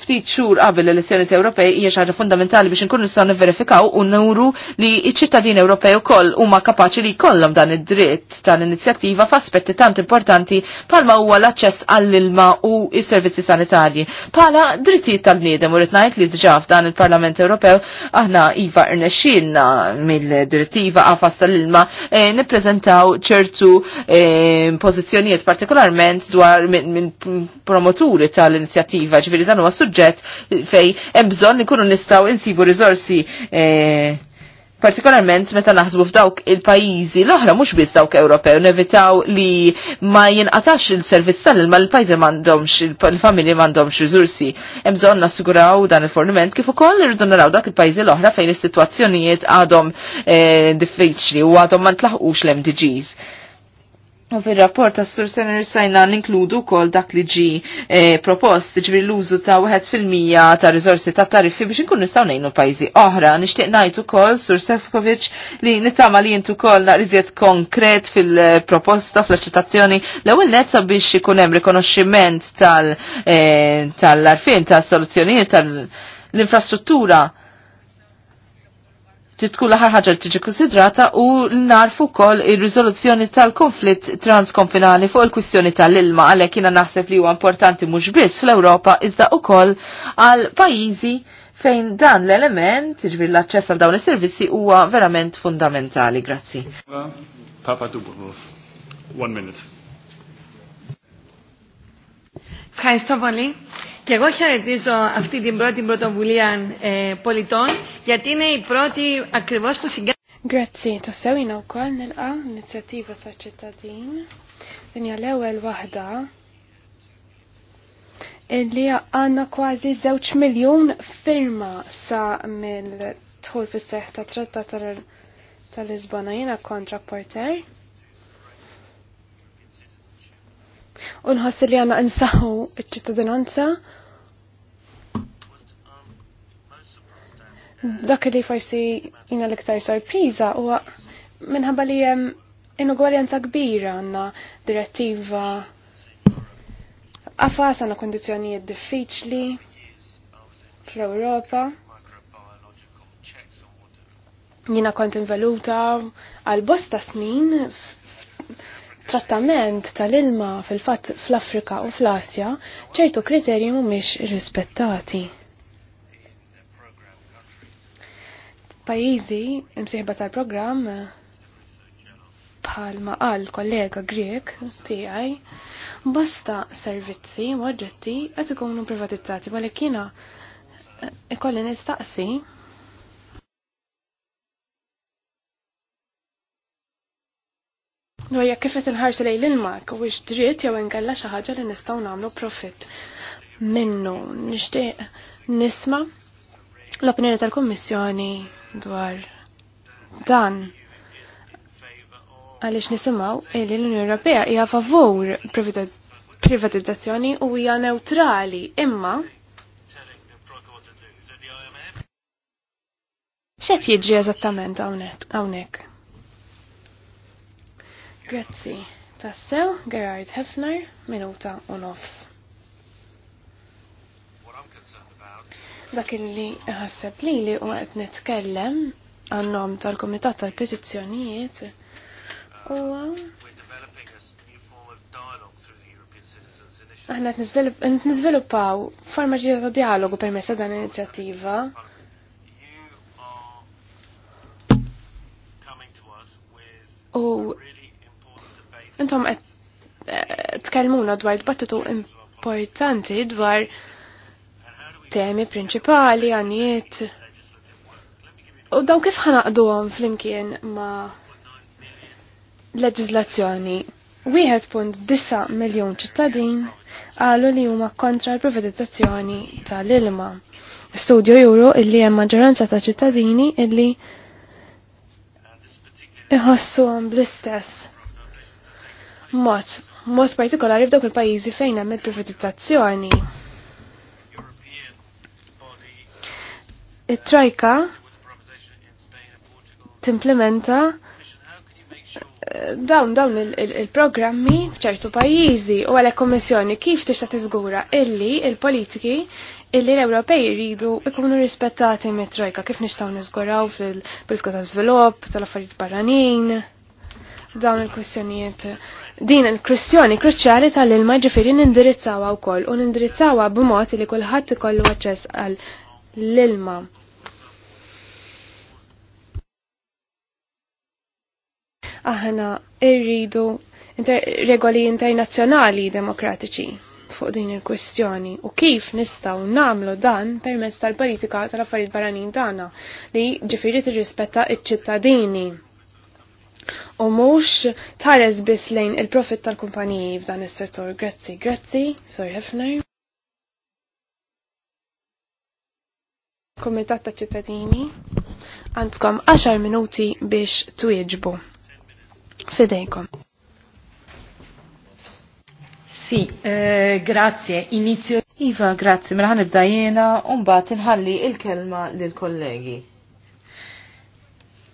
ftit xhur qabel l-elezzjoni Ewropej hija xi ħaġa fundamentali biex inkunu nistgħu nivverifikaw u nuru li ċ-ċittadini Ewropej ukoll huma kapaċi li jkollhom dan id-dritt tal-inizjattiva f'aspetti tant importanti bħalma huwa l-aċċess għall-ilma u s-servizzi sanitarji. Bħala drittijiet tal-bniedem u rid ngħid li diġà f'dan il-Parlament Ewropew aħna iva rnexxielna mill-direttiva qafas tal-ilma eh, nippreżentaw ċertu eh, pożizzjonijiet partikolarment dwar minn promoturi tal-inizjattiva ġifieri dan huwa suġġett fej hemm bżonn ikunu nistgħu insibu rizorsi eh, partikolarment meta naħsbu f'dawk il-pajjiżi l-oħra mhux biss dawk Ewropew nevitaw li ma jinqatax il-servizz tal-ilma l-pajjiżi m'għandhomx il-familji m'għandhomx riżursi. Hemm bżonn nassiguraw dan il-forniment kif ukoll irridu naraw dak il-pajjiżi l-oħra fejn is-sitwazzjonijiet għadhom eh, diffiċli u għadhom ma ntlaħqux l-MDGs. U fil-rapport ta' Sur Sener sajna ninkludu kol dak li ġi e, propost ġbir l-użu ta' 1% ta' rizorsi ta' tariffi biex nkun nistaw nejnu pajzi oħra. Nishtiq najtu kol Sur Sefkovic li nittama li jintu kol naqriżiet konkret fil-proposta fl-eċitazzjoni l ewwel netza biex ikun hemm rikonoxximent eh, tal-arfin e, tal ta' soluzzjonijiet tal-infrastruttura titkun l-aħħar ħaġa li tiġi konsidrata u narfu wkoll ir-riżoluzzjoni tal-konflitt transkonfinali fuq il-kwistjoni tal-ilma għalhekk jiena naħseb li huwa importanti mhux biss fl-Ewropa iżda wkoll għal pajjiżi fejn dan l-element, ġbir jiġifieri l-aċċess għal dawn is-servizzi huwa verament fundamentali. Grazzi. Papa one minute. Kajn Stavali, Και εγώ χαιρετίζω αυτή την πρώτη πρωτοβουλία ε, πολιτών, γιατί είναι η πρώτη ακριβώς που συγκέντρωσε. Grazzi, ta' sewina u koll nilqa l inizjativa ta' ċittadin, dinja l ewwel wahda, illi għanna kważi zewċ miljon firma sa' mill-tħol fis-seħ ta' trattat tal-Lisbona jena kontra porter. u li għanna nsaħu iċ-ċittadinanza. Dak li forsi jina l-iktar sorpriża u minħabba li jem inugwaljanza kbira għanna direttiva għafas għanna kondizjonijiet diffiċli fl-Europa jina kont involuta għal bosta snin trattament tal-ilma fil-fatt fl-Afrika u fl-Asja ċertu kriterji mhumiex rispettati. Pajjiżi imsieħba tal-programm bħal qal kollega Grek tiegħi bosta servizzi u oġġetti qed ikunu privatizzati, għalhekk jiena eh, ikolli nistaqsi Dwar kif qed inħarsu lejn l-ilma huwiex dritt jew inkella xi ħaġa li nistgħu nagħmlu profitt minnu. Nixtieq nisma' l-opinjoni tal-Kummissjoni dwar dan għaliex nisimgħu li l-Unjoni Ewropea hija favur privatizzazzjoni u hija neutrali imma ċet jiġri eżattament hawnhekk. Grazzi. Tassew, Gerard Hefner, minuta u nofs. Dak li ħasseb li li u għet netkellem għannom tal-Komitat tal-Petizzjonijiet u Aħna nizviluppaw forma ġdida ta' dialogu permessa dan l-inizjattiva. U Intom qed eh, tkellmuna dwar dibattitu importanti dwar temi prinċipali, għanijiet. U daw kif ħanaqduhom flimkien ma' leġizlazzjoni. Wieħed punt disa miljon ċittadin għalu li huma kontra l-privatizzazzjoni tal-ilma. Studio juru illi hemm maġġoranza ta' ċittadini illi iħossuhom bl-istess mod, mod partikolari f'dawk il-pajjiżi fejn hemm il-privatizzazzjoni. It-trajka timplementa eh, dawn dawn il-programmi f'ċertu pajjiżi u għalhekk kommissjoni kif tista' tiżgura illi il-politiki illi l-Ewropej jridu ikunu rispettati mit-trojka kif nistgħu niżguraw fil-politika ta' żvilupp, tal-affarijiet barranin dawn il-kwestjonijiet. Din il-kwestjoni kruċjali tal-ilma ġifiri nindirizzawa u koll u nindirizzawa b'mod li kullħat ikollu aċċess għal ilma Aħna irridu inter regoli internazzjonali demokratiċi fuq din il-kwestjoni u kif nistaw namlu dan permezz tal-politika tal-affarijiet barranin tagħna li ġifieri tirrispetta iċ-ċittadini u mux tares bis lejn il-profit tal-kumpaniji f'dan is-settur. Grazzi, grazzi, sorry Hefner. Komitat ta' ċittadini, għandkom 10 minuti biex twieġbu. Fidejkom. Si, eh, grazie. Inizio. Iva, grazie. Mela ħanibda jena, un bat inħalli il-kelma lil kollegi.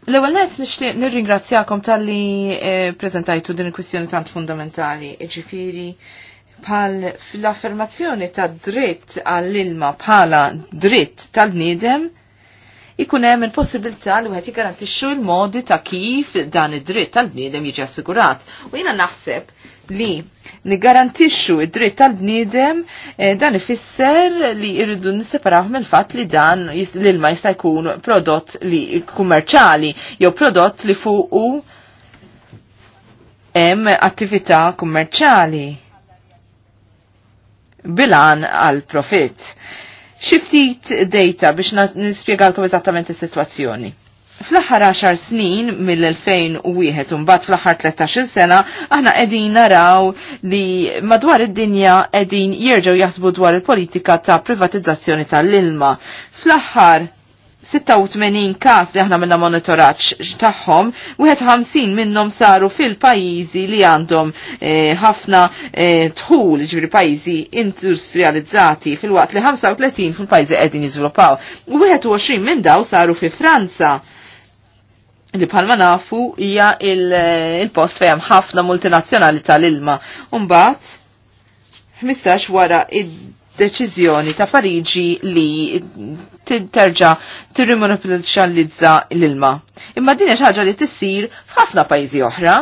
L-ewwel nett nixtieq nirringrazzjakom talli li eh, prezentajtu din il-kwistjoni tant fundamentali, ġifieri bħal fl-affermazzjoni ta' dritt għall-ilma bħala dritt tal-bniedem ikun hemm il-possibilità li wieħed jiggarantixxu l-modi ta' kif dan id-dritt tal-bniedem jiġi assigurat. U jiena naħseb li nigarantixxu id-dritt tal-bniedem eh, dan ifisser li irridu nisseparawhom mill-fatt li dan l-ilma jista' jkun prodott li kummerċjali jew prodott li fuqu hemm attività kummerċjali bilan għal profit. Xiftit data biex nispjegalkom eżattament is-sitwazzjoni. Fl-aħħar 10 snin mill-2001 u mbagħad fl-aħħar 13 sena aħna qegħdin naraw li madwar id-dinja qegħdin jerġgħu jaħsbu dwar il-politika ta' privatizzazzjoni tal-ilma. Fl-aħħar 86 kas li aħna minna monitoraċ taħħom, 51 minnom saru fil-pajizi li għandhom eh, ħafna e, e, tħul ġviri pajizi industrializzati fil-waqt li 35 fil-pajizi Wieħed u 21 minn daw saru fi Franza li bħalma nafu hija il-post il fejem ħafna multinazzjonali tal-ilma. Umbat, 15 wara id-deċizjoni ta' Pariġi li terġa tirrimonopilċalizza l-ilma. Imma din ħaġa li tissir f'ħafna pajjiżi oħra.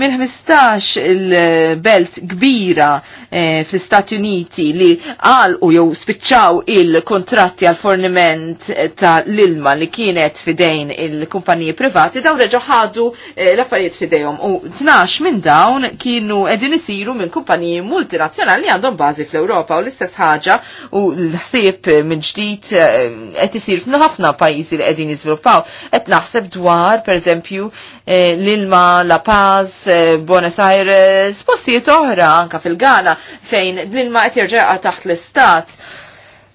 Minn 15 il-belt kbira eh, fl-Stati Uniti li għal u jew spiċċaw il-kontratti għal forniment eh, ta' l-ilma li kienet fidejn il-kumpaniji privati daw reġo ħadu eh, l-affarijiet fidejhom u 12 minn dawn kienu edin isiru minn kumpaniji multinazzjonali għandhom bażi fl-Ewropa u l-istess ħaġa u l-ħsieb minn ġdid eh, qed isir ħafna pajjiżi li qegħdin jiżviluppaw qed naħseb dwar pereżempju eh, l-ilma, la paz, Eh, Buenos Aires, postijiet oħra, anka fil-Ghana, fejn din ma qed jirġaqa taħt l-istat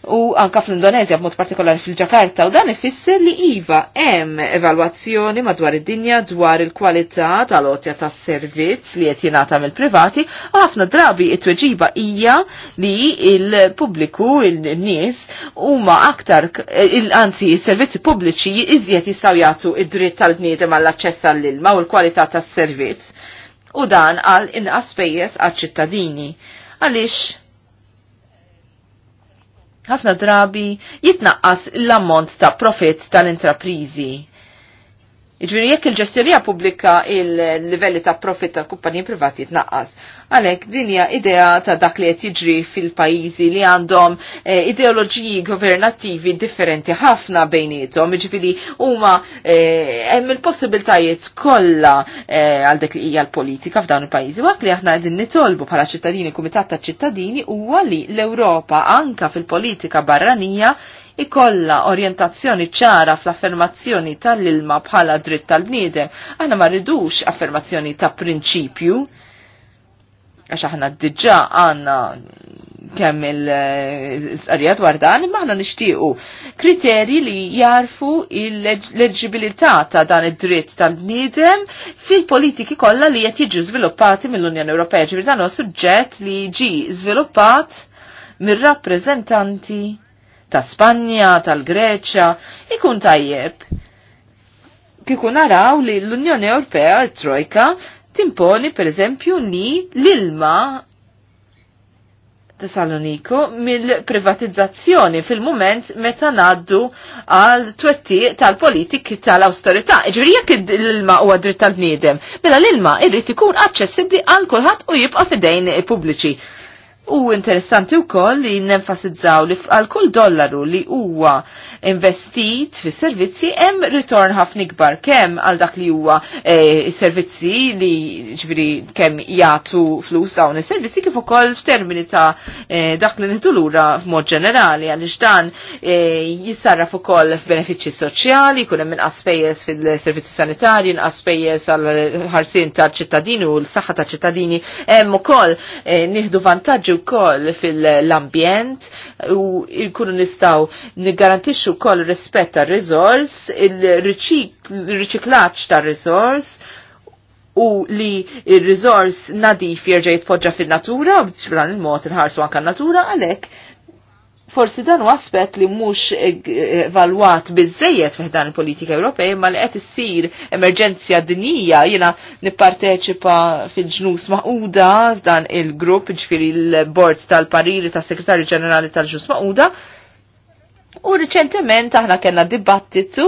u anka fl-Indonezja b'mod partikolari fil-Ġakarta u dan ifisser li iva hemm evalwazzjoni madwar id-dinja dwar il-kwalità tal-otja tas-servizz li qed jingħata mill-privati u ħafna drabi it-tweġiba hija li il-pubbliku il-nies huma aktar eh, anzi is-servizzi pubbliċi iżjed jistgħu jagħtu id-dritt tal-bniedem għall-aċċess għall-ilma u l-kwalità tas-servizz u dan għal inqas pejjeż għaċ-ċittadini. Għaliex ħafna drabi jitnaqqas l-ammont ta' profit tal-intraprizi. Iġviri jekk il-ġestjonija pubblika il-livelli ta' profit tal kumpanji privati jitnaqqas. Għalek, dinja idea ta' dak li qed jiġri fil-pajjiżi li għandhom eh, ideoloġiji governattivi differenti ħafna bejnietom, jiġifieri huma eh, hemm eh, il-possibiltajiet kollha eh, għal eh, dik li hija l-politika f'dawn il-pajjiżi. Waqt li aħna qegħdin nitolbu bħala ċittadini, kumitat ta' ċittadini huwa li l-Ewropa anka fil-politika barranija ikolla orientazzjoni ċara fl-affermazzjoni tal-ilma bħala dritt tal-bniedem, għana ma rridux affermazzjoni ta' prinċipju, għax aħna d-dġa għandna kemm il-sqarija dwar dan, imma aħna nixtiequ kriterji li jarfu l-leġibilità ta' dan id-dritt tal-bniedem fil-politiki kollha li qed jiġu żviluppati mill-Unjoni Ewropea. Ġifieri dan huwa suġġett li ġi żviluppat mir-rappreżentanti ta' Spanja, tal-Greċja, ikun tajjeb kikun naraw li l-Unjoni Ewropea, t trojka, timponi per eżempju li l-ilma ta' mill-privatizzazzjoni fil-moment meta naddu għal twetti tal-politiki tal-austerità. Ġviri jekk l-ilma u għadrit tal-bniedem, mela l-ilma irrit ikun aċċessibbli għal kulħadd u jibqa' fidejn pubbliċi. U interessanti wkoll li nenfasizzaw li għal kull dollaru li huwa investit fis servizzi hemm ritorn ħafna ikbar kemm għal dak li huwa eh, servizzi li ġifieri kemm jagħtu flus dawn is-servizzi kif ukoll f'termini ta' eh, dak li nitu lura f'mod ġenerali għaliex dan e, jissarraf ukoll f'benefiċċji soċjali, jkun hemm inqas pejjeż fil-servizzi sanitarji, inqas pejjeż għal ħarsien tal-ċittadini u l-saħħa tal-ċittadini hemm ukoll nieħdu vantaġġi wkoll fil-ambjent u jkunu nistgħu niggarantixxu wkoll rispett tar-riżors, il-riċiklaġġ tar-riżors u li il-riżors nadif jerġa' jitpoġġa fin-natura u b'dan il-mod inħarsu anke natura għalhekk forsi dan u aspet li mhux evalwat biżejjed fih dan il-politika Ewropej, ma li qed issir emerġenzja dinija jiena nipparteċipa fil-ġnus maquda f'dan il-grupp, ġifieri il-bords tal-pariri tas-Segretarju Ġenerali tal-Ġnus Maquda, U riċentement aħna kena dibattitu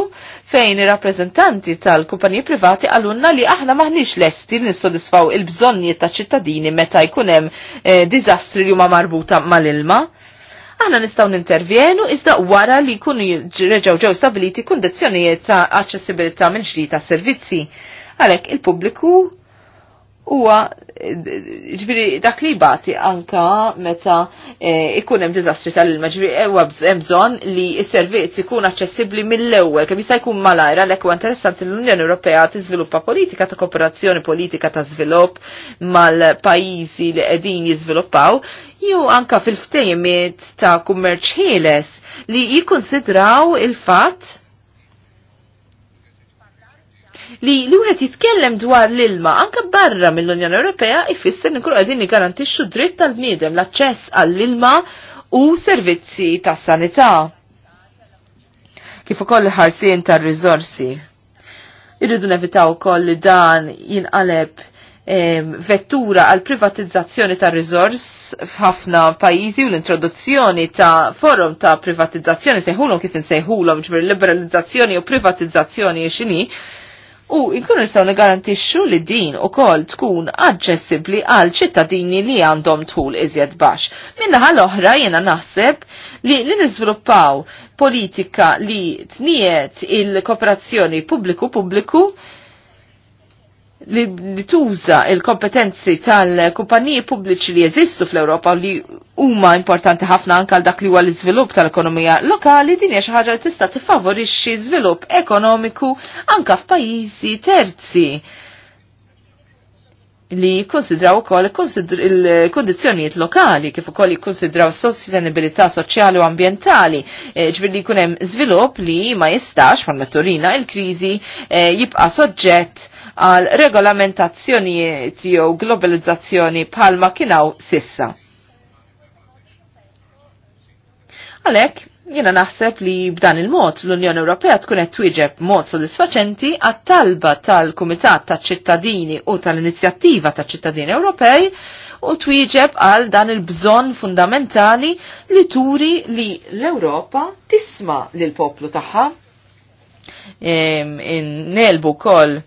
fejn ir-rappreżentanti tal-kumpaniji privati għallunna li aħna maħniex lesti li nissodisfaw il bżonni ta' ċittadini meta jkun hemm eh, diżastri li huma marbuta mal-ilma. Aħna nistgħu nintervjenu iżda wara li jkunu reġgħu ġew stabiliti kundizzjonijiet ta' aċċessibilità minn ġdida ta' servizzi. Għalhekk il-pubbliku huwa ġbiri dak li bati anka meta eh, ikun hemm diżastri tal-ilma ġbiri eh, hemm bżonn li s-servizz ikun aċċessibbli mill-ewwel kemm jista' jkun malajr għalhekk huwa interessanti l-Unjoni Ewropea tiżviluppa politika ta' kooperazzjoni politika ta' żvilupp mal-pajjiżi li qegħdin jiżviluppaw jew anka fil-ftejmiet ta' kummerċ ħieles li jikkonsidraw il-fatt li li wieħed jitkellem dwar l-ilma anke barra mill-Unjoni Ewropea ifisser nkunu qegħdin nigarantixxu dritt tal-bniedem l-aċċess għall-ilma u servizzi tas sanità kif ukoll ħarsien tar-riżorsi. Irridu nevitaw ukoll li dan jinqaleb vettura għal privatizzazzjoni ta' rizors f'ħafna pajjiżi u l-introduzzjoni ta' forum ta' privatizzazzjoni sejħulhom kif insejħulhom ġbir liberalizzazzjoni u privatizzazzjoni x'inhi U jkunu nistgħu nigarantixxu li din ukoll tkun aċċessibbli għal ċittadini li għandhom tħul iżjed baxx. Minnaħa l-oħra jiena naħseb li li niżviluppaw politika li tniet il-kooperazzjoni pubbliku-pubbliku publiku-publiku pubbliku pubbliku li, li tuża il-kompetenzi tal-kumpaniji pubbliċi li jeżistu fl-Ewropa li huma importanti ħafna anke għal dak li huwa l-iżvilupp tal-ekonomija lokali din hija xi ħaġa li tista' tiffavorixxi żvilupp ekonomiku anke f'pajjiżi terzi li jikkonsidraw ukoll il-kondizzjonijiet lokali kif ukoll jikkonsidraw sostenibilità soċjali u ambjentali, e, ġbir li jkun hemm żvilupp li ma jistax bħal Turina il-kriżi e, jibqa' soġġett għal regolamentazzjonijiet jew globalizzazzjoni bħalma kienaw sissa. Għalek, jiena naħseb li b'dan il-mod l-Unjoni Ewropea tkun qed twieġeb mod sodisfaċenti għat-talba tal-Kumitat taċ-ċittadini u tal-inizjattiva taċ-ċittadini Ewropej u twieġeb għal dan il-bżonn fundamentali li turi li l-Ewropa tisma' lill poplu tagħha. Nelbu kol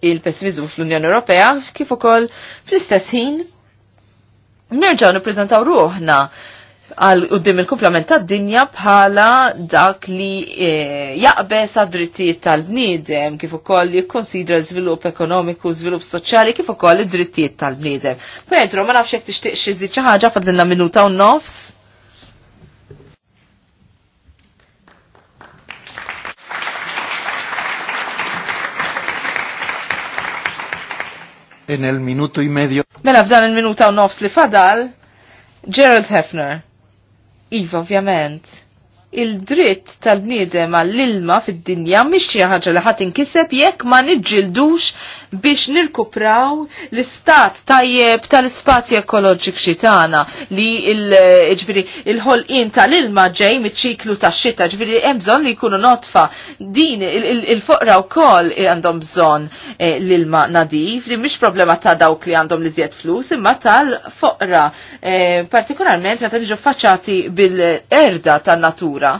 il-pessimizmu fl-Unjoni Ewropea kif ukoll fl-istess ħin nerġgħu nippreżentaw ruħna għal qudiem il-kumplament tad-dinja bħala dak li e, jaqbes għad drittijiet tal-bniedem kif ukoll jikkonsidra l-żvilupp ekonomiku, żvilupp soċjali kif ukoll id-drittijiet tal-bniedem. Pedro, ma nafx jekk tixtieq xi ħaġa fadlilna minuta u nofs. en el minuto y medio. Mela f'dan il-minuta u nofs li fadal, Gerald Hefner. Iva, ovvjament. Il-dritt tal-bniedem għall-ilma fid-dinja mhix xi ħaġa li ħadd inkiseb jekk ma niġġildux biex nirkupraw l-istat tajjeb tal-spazji ekoloġik tagħna li l-ġifieri il-ħolqien tal-ilma ġej miċ-ċiklu tax-xita, ġbiri hemm bżonn li jkunu notfa din il-foqra wkoll għandhom bżonn eh, l-ilma nadif li mhix problema ta' dawk li għandhom li zjed flus imma tal-foqra eh, partikolarment meta niġu faċati bil-erda tan-natura.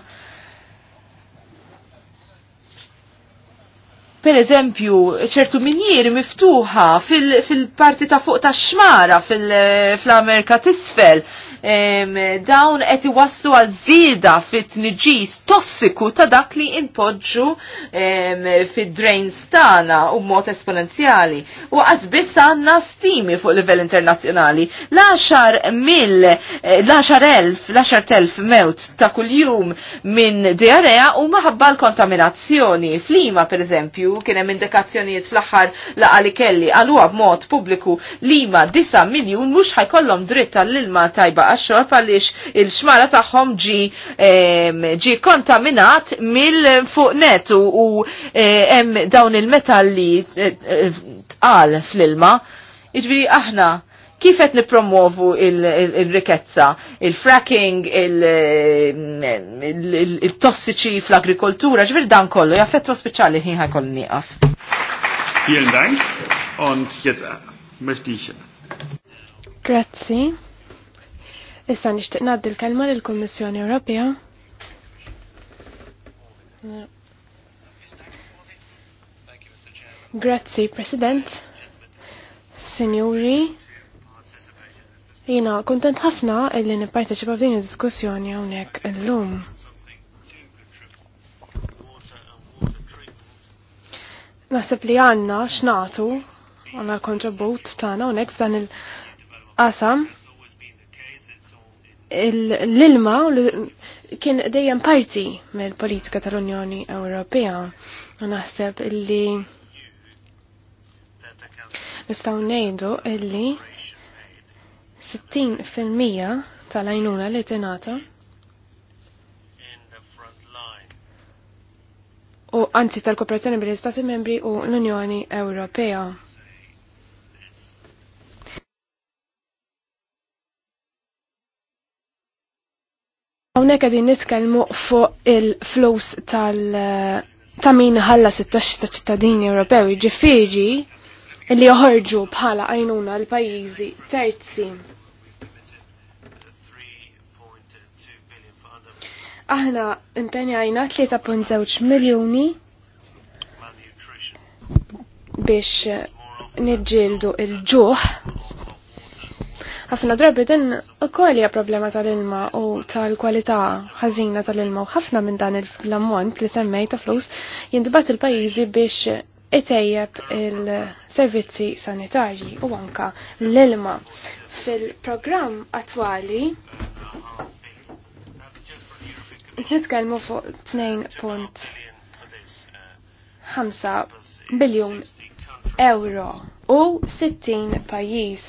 per eżempju ċertu minjeri miftuħa fil-parti fil ta' fuq ta' xmara fil-Amerika tisfel dawn qed iwasslu għal żieda fit-tniġis tossiku ta' dak li inpoġġu fid drain stana u mod esponenzjali. U biss għandna stimi fuq livell internazzjonali. l mill eh, l elf, l telf mewt ta' kuljum minn diarea u maħabba l-kontaminazzjoni. Flima per eżempju, kien hemm indikazzjonijiet fl-aħħar laqali kelli, kelli għaluha b'mod pubbliku li ma 9 miljun mhux ħajkollhom dritt tal-ilma tajba għax-xorb għaliex il-xmara tagħhom ġi ġi kontaminat mill-fuq netu u e, hemm dawn il-metalli e, e, tqal fl-ilma. Iġbiri aħna Kif qed nippromovu il-rikezza, il-fracking, il-tossiċi fl-agrikoltura, ġvir dan kollu, jaffettwa speċali ħin ħajkollu nieqaf. Vielen Dank und jetzt äh, möchte ich. Grazzi. Issa nixtieq ngħaddi l-kelma lill-Kummissjoni Ewropea. Grazzi, President. Signori, Jina kontent ħafna illi nipparteċipa f'din id-diskussjoni hawnhekk illum. Naħseb li għandna x'natu għandna l-kontribut tagħna hawnhekk f'dan il-qasam l-ilma kien dejjem parti mill-politika tal-Unjoni Ewropea. Naħseb illi nistaw ngħidu illi 60% tal-għajnuna li tingħata u anzi tal-kooperazzjoni bil istati membri u l-Unjoni Ewropea. Hawnhekk qegħdin nitkellmu fuq il-flus tal- ta' min ħalla 16 ta' ċittadini Ewropew, ġifieri li joħorġu bħala għajnuna l-pajjiżi terzi. Aħna impenjajna 3.2 miljoni biex nidġildu il-ġuħ. Ħafna drabi din ukoll hija problema tal-ilma u tal-kwalità ħażina tal-ilma u ħafna minn dan l-ammont li semmej ta' flus jindibat il-pajjiżi biex itejjeb il-servizzi sanitarji u anka l-ilma. Fil-programm attwali Nitkellmu fuq 2.5 biljun euro u 60 pajjiż.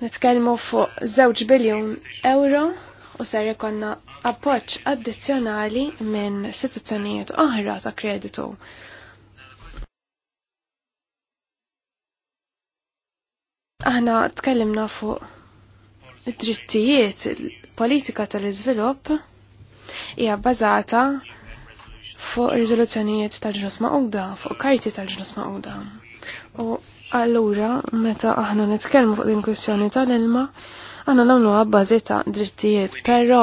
Nitkellmu fuq 2 biljun euro u ser ikonna appoġġ addizzjonali minn istituzzjonijiet oħra ta' kreditu. Aħna tkellimna fuq id-drittijiet il-politika tal-iżvilupp hija bbażata fuq riżoluzzjonijiet tal-ġnus maqda, fuq karti tal-ġnus maqda. U allura meta aħna nitkellmu fuq din kwestjoni tal-ilma, aħna nagħmluha bbażi ta' drittijiet, però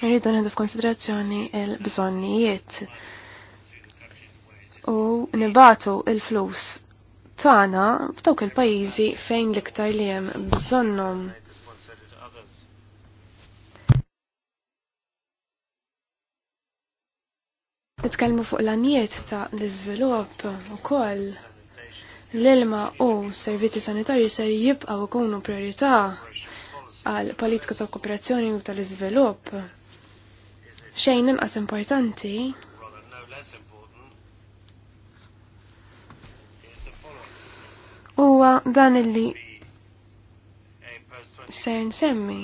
rridu nieħdu f'konsiderazzjoni l-bżonnijiet u nibatu il-flus Tana f'dawk il-pajjiżi fejn l-iktar li hemm bżonnhom. Nitkellmu fuq l-anijiet ta' l-iżvilupp ukoll l-ilma u servizzi sanitarji ser jibqgħu jkunu priorità għal politika ta' kooperazzjoni u tal-iżvilupp. Xejn inqas importanti huwa dan illi se nsemmi.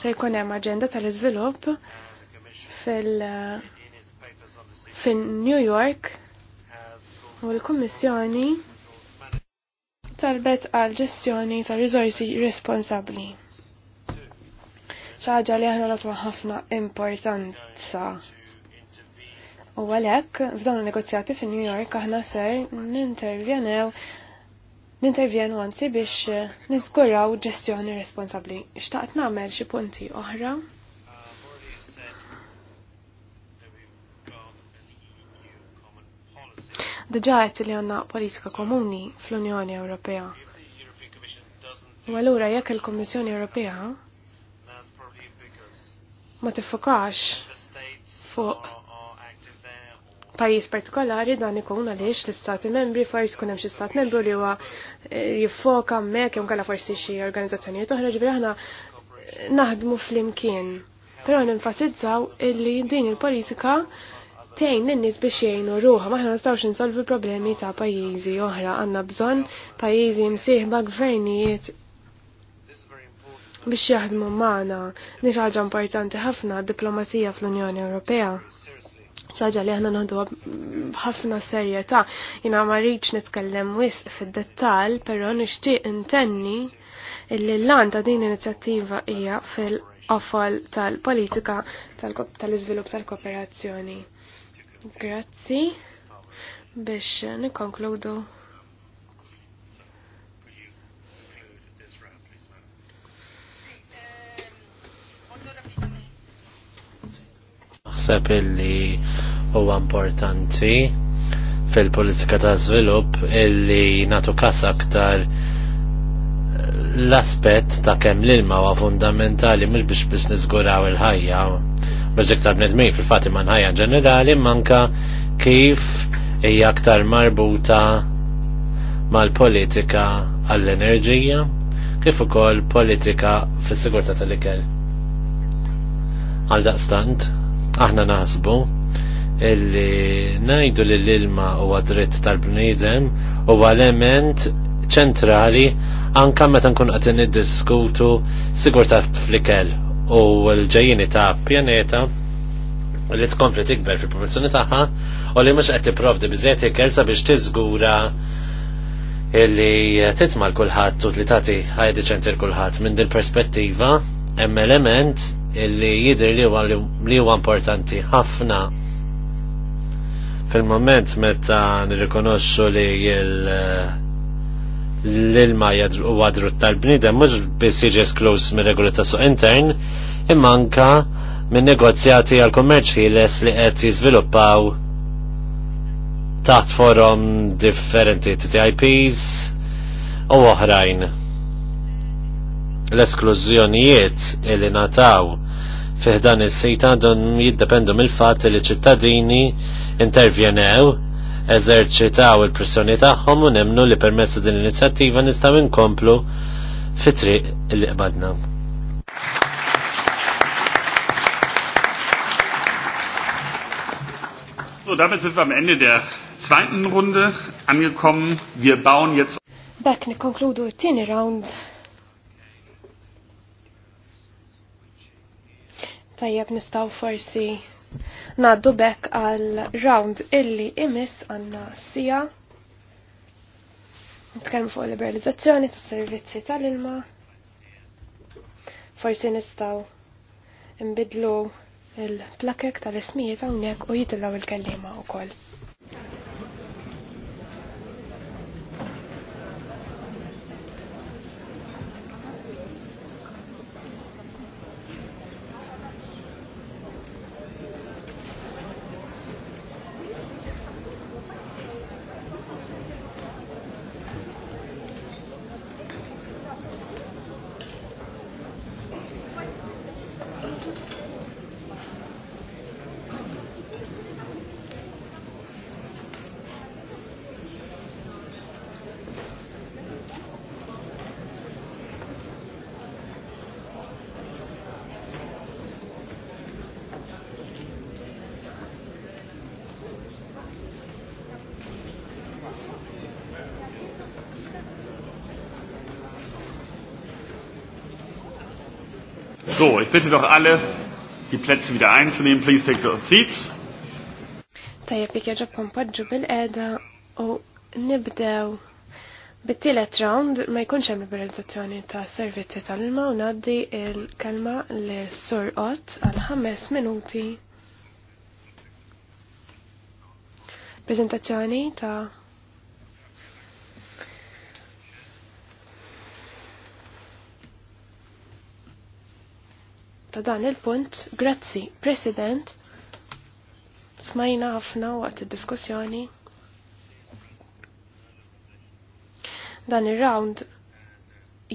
Se jkun hemm aġenda tal-iżvilupp fil- uh, fin New York u l-Kummissjoni talbet għal ġestjoni ta' riżorsi responsabbli. ċaġa li aħna natwa ħafna importanza U għalek, f'dawn il-negozjati fin new York aħna ser nintervjenew nintervjenu għanzi biex eh, nizguraw ġestjoni responsabli. Ixtaqt namel xie punti oħra. Diġa qed li għanna politika komuni fl-Unjoni Ewropea. U allura jekk il-Kummissjoni Ewropea ma tiffokax fuq pajjiż partikolari dan ikun għaliex l-istati membri forsi kunem hemm xi stat membru li huwa eh, jiffoka hemmhekk jew kellha forsi xi organizzazzjonijiet oħra ġifieri aħna eh, naħdmu flimkien. Però ninfasizzaw illi din il-politika tgħin lin-nies biex jgħinu ruħha maħna nistgħux insolvu problemi ta' pajjiżi oħra għandna bżonn pajjiżi msieħba gvernijiet biex jaħdmu magħna. Nix ħaġa importanti ħafna d-diplomazija fl-Unjoni Ewropea ċaġa li ħna nħadu ħafna serjetà. Jina ma nitkellem wisq fid-dettal, però nixtieq intenni illi l-lan ta' din inizjattiva hija fil-qofol tal-politika tal-iżvilupp tal-kooperazzjoni. Grazzi biex nikkonkludu naħseb illi huwa importanti fil-politika ta' żvilupp illi natu kas aktar l-aspett ta' kemm l-ilma huwa fundamentali mhux biex biex niżguraw il-ħajja biex iktar bnedmin fil-fatti man ħajja ġenerali manka kif hija aktar marbuta mal-politika għall-enerġija kif ukoll politika fis-sigurtà tal-ikel. Għal daqstant, Aħna naħsbu illi najdu li l-ilma u dritt tal-bnidem u element ċentrali anka meta nkun qed niddiskutu sigur ta' flikel u l-ġejjini ta' pjaneta li tkompli tikber fil-proporzjoni tagħha u li mhux qed tipprovdi biżejjed ikel sabiex tiżgura illi titma' l kulħadd u li tagħti ħajdi ċentir kulħadd minn din perspettiva hemm element illi jidher li huwa li huwa importanti ħafna fil-moment meta nirrikonoxxu li l-ilma u għadru tal-bnidem mhux biss jiġi esklus minn regoli ta' suq intern imma anka minn negozjati għal kummerċ ħieles li qed jiżviluppaw taħt forum differenti TTIPs u oħrajn l-esklużjonijiet li nataw fiħdan is-sit għandhom jiddependu mill-fatt li ċittadini intervjenew eżerċitaw il-pressjoni tagħhom u nemnu li permezz din l-inizjattiva nistgħu inkomplu fitri li qbadna. So, damit sind wir am Ende der zweiten Runde angekommen. Wir bauen jetzt. Back, ne konkludu t-tieni round Tajjeb nistaw forsi naddu bekk għal round illi imis għanna sija. Nitkellmu fuq liberalizzazzjoni tas servizzi tal-ilma. Forsi nistaw imbidlu il-plakek tal-ismijiet hawnhekk u jitillaw il-kellima wkoll. Bitte doch alle, die Plätze wieder einzunehmen. Please take your seats. Tajjeb jek jaġobkom podġu bil-qeda u nibdew bit-tielet round ma jkunx hemm liberalizzazzjoni ta' servizzi tal-ilma u ngħaddi il kelma li sur qot għal ħames minuti. Prezentazzjoni ta' ta' dan il-punt. Grazzi, President. Smajna ħafna waqt id-diskussjoni. Dan ir-round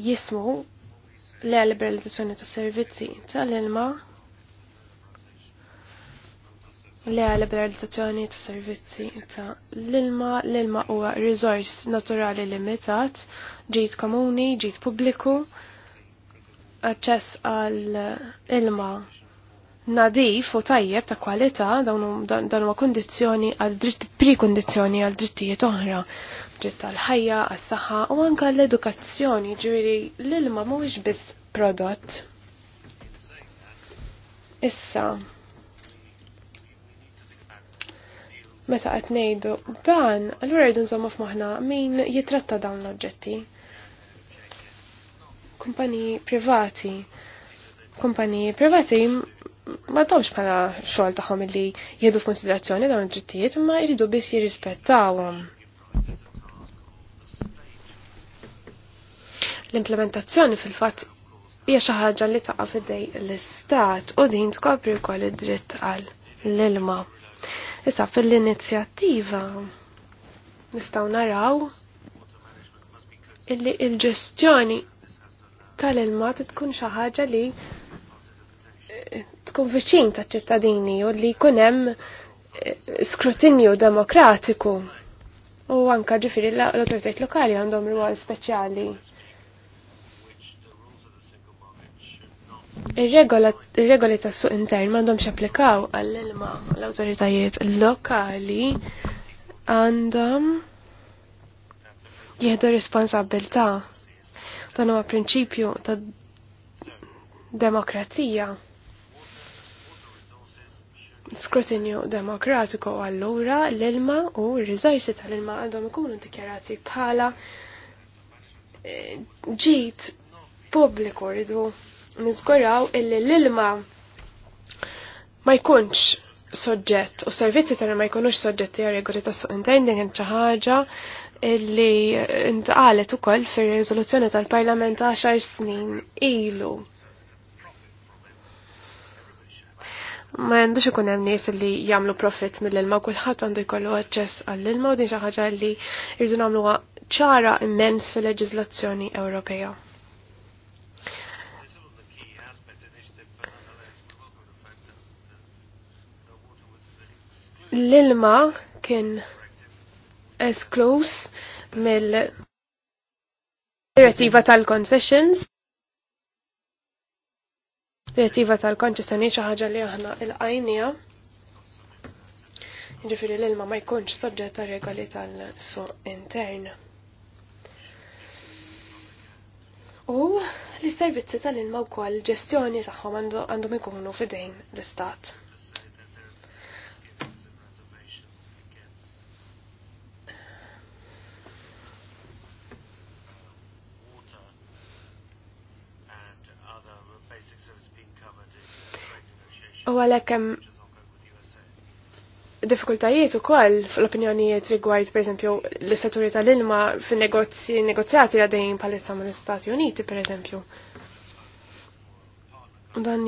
jismu l-liberalizzazzjoni ta' servizzi tal-ilma le liberalizzazzjoni ta' servizzi ta' l-ilma, l-ilma huwa riżors naturali limitat, ġit komuni, ġit pubbliku, aċċess għal eh, ilma nadif u tajjeb ta' kwalità dawn huwa kondizzjoni għal dritt prikondizzjoni għal drittijiet oħra, dritt għal ħajja, għas saħħa u anke għall edukazzjoni ġifieri l-ilma mhuwiex biss prodott. Issa, meta qed ngħidu dan, allura rridu nżommu f'moħħna min jitratta dawn l-oġġetti kumpaniji privati. Kumpaniji privati ma domx bħala xogħol tagħhom li jiedu f-konsiderazzjoni dawn id-drittijiet imma jridu biss jirrispettawhom. L-implementazzjoni fil-fatt hija xi ħaġa li taqa' fidej l-istat u din tkopri wkoll id-dritt għal l-ilma. Issa fil-inizjattiva nistgħu naraw illi il-ġestjoni tal-ilma tkun xi ħaġa li eh, tkun viċin taċ-ċittadini u li jkun hemm eh, skrutinju demokratiku. U anka ġifiri l-autoritajt lokali għandhom rwol speċjali. Ir-regoli tas suq intern m'għandhomx applikaw għall-ilma l-awtoritajiet lokali għandhom jieħdu responsabilità Dan huwa prinċipju ta' demokrazija. Skrutinju demokratiku allura l-ilma u r-riżorsi tal-ilma għandhom ikunu dikjarati bħala e, ġit pubbliku rridu nizguraw illi l-ilma ma jkunx soġġett u servizzi tagħna ma jkunux soġġetti għal regoli ta' suq intendin din xi ħaġa li intqalet ukoll fir-riżoluzzjoni tal-Parlament 10 snin ilu. Ma għandux ikun hemm nies li jagħmlu profit mill-ilma kulħadd għandu jkollu aċċess għall-ilma u din xi ħaġa li rridu nagħmluha ċara immens fil-leġiżlazzjoni Ewropea. L-ilma kien esklus mill-direttiva tal-concessions. Direttiva tal-konċessjoni xi ħaġa li aħna il-qajnija. Jiġifieri l-ilma ma jkunx soġġett ta' regoli tal-suq intern. U li servizzi tal-ilma wkoll ġestjoni tagħhom għandhom ikunu fidejn l-istat. U għalhekk hemm diffikultajiet ukoll fl-opinjonijiet rigward pereżempju l-istaturi tal-ilma fin-negozji negozjati għadejn bħalissa mal istati Uniti pereżempju. U dan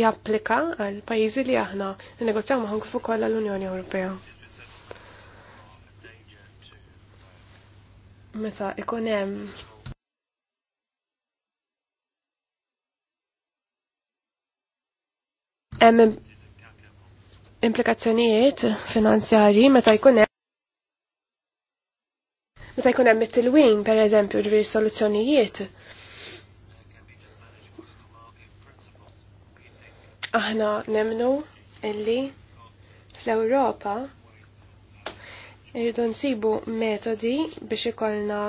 japplika għal pajjiżi li aħna negozjaw maħon kif ukoll għall-Unjoni Ewropea. Meta ikun hemm Hemm implikazzjonijiet finanzjarji meta jkun hemm meta jkun hemm it-tilwin pereżempju ġifieri soluzzjonijiet. Aħna nemnu illi fl-Ewropa irridu nsibu metodi biex ikollna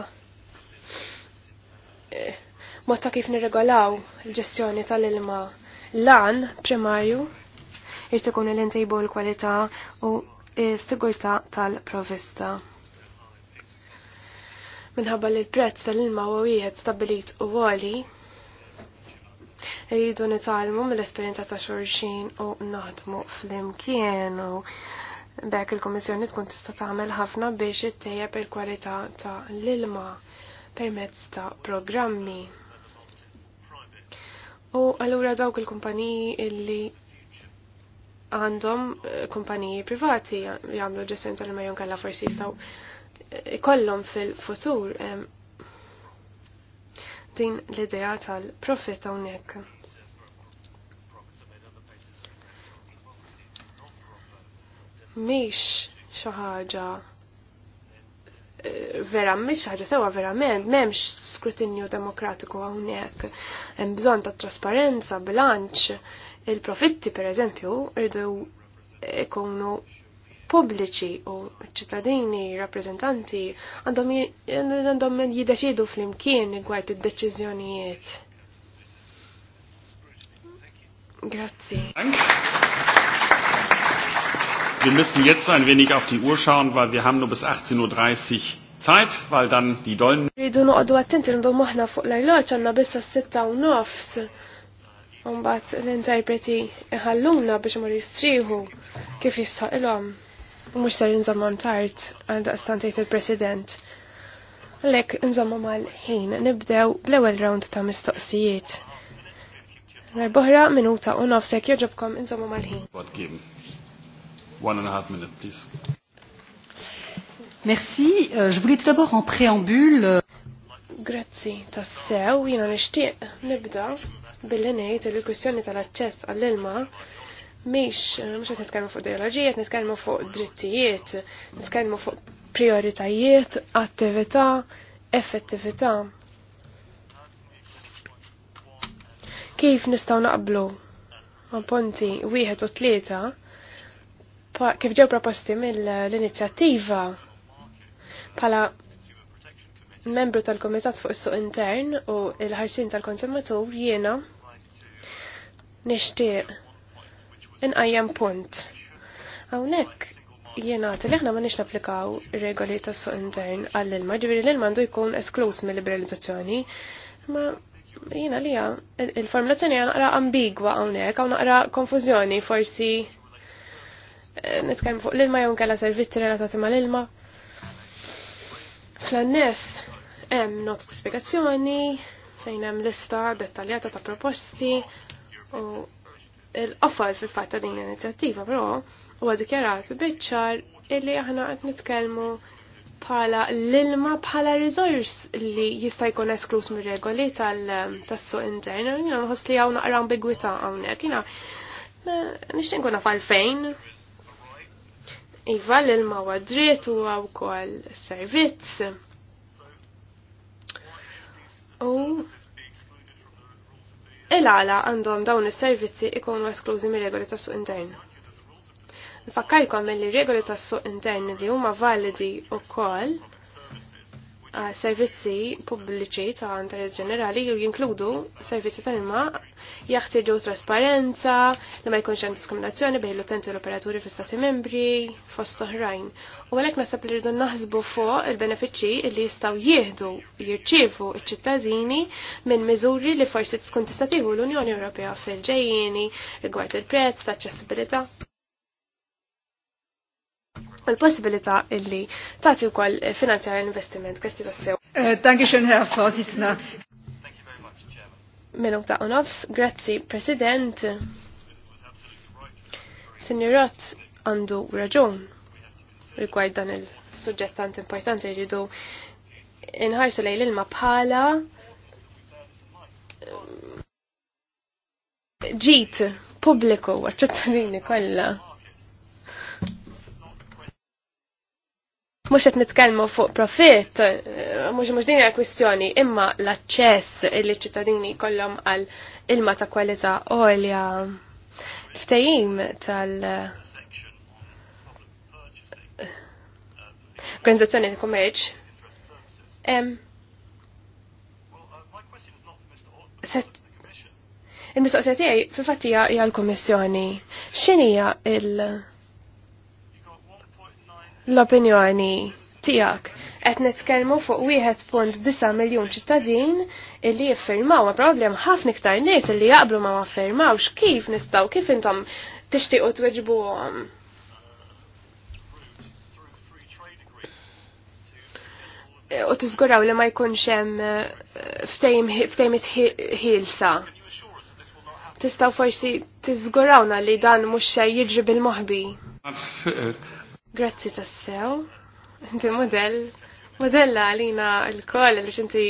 eh, mod ta' kif nirregolaw il-ġestjoni tal-ilma Lan primarju irrid ikun li ntejbu l-kwalità u s sigurta tal-provista. Minħabba li l-prezz tal-ilma u wieħed stabilit u għali, rridu nitalmu mill-esperjenza ta' xurxin u naħdmu fl-imkien u bekk il-Komissjoni tkun tista' tagħmel ħafna biex ittejjeb il-kwalità ta' l-ilma permezz ta' programmi. U allura dawk il-kumpaniji illi għandhom eh, kumpaniji privati jagħmlu ġestjoni tal-majon kalla forsi jistgħu eh, ikollhom fil-futur din l-idea tal-profit hawnhekk. Mhix xi ħaġa vera mhix ħaġa sewa verament m'hemmx skrutinju demokratiku hawnhekk. Hemm bżonn ta' trasparenza, bilanċ, il-profitti pereżempju irdu ikunu pubbliċi u ċittadini, rappreżentanti għandhom jiddeċidu fl-imkien gwajt id-deċiżjonijiet. Grazzi. Wir müssen jetzt ein wenig auf die Uhr schauen, weil wir haben nur bis 18.30 Uhr Zeit, weil dann die Dollen... Rridu noqdu attenti rindu maħna fuq l-ajloċ għanna bissa sitta u nofs. Umbat l-interpreti iħalluna biex mur jistriħu kif jistħaq il-om. U mux sar nżommon tart għanda stantejt il-president. Lek nżommu mal-ħin nibdew l-ewel round ta' mistoqsijiet. L-bohra minuta u nofsek joġobkom nżommu mal-ħin. One and a half minute, please. Merci. Uh, je voulais tout d'abord en préambule. Euh, Grazzi, tassew, jina nishtiq nibda billi ngħid il l tal-aċċess għall-ilma miex eh, mhux qed nitkellmu fuq ideoloġija, qed fuq drittijiet, niskalmu fuq prioritajiet, attività, effettività. Kif nistgħu naqblu ma' ponti wieħed u tlieta kif ġew proposti mill-inizjattiva pala membru tal-Komitat fuq is-suq intern u l-ħarsin tal-konsumatur jiena nixtieq inqajjem punt. Hawnhekk jiena li aħna ma nix napplikaw regoli tas-suq intern għall ilma ġifieri l-ilma għandu jkun esklus mill-liberalizzazzjoni, ma jiena li il-formulazzjoni naqra ambigwa hawnhekk hawn naqra konfużjoni forsi Eh, nitkellmu fuq l-ilma jew nkella servizzi relatati mal-ilma. Fl-annes hemm not spjegazzjoni fejn hemm lista dettaljata ta' proposti u l-qofol fil-fatt ta' din l-inizjattiva però huwa dikjarat biċ-ċar illi aħna qed nitkellmu bħala l-ilma bħala resource li jista' jkun esklus mir-regoli tal-tassuq intern, jiena nħoss li hawn naqra ambigwità hawnhekk, jiena eh, nixtieq nkun fejn. Iva l-ilma u dritt huwa wkoll servizz. U il-għala għandhom dawn is-servizzi ikunu esklużi mir-regoli tas-suq intern. Nfakkarkom li regoli tas-suq intern li huma validi wkoll servizzi pubbliċi ta' interess ġenerali u jinkludu servizzi ta' ilma jaħtieġu trasparenza li ma jkunx hemm diskriminazzjoni bejn l-utenti u l-operaturi fl-Stati membri fost oħrajn. U għalhekk naħseb li rridu naħsbu fuq il-benefiċċji li jistgħu jieħdu jirċievu ċ-ċittadini minn miżuri li forsi tkun tista' tieħu l-Unjoni Ewropea fil-ġejjieni rigward il-prezz, l-aċċessibilità l possibilita illi u wkoll finanzjar l-investiment. sew. Eh, Thank you, Shunha, for sitna. Minuta ta' unofs, grazzi President. Sinjorot għandu raġun rigward dan il-suġġett importanti jridu inħarsu lejl ilma bħala eh, ġit pubbliku għaċċettadini kolla. Mux għet nitkelmu fuq profit, mux mux din kwistjoni, imma l-acċess illi ċittadini kollom għal ilma ta' kwalità olja. Ftejim tal- organizzazzjoni ta' kummerċ. Il-mistoqsija tiegħi fil fattija hija l-Kummissjoni. X'inhija il-, il l-opinjoni tijak. Et netkelmu fuq 1.9 miljon ċittadin illi jiffirmaw, problem ħafna iktar nies illi jaqblu ma waffirmawx kif nistaw, kif intom tixtiqu tweġbuhom. U tiżguraw li ma jkunx hemm eh, ftejmit ħilsa. Tistgħu forsi tiżgurawna li dan mhux se jiġri bil-moħbi. Grazzi tassew. Inti model, modella għalina l-koll li xinti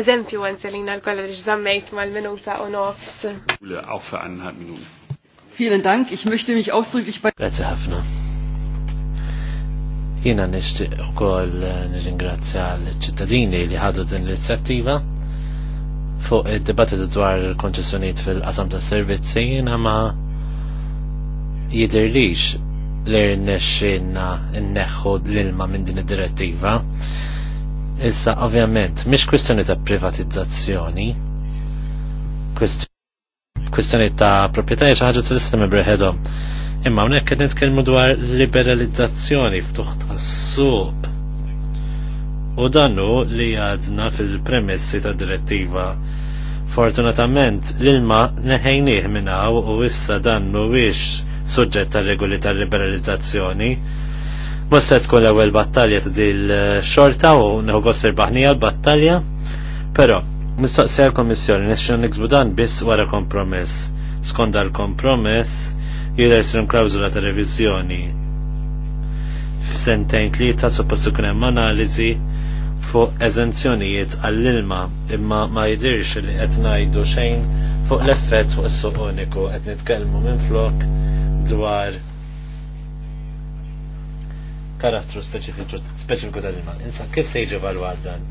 eżempju għanzelina l-koll li xżammejt mal-minuta u nofs. Awfa għanna minuta. Vielen Dank, ich möchte mich ausdrücklich bei... Grazie ħafna. Jena nishti u koll nir-ingrazzja l-ċittadini li ħadu din l-inizjattiva fuq id-dibattit dwar konċessjoniet fil-qasam tas servizzi jena ma jidirlix li rnexxinna nneħħu l-ilma minn din id-direttiva. Issa ovvjament mhix kwistjoni ta' privatizzazzjoni, kwistjoni ta' proprjetà xi ħaġa tal-istem mibreħedhom. Imma hawnhekk qed nitkellmu dwar liberalizzazzjoni ftuħ tas-suq. U dannu li għadna fil-premessi ta' direttiva Fortunatament l-ilma neħejnieh minnaw u issa dan mhuwiex suġġett tar-regoli tal-liberalizzazzjoni. Mussa tkun l ewel battalja ta' dil eh, xorta u neħu għosser baħnija l-battalja, però mistoqsija l komissjoni nixxu niksbu dan biss wara kompromess. Skonda l-kompromess jidher srim klawzula ta' reviżjoni. F'sentejn tlieta suppost ikun hemm analiżi fuq eżenzjonijiet għall-ilma imma ma jidirx li qed ngħidu xejn fuq l-effett fuq s suq uniku qed nitkellmu minn flok dwar karattru speċifiku tal-ilma. Insa, kif se jiġi evalwat dan?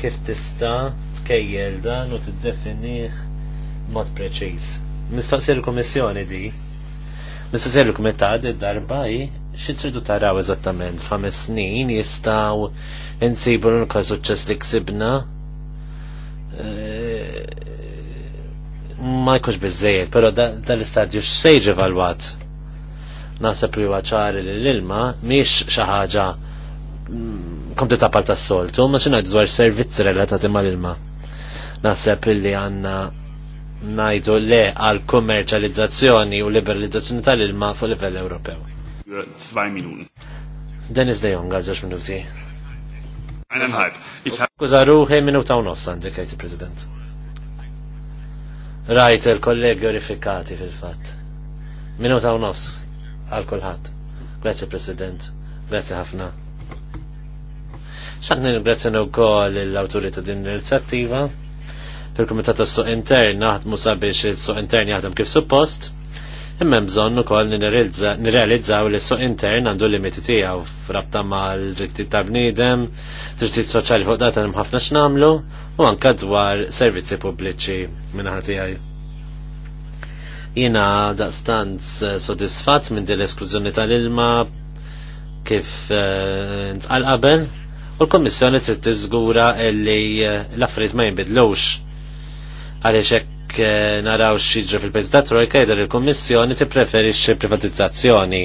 Kif tista tkejjel dan u tiddefinih mod preċiż? Mistoqsir il-Kummissjoni di, mistoqsir il-Kumitat id-darba hi xi tridu taraw eżattament f'ħames snin jistgħu insibu l-unika suċċess li ksibna eh, ma jkunx biżejjed, però dal-istadju x'sejġ evalwat. Naħseb li huwa ċari lill l-ilma mhix xi ħaġa mm, ta' parta s-soltu, ma xi ngħidu dwar servizzi relatati mal-ilma. Naħseb li għandna najdu le għal kommerċalizzazzjoni u liberalizzazzjoni tal-ilma fuq livell Ewropew. 2 minuti. De Jong għal 2 minuti. Eineinhalb. Kuza minuta u nofs għandek, President. Rajt il-kollegi orifikati fil-fat. Minuta u nofs għal kulħadd. Grazzi President, Grazie, ħafna. Xaħni grazzi kol l-awtorita din l-inizjattiva. fil komitata tas-Suq Intern naħdmu sabiex il su Intern jaħdem kif suppost imma bżonn ukoll nirrealizzaw li suq intern għandu limiti tiegħu f'rabta mal-drittijiet ta' bniedem, drittijiet soċjali fuq data hemm ħafna x'namlu u anke dwar servizzi pubbliċi minħa tiegħi. Jiena daqstant eh, sodisfatt minn din l-esklużjoni tal-ilma kif eh, ntqal qabel u l-Kommissjoni trid tiżgura li eh, l-affarijiet ma jinbidlux għaliex hekk jekk eh, naraw xieġu fil pajz ta' trojka jidher il-Kummissjoni tippreferixxi privatizzazzjoni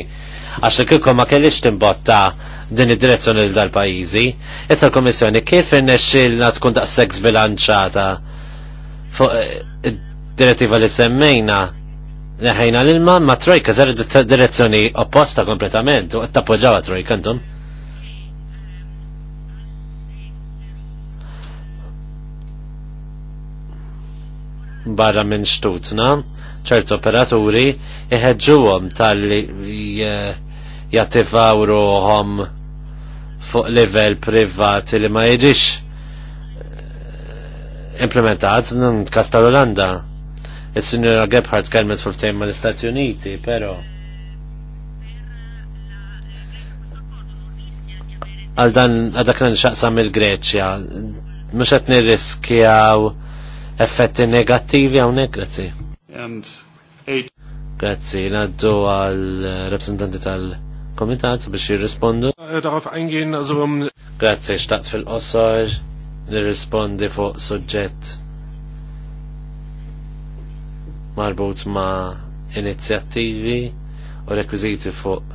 għax kieku ma kellix timbotta din id-direzzjoni l dal-pajjiżi. Issa l-Kummissjoni kif innexxilna tkun seks bilanċata fuq eh, id-direttiva li semmejna neħajna l-ilma ma trojka zar direzzjoni opposta kompletament u qed tappoġġawha trojka ntum. barra minn xtutna, ċert operaturi iħedġuhom tal-li eh, jattivaw ruhom fuq livell privat li ma jiġix eh, implementat n-kas olanda Il-Sinjora Gebhardt kelmet fuq ma l-Istati Uniti, pero għal dan għadak nxaqsam il-Greċja, mux għet nirriskjaw effetti negattivi hawnhekk, grazzi. Grazzi, naddu għal rappresentanti tal-komitat biex jirrispondu. Äh, ähm, grazzi, xtaqt fil-qosor, nirrispondi fuq suġġett marbut ma' inizjattivi u rekwiziti fuq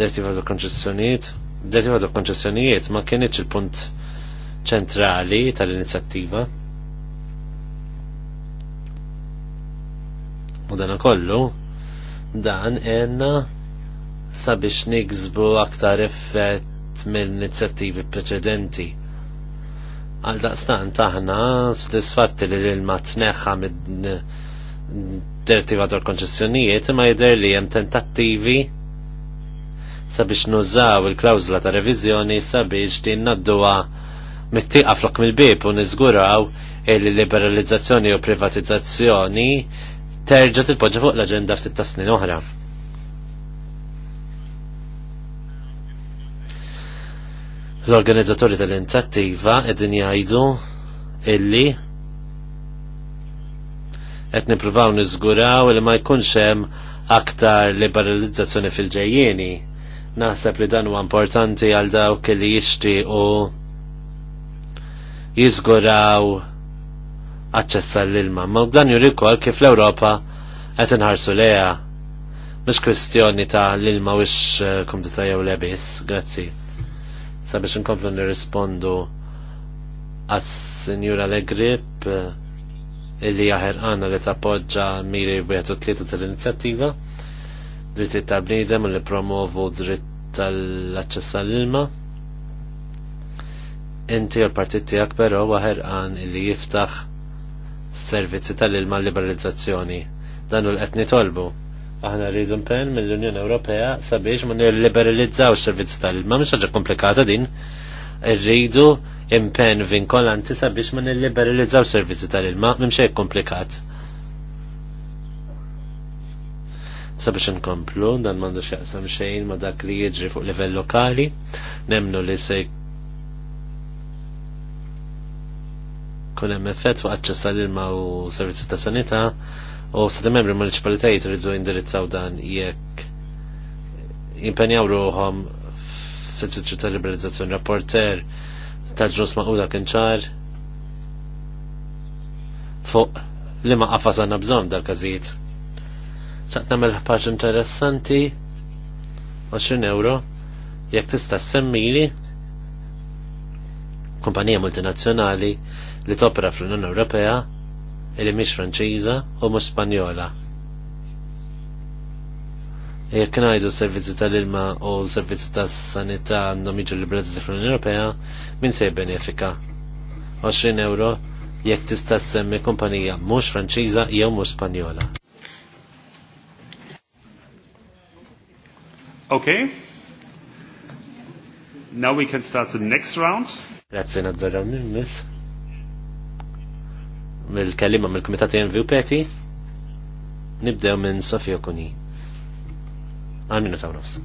direttiva tal konċessjonijiet direttiva tal konċessjonijiet ma kienieċ il-punt ċentrali tal-inizjattiva U dan kollu dan enna sabiex nigzbu aktar effett minn inizjattivi preċedenti. Għal daqstan taħna sodisfatti li l-ilma tneħħa mid dertiva dwar konċessjonijiet imma jidher li hemm tentattivi sabiex nużaw il-klawzla ta' reviżjoni sabiex din nadduha mittiqa flok mill-bib u nizguraw il-liberalizzazzjoni u privatizzazzjoni terġa' titpoġġa fuq l-aġenda ftit ta' snin oħra. L-organizzatori tal-intattiva qegħdin jgħidu illi qed nippruvaw niżguraw li ma jkunx hemm aktar liberalizzazzjoni fil-ġejjieni. Naħseb li dan huwa importanti għal dawk li jixtiequ jiżguraw aċċessa l-ilma. Ma dan juri kol kif l-Europa qed inħarsu leja mhux kwestjoni ta' l-ilma wix eh, kumdita jew lebis, grazzi. Sabiex inkomplu nirrispondu għas-Sinjura Legrip eh, illi jaħer għanna li tappoġġa miri tlieta tal-inizjattiva dritti tal-bniedem li promovu dritt tal-aċċess l ilma inti l-partit tijak pero waħer għan illi jiftaħ servizzi tal-ilma liberalizzazzjoni. Dan u l-qed nitolbu. Aħna rridu pen mill-Unjoni Ewropea sabiex ma nilliberalizzaw servizzi tal-ilma, mhux ħaġa komplikata din. Irridu impen vinkolanti sabiex ma nilliberalizzaw servizzi tal-ilma, m'hemmx hekk komplikat. sabiex nkomplu, dan m'għandux jaqsam xejn ma dak li jiġri fuq livell lokali, nemnu li se Kun hemm effett fuq aċċess tal ilma u servizzi ta' sanità u sa' membri municipalitajiet iridu jindirizzaw dan jekk jimpenjaw ruhom fil-ġuġġu ta' liberalizzazzjoni rapporter ta' ġus maqula kien ċar fuq li ma qafas għanna bżon dal-kazijiet. ċaqt namel ħpaġ interessanti 20 euro jekk tista' semmili kumpanija multinazzjonali li topra fl-Unjoni Ewropea li mhix Franċiża u mhux Spanjola. Jekk ngħidu servizzi tal-ilma u servizzi tas-sanità għandhom jiġu liberalizzati fl-Unjoni Ewropea, min se jibbenefika? 20 euro jekk tista' semmi kumpanija mhux Franċiża jew mhux Spanjola. Okay. Now we can start the next round. Grazie, nadverra minn miss mill-kelima mill-Kumitat Envi Peti. Nibdew minn Sofia Kuni. Għalmina ta' nofs.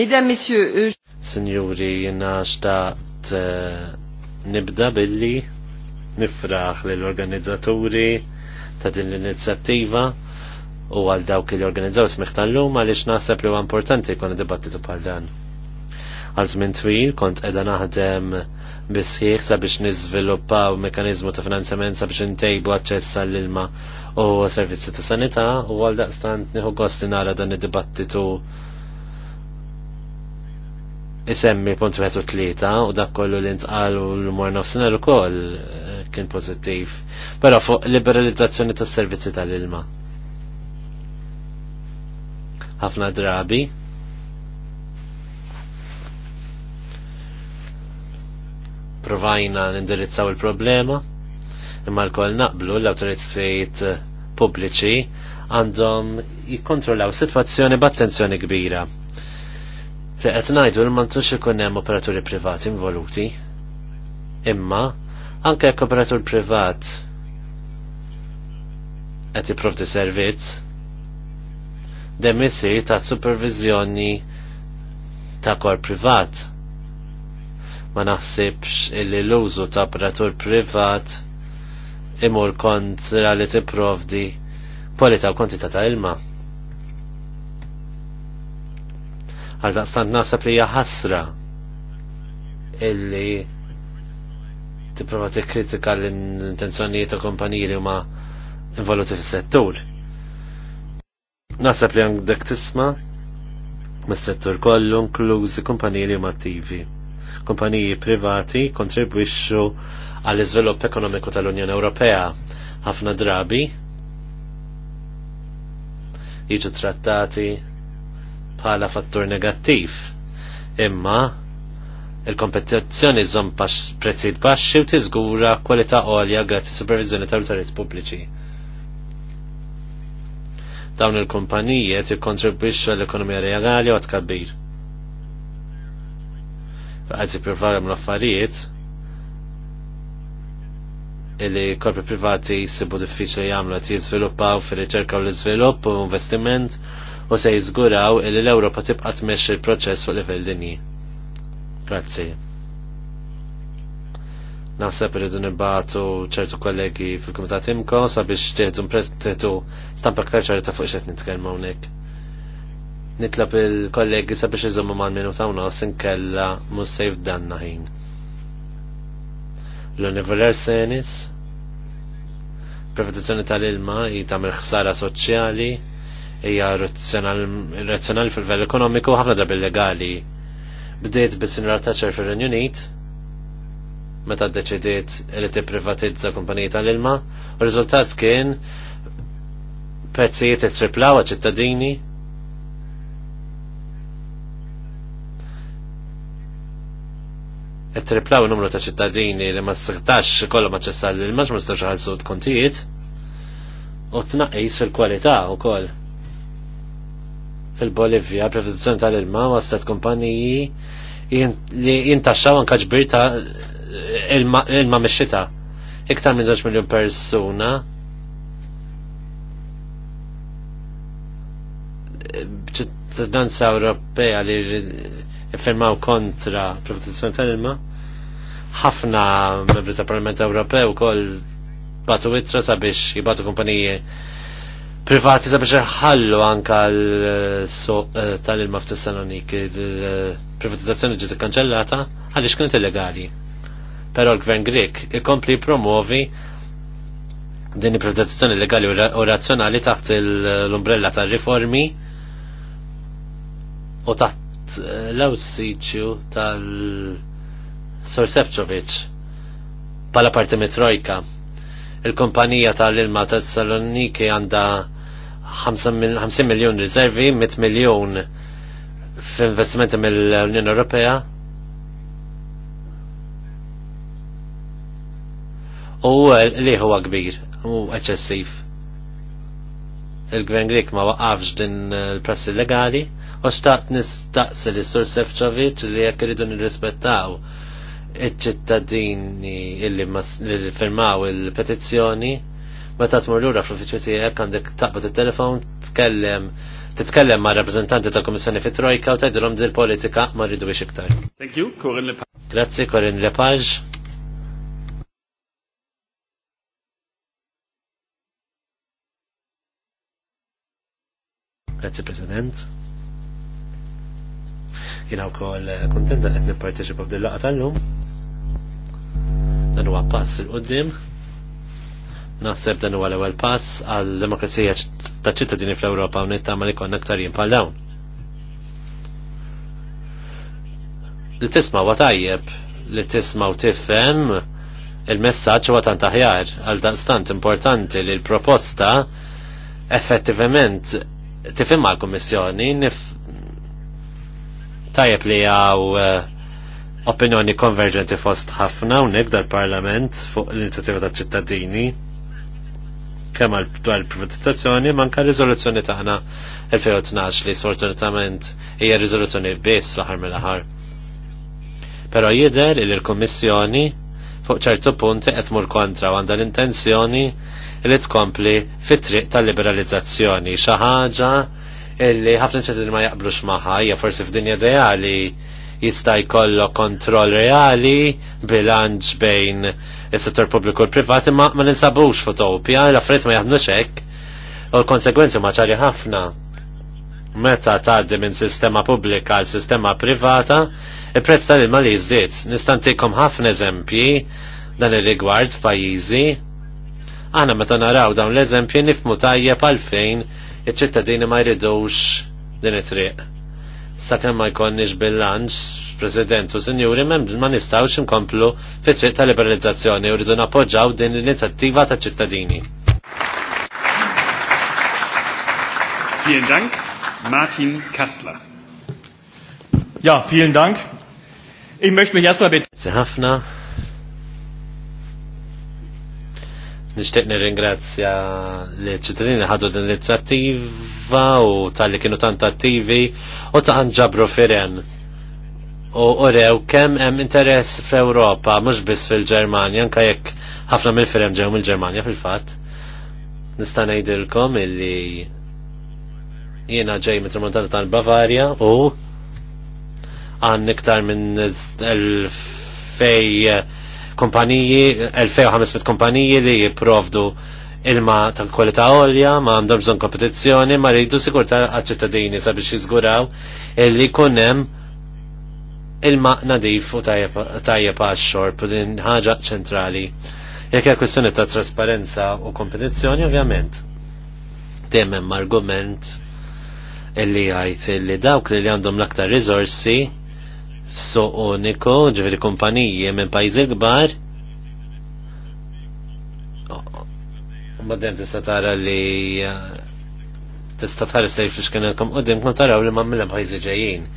Mesdames, uġ. Euh, Signori, jena xtaqt eh, nibda billi nifraħ l-organizzaturi ta' din l-inizjattiva u għal dawk li organizzaw smiħtan l-lum għalix naħseb li huwa importanti jkun dibattitu bħal dan għal żmien twil kont qiegħda naħdem bis-sħiħ sabiex niżviluppaw mekanizmu ta' finanzjament sabiex intejbu aċċess għall-ilma u servizzi ta' sanità u għal daqstant nieħu gost li nara dan id-dibattitu isemmi punt wieħed u tlieta u dak kollu li ntqal u l-mor nofsinhar ukoll eh, kien pożittiv. Però fuq liberalizzazzjoni tas-servizzi tal-ilma. Ħafna drabi, provajna nindirizzaw il-problema imma l-koll naqblu l-autoritajiet eh, pubbliċi għandhom jikkontrollaw situazzjoni b'attenzjoni kbira. Li qed ngħidu l mantux ikun hemm operaturi privati involuti. Imma anke jekk operatur privat qed jipprovdi servizz demm isir ta' supervizjoni ta' kor privat ma naħsibx illi l-użu ta' operatur privat imur kontra li tipprovdi kwalità u kwantità ta' ilma. Għal daqstant naħseb li hija ħasra illi tipprova tikkritika l-intenzjonijiet ta' kumpaniji li huma involuti fis-settur. Naħseb li għandek tisma' mis-settur kollu inklużi kumpaniji li huma attivi kumpaniji privati kontribwixxu għall iżvilupp ekonomiku tal-Unjoni Ewropea ħafna drabi jiġu trattati bħala fattur negattiv. Imma il-kompetizzjoni żomm prezzijiet baxxi u tiżgura kwalità għolja grazzi supervizjoni tal-autorit pubbliċi. Dawn il-kumpaniji jikkontribwixxu għall-ekonomija reali u għat kabbir għadzi provaw l-affarijiet illi korpi privati jisibu diffiċli jamlu għat jizviluppaw fil-riċerka u l-izvilupp u investiment u se jizguraw illi l-Europa tibqa tmexxi l proċess fuq livell dinji. Grazzi. Naħseb irridu nibatu ċertu kollegi fil-Kumitat Imko sabiex tieħdu tieħdu stampa ktar ċarita fuq xed nitkellmu hawnhekk. Nitlab il-kollegi sabiex iżommu ma' minuta u nos inkella mhux sejf danna ħin. L-Univeler Senis, prevedizzjoni tal-ilma hi tagħmel ħsara soċjali, hija razzjonali fil-vel ekonomiku ħafna drabi legali. Bdejt bis in ċer fir-Renju Unit, meta ddeċidiet li tipprivatizza kumpaniji tal-ilma, u riżultat kien pezzi it-triplaw ċittadini Triplaw numru ta' ċittadini li ma s-sigtax kollu ma ċessar li l-maġ ma s-tax sud kontijiet u t-naqis fil-kwalità u koll. Fil-Bolivja, prevedizzjoni tal-ilma u waslet kompaniji li jintaxxaw anka ġbir ta' ilma mexxita. Iktar minn 2 miljon persuna ċittadinanza Ewropea li firmaw kontra privatizzazzjoni tal-ilma ħafna membri ta' Parlament Ewropew kol batu wittra sabiex jibatu kumpaniji privati sabiex ħallu anka l-suq eh, tal-ilma f'Tessalonik il-privatizzazzjoni ġiet ikkanċellata għaliex kienet illegali. Però l-Gvern Grek ikompli promuovi din il-privatizzazzjoni legali u razzjonali taħt l-umbrella ta' riformi u taħt eh, l-awsiċju tal-, -riformi, u taħt l awsiċju tal Sur Sefcovic, pala parti mitrojka, il-kompanija tal-ilma ta' Saloniki għanda 50 miljon riservi, 100 miljon f'investimenti mill-Unjoni Ewropea. U eh, li huwa kbir, u eċessiv. Il-Gvern Grik ma waqafx din il-prassi eh, legali, u xtaqt nistaqsi li Sur Sefcovic li jekk iridu nirrispettaw iċ-ċittadini illi firmaw il-petizzjoni meta tmur lura fl-uffiċċju tiegħek għandek taqbad it-telefon tkellem titkellem ma' rappreżentanti ta' komissjoni fit Trojka u tgħidilhom din politika ma rridu biex iktar. Thank you, Corinne Lepage. Grazzi, Corinne Lepage. Grazzi, President. Jina u kol eh, kontenta għetni parteċipa f'dillaqa tal-lum. Dan huwa pass il qoddim Naħseb dan huwa l-ewwel pass għal demokrazija taċ ċittadini fl-Ewropa u nittama li konna aktar bħal dawn. Li tisma' huwa tajjeb li tisma' u tifhem il-messaġġ huwa tant aħjar għal stant importanti li l-proposta effettivament tifhimha l-Kummissjoni tajjeb li għaw uh, opinjoni konverġenti fost ħafna unik dal-parlament fuq l inizjattiva ta' ċittadini kemm għal dwar privatizzazzjoni manka riżoluzzjoni taħna 2012 li sfortunatament hija riżoluzzjoni biss l-aħħar mill-aħħar. Però jidher li l-Kummissjoni fuq ċertu punti qed mur kontra għandha l-intenzjoni li tkompli fit-triq tal-liberalizzazzjoni xi ħaġa illi ħafna ċittadini ma jaqblux magħha hija forsi f'dinja ideali jista' jkollok kontroll reali, bilanċ bejn is-settur pubbliku u l-privat, imma ma ninsabux fotopja, l-affarijiet ma jaħdmux hekk, u l-konsegwenzi ma ċari ħafna. Meta tgħaddi minn sistema pubblika għal sistema privata, il-prezz tal-ilma li jiżdied. Nistantikom ħafna eżempji dan ir-rigward f'pajjiżi. Aħna meta naraw dawn l-eżempji nifmu tajjeb għalfejn iċ-ċittadini ma jridux din it-triq sakemm ma bil-lanċ, President u Sinjuri ma nistgħux inkomplu fit-triq ta' liberalizzazzjoni u rridu nappoġġaw din l-inizjattiva ta' ċittadini. Vielen Dank, Martin Kassler. Ja, vielen Dank. Ich möchte mich erstmal bitten. Nishtiq nirringrazzja li ċittadini ħadu din l-inizjattiva u tal-li kienu tant attivi u ta' ġabru firem. U urew kemm hemm interess fl-Ewropa, mhux biss fil-Ġermanja, anke jekk ħafna mill-firem ġew mill-Ġermanja fil-fatt. Nista' ngħidilkom illi jiena ġej mit-tramuntana tal-Bavarja u għan iktar minn fej kompaniji, 2500 kompaniji li jiprovdu ilma tal-kwalità olja, ma għandhom bżon kompetizzjoni, ma rridu sikurta għal-ċittadini sabiex jizguraw illi kunem ilma nadif u tajjeb għax-xorb, din ħaġa ċentrali. Jekk hija kwestjoni ta' trasparenza u kompetizzjoni, ovvjament, dejjem argument illi jgħid illi dawk li għandhom l-aktar riżorsi so uniku, ġveri kumpaniji minn pajzi gbar, Madem tista tara li eh, tista tara sejf li xkien il-kom qoddim kun taraw li ma' millem pajzi ġejjin.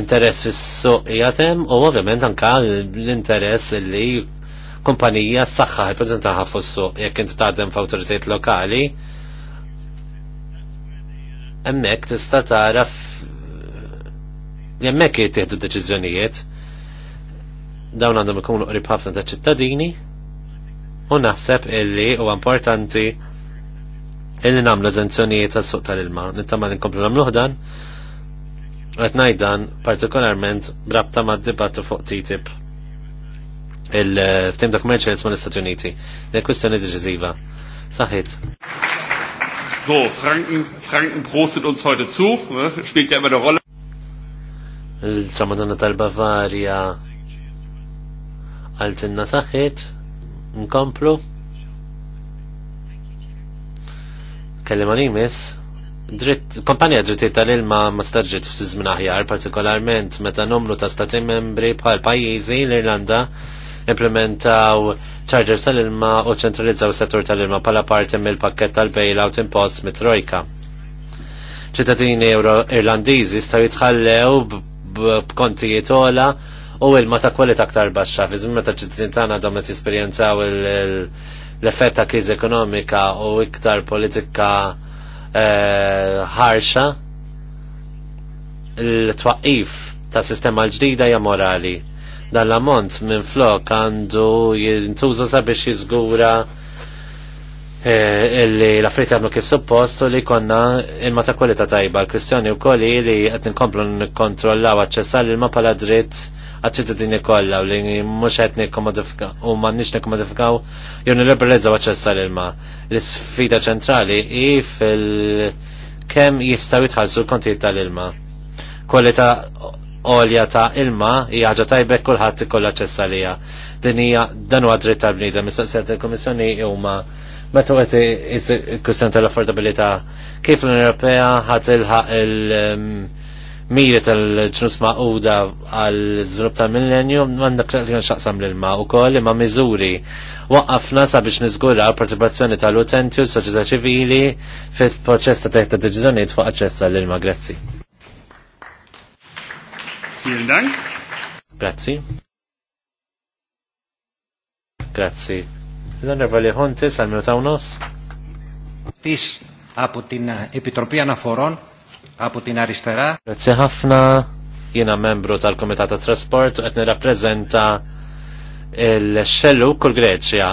Interess fis-suq jatem u ovvjament anka l-interess li kumpanija s-saxħa jippreżentaħa fuq suq jekk inti tagħdem f'awtoritajiet lokali. Emmek tista' tara jemmek jittieħdu deċiżjonijiet dawn għandhom ikunu qrib ħafna ta' ċittadini u naħseb illi u importanti illi namlu eżenzjonijiet ta' suq tal-ilma. Nittama li nkomplu namlu ħdan, għet najdan partikolarment brabta ma' dibattu fuq TTIP il-ftim eh, ta' kummerċi l-Isma l-Istati Uniti. Le kwistjoni deċiziva. Saħit. So, Franken, Franken prostet uns heute zu, spielt ja immer eine Rolle il tramadonna tal-Bavarja għaltinna saħħit, nkomplu. Kellim għanimis, dritt, kompanija drittiet tal-ilma ma starġit f'sizmin aħjar, partikolarment meta numru ta' stati membri bħal pajjiżi l-Irlanda implementaw chargers tal-ilma u ċentralizzaw settur tal-ilma pala parti mill-pakket tal-bailout impost mit-trojka. ċittadini Irlandiżi staw jitħallew b'kontijiet ola u ilma ta' kwalità aktar baxxa. Fi żmien meta ċittadin tagħna dom qed jesperjenzaw l-effett ta' kriżi ekonomika u iktar politika eh, ħarxa l-twaqif ta' sistema l-ġdida hija morali. Dan l-ammont minn flok għandu jintuża sabiex jiżgura Eh, illi l-affarijiet għamlu kif suppost u li konna imma ta' kwalità tajba. L-kwistjoni wkoll li qed nkomplu nikkontrollaw aċċess għall-ilma bħala dritt għaċ-ċittadini kollha u li mhux qed nikkomodifika u m'għandniex nikkomodifikaw jew nilliberalizzaw aċċess għall-ilma. L-isfida ċentrali hi fil kemm jistgħu jitħallsu l-kontijiet tal-ilma. Kwalità olja ta' ilma hija ħaġa tajbek kulħadd ikollha aċċess għaliha. dan huwa dritt tal-bniedem, mistaqsijat il-Kummissjoni huma Meta għet il-kustan tal-affordabilità, kif l-Unjoni Ewropea ħat ilħaq il-miri um, tal-ġnus maquda għal-żvilupp tal-millennium, għandak li xaqsam l-ilma u koll miżuri waqqafna sabiex niżgura partibazzjoni tal-utenti u s-soċjetà ċivili fil-proċess ta' teħta deċiżjonijiet fuq aċċess għall-ilma. Grazzi. Grazie. Grazzi. Grazzi L-Onorevoli Hontis, għal-minuta u nofs. Tis από την Επιτροπή Αναφορών από την αριστερά. Grazie ħafna, jiena membru tal-Komitat ta' Trasport qed nirrappreżenta l-xellu kull Greċja.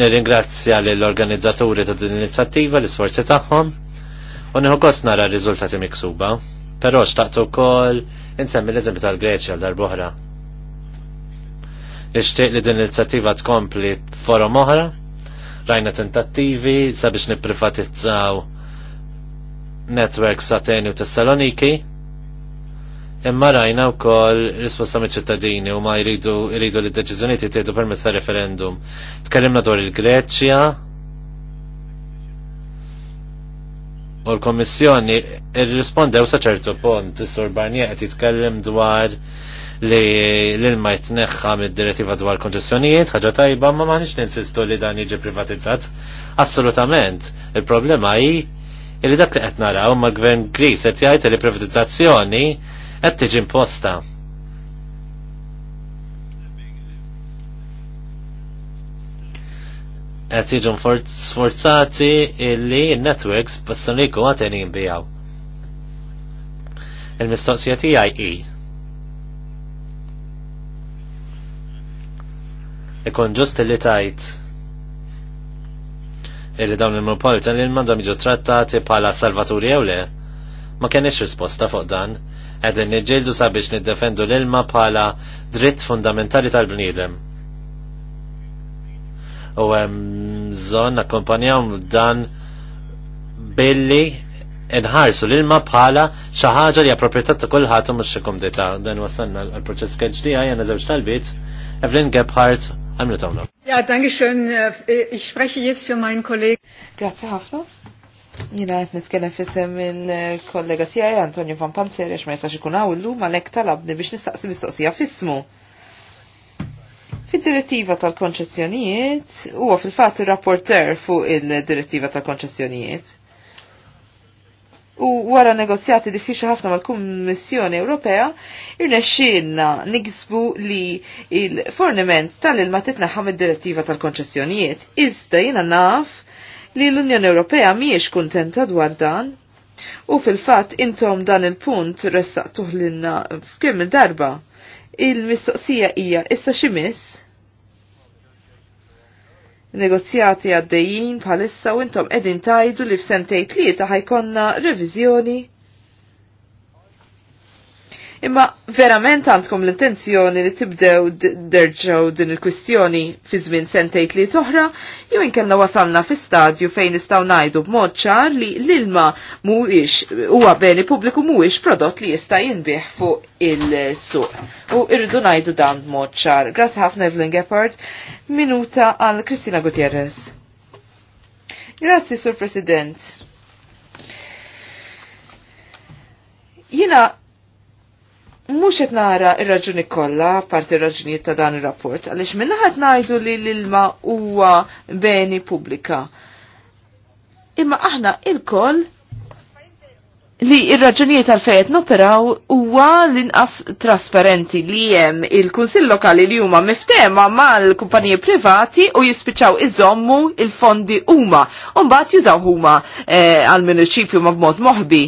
Nirringrazzja lill-organizzaturi ta' din l-inizjattiva l-isforzi tagħhom u nieħu nara r-riżultati miksuba. Però xtaqt ukoll insemmi l-eżempju tal-Greċja l-darbohra. Ixtieq li din l-inizjattiva tkompli forum oħra, rajna tentattivi sabiex nipprivatizzaw networks Ateni u Tessaloniki, imma rajna wkoll risposta mill ċittadini u ma jridu jridu li d-deċiżjonijiet jittieħdu permezz referendum. Tkellimna dwar il-Greċja, u l kommissjoni irrispondew sa ċertu punt, is-Sur Barnier qed jitkellem dwar li l-ilma jitneħħa mid-direttiva dwar konċessjonijiet, ħaġa tajba, ma maħniċ ninsistu li dan jiġi privatizzat. Assolutament, il-problema hi li dak li qed naraw ma' gvern Gris qed jgħid li privatizzazzjoni qed tiġi imposta. Qed jiġu sforzati illi n li bastaniku għateni il-mistoqsija tiegħi hi ikon ġust li tajt illi dawn il-monopoli li l mandom iġu trattati pala salvaturi jew le. Ma kienx risposta fuq dan, edin nġildu sabiex niddefendu l-ilma pala dritt fundamentali tal-bniedem. U hemm bżonn akkompanjaw dan billi inħarsu l-ilma bħala xi ħaġa li hija proprjetà ta' kulħadd u mhux xi kumdità. Dan wasalna l-proċess keġ tiegħi għandna żewġ talbiet Evelyn Gebhardt, għamlu tawna. Ja, danke schön. Äh, ich spreche jetzt für meinen Kollegen. Grazie ħafna. Jina għet nitkellem fissem il-kollega tijaj Antonio Van Panzer, jax ma jistax ikun għawillu, ma lek talabni biex nistaqsi mistoqsija fissmu. Fid-direttiva tal-konċessjonijiet, huwa fil-fat il-rapporter fuq il-direttiva tal-konċessjonijiet, u wara negozjati diffiċli ħafna mal-Kummissjoni Ewropea, irnexxielna niksbu li il-forniment tal-ilma titnaħħa mid-direttiva tal-konċessjonijiet. Iżda jiena naf li l-Unjoni Ewropea mhijiex kuntenta dwar dan. U fil-fatt intom dan il-punt ressaqtuh lilna f'kemm darba. Il-mistoqsija hija issa ximiss negozjati għaddejjin bħalissa u intom edin tajdu li f'sentej tlieta ħajkonna reviżjoni Imma verament għandkom l-intenzjoni li tibdew derġaw din il-kwistjoni fi żmien sentejt li toħra, jew inkella wasalna fi stadju fejn nistgħu ngħidu b'mod ċar li l-ilma mhuwiex huwa beni pubbliku mhuwiex prodott li jista' jinbih fuq il-suq. U irridu ngħidu dan b'mod ċar. Grazzi ħafna Evelyn Gepard, minuta għal Kristina Gutierrez. Grazzi, Sur President. Jina Mux qed nara ir-raġuni kollha parti il raġunijiet ta' dan ir-rapport għaliex ħat ngħidu li l-ilma huwa beni pubblika. Imma aħna il-koll li ir-raġunijiet tal fejet noperaw huwa l-inqas trasparenti li hemm il-kunsill lokali li huma miftema mal-kumpaniji privati u jispiċċaw iżommu il-fondi huma u mbagħad jużaw huma eh, għal-municipju ma' b'mod moħbi.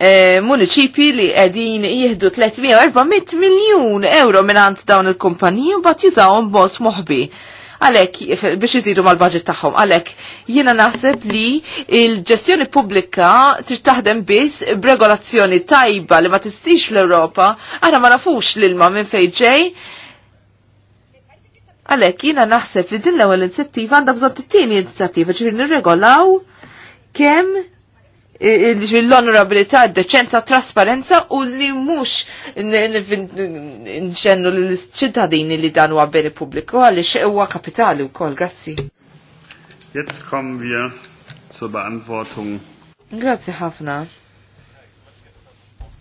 E, municipi li edin jihdu 300-400 miljon euro minnant dawn il-kumpaniji bat jużawhom bot muħbi. Għalek, biex jizidu mal-budget tagħhom, għalek jiena naħseb li il-ġestjoni pubblika trid taħdem biss b'regolazzjoni tajba li ma tistix l-Ewropa, ara ma nafux l-ilma minn fejn ġej. Għalek, jiena naħseb li din l-ewwel inizjattiva għandha bżonn it-tieni inizjattiva ġifieri nirregolaw kemm l-onorabilità, d-deċenza, trasparenza u li mux nxennu l-ċittadini li dan huwa beni pubbliku għalli huwa kapitali u kol, grazzi. Jetzt kommen wir zur Beantwortung. Grazzi ħafna.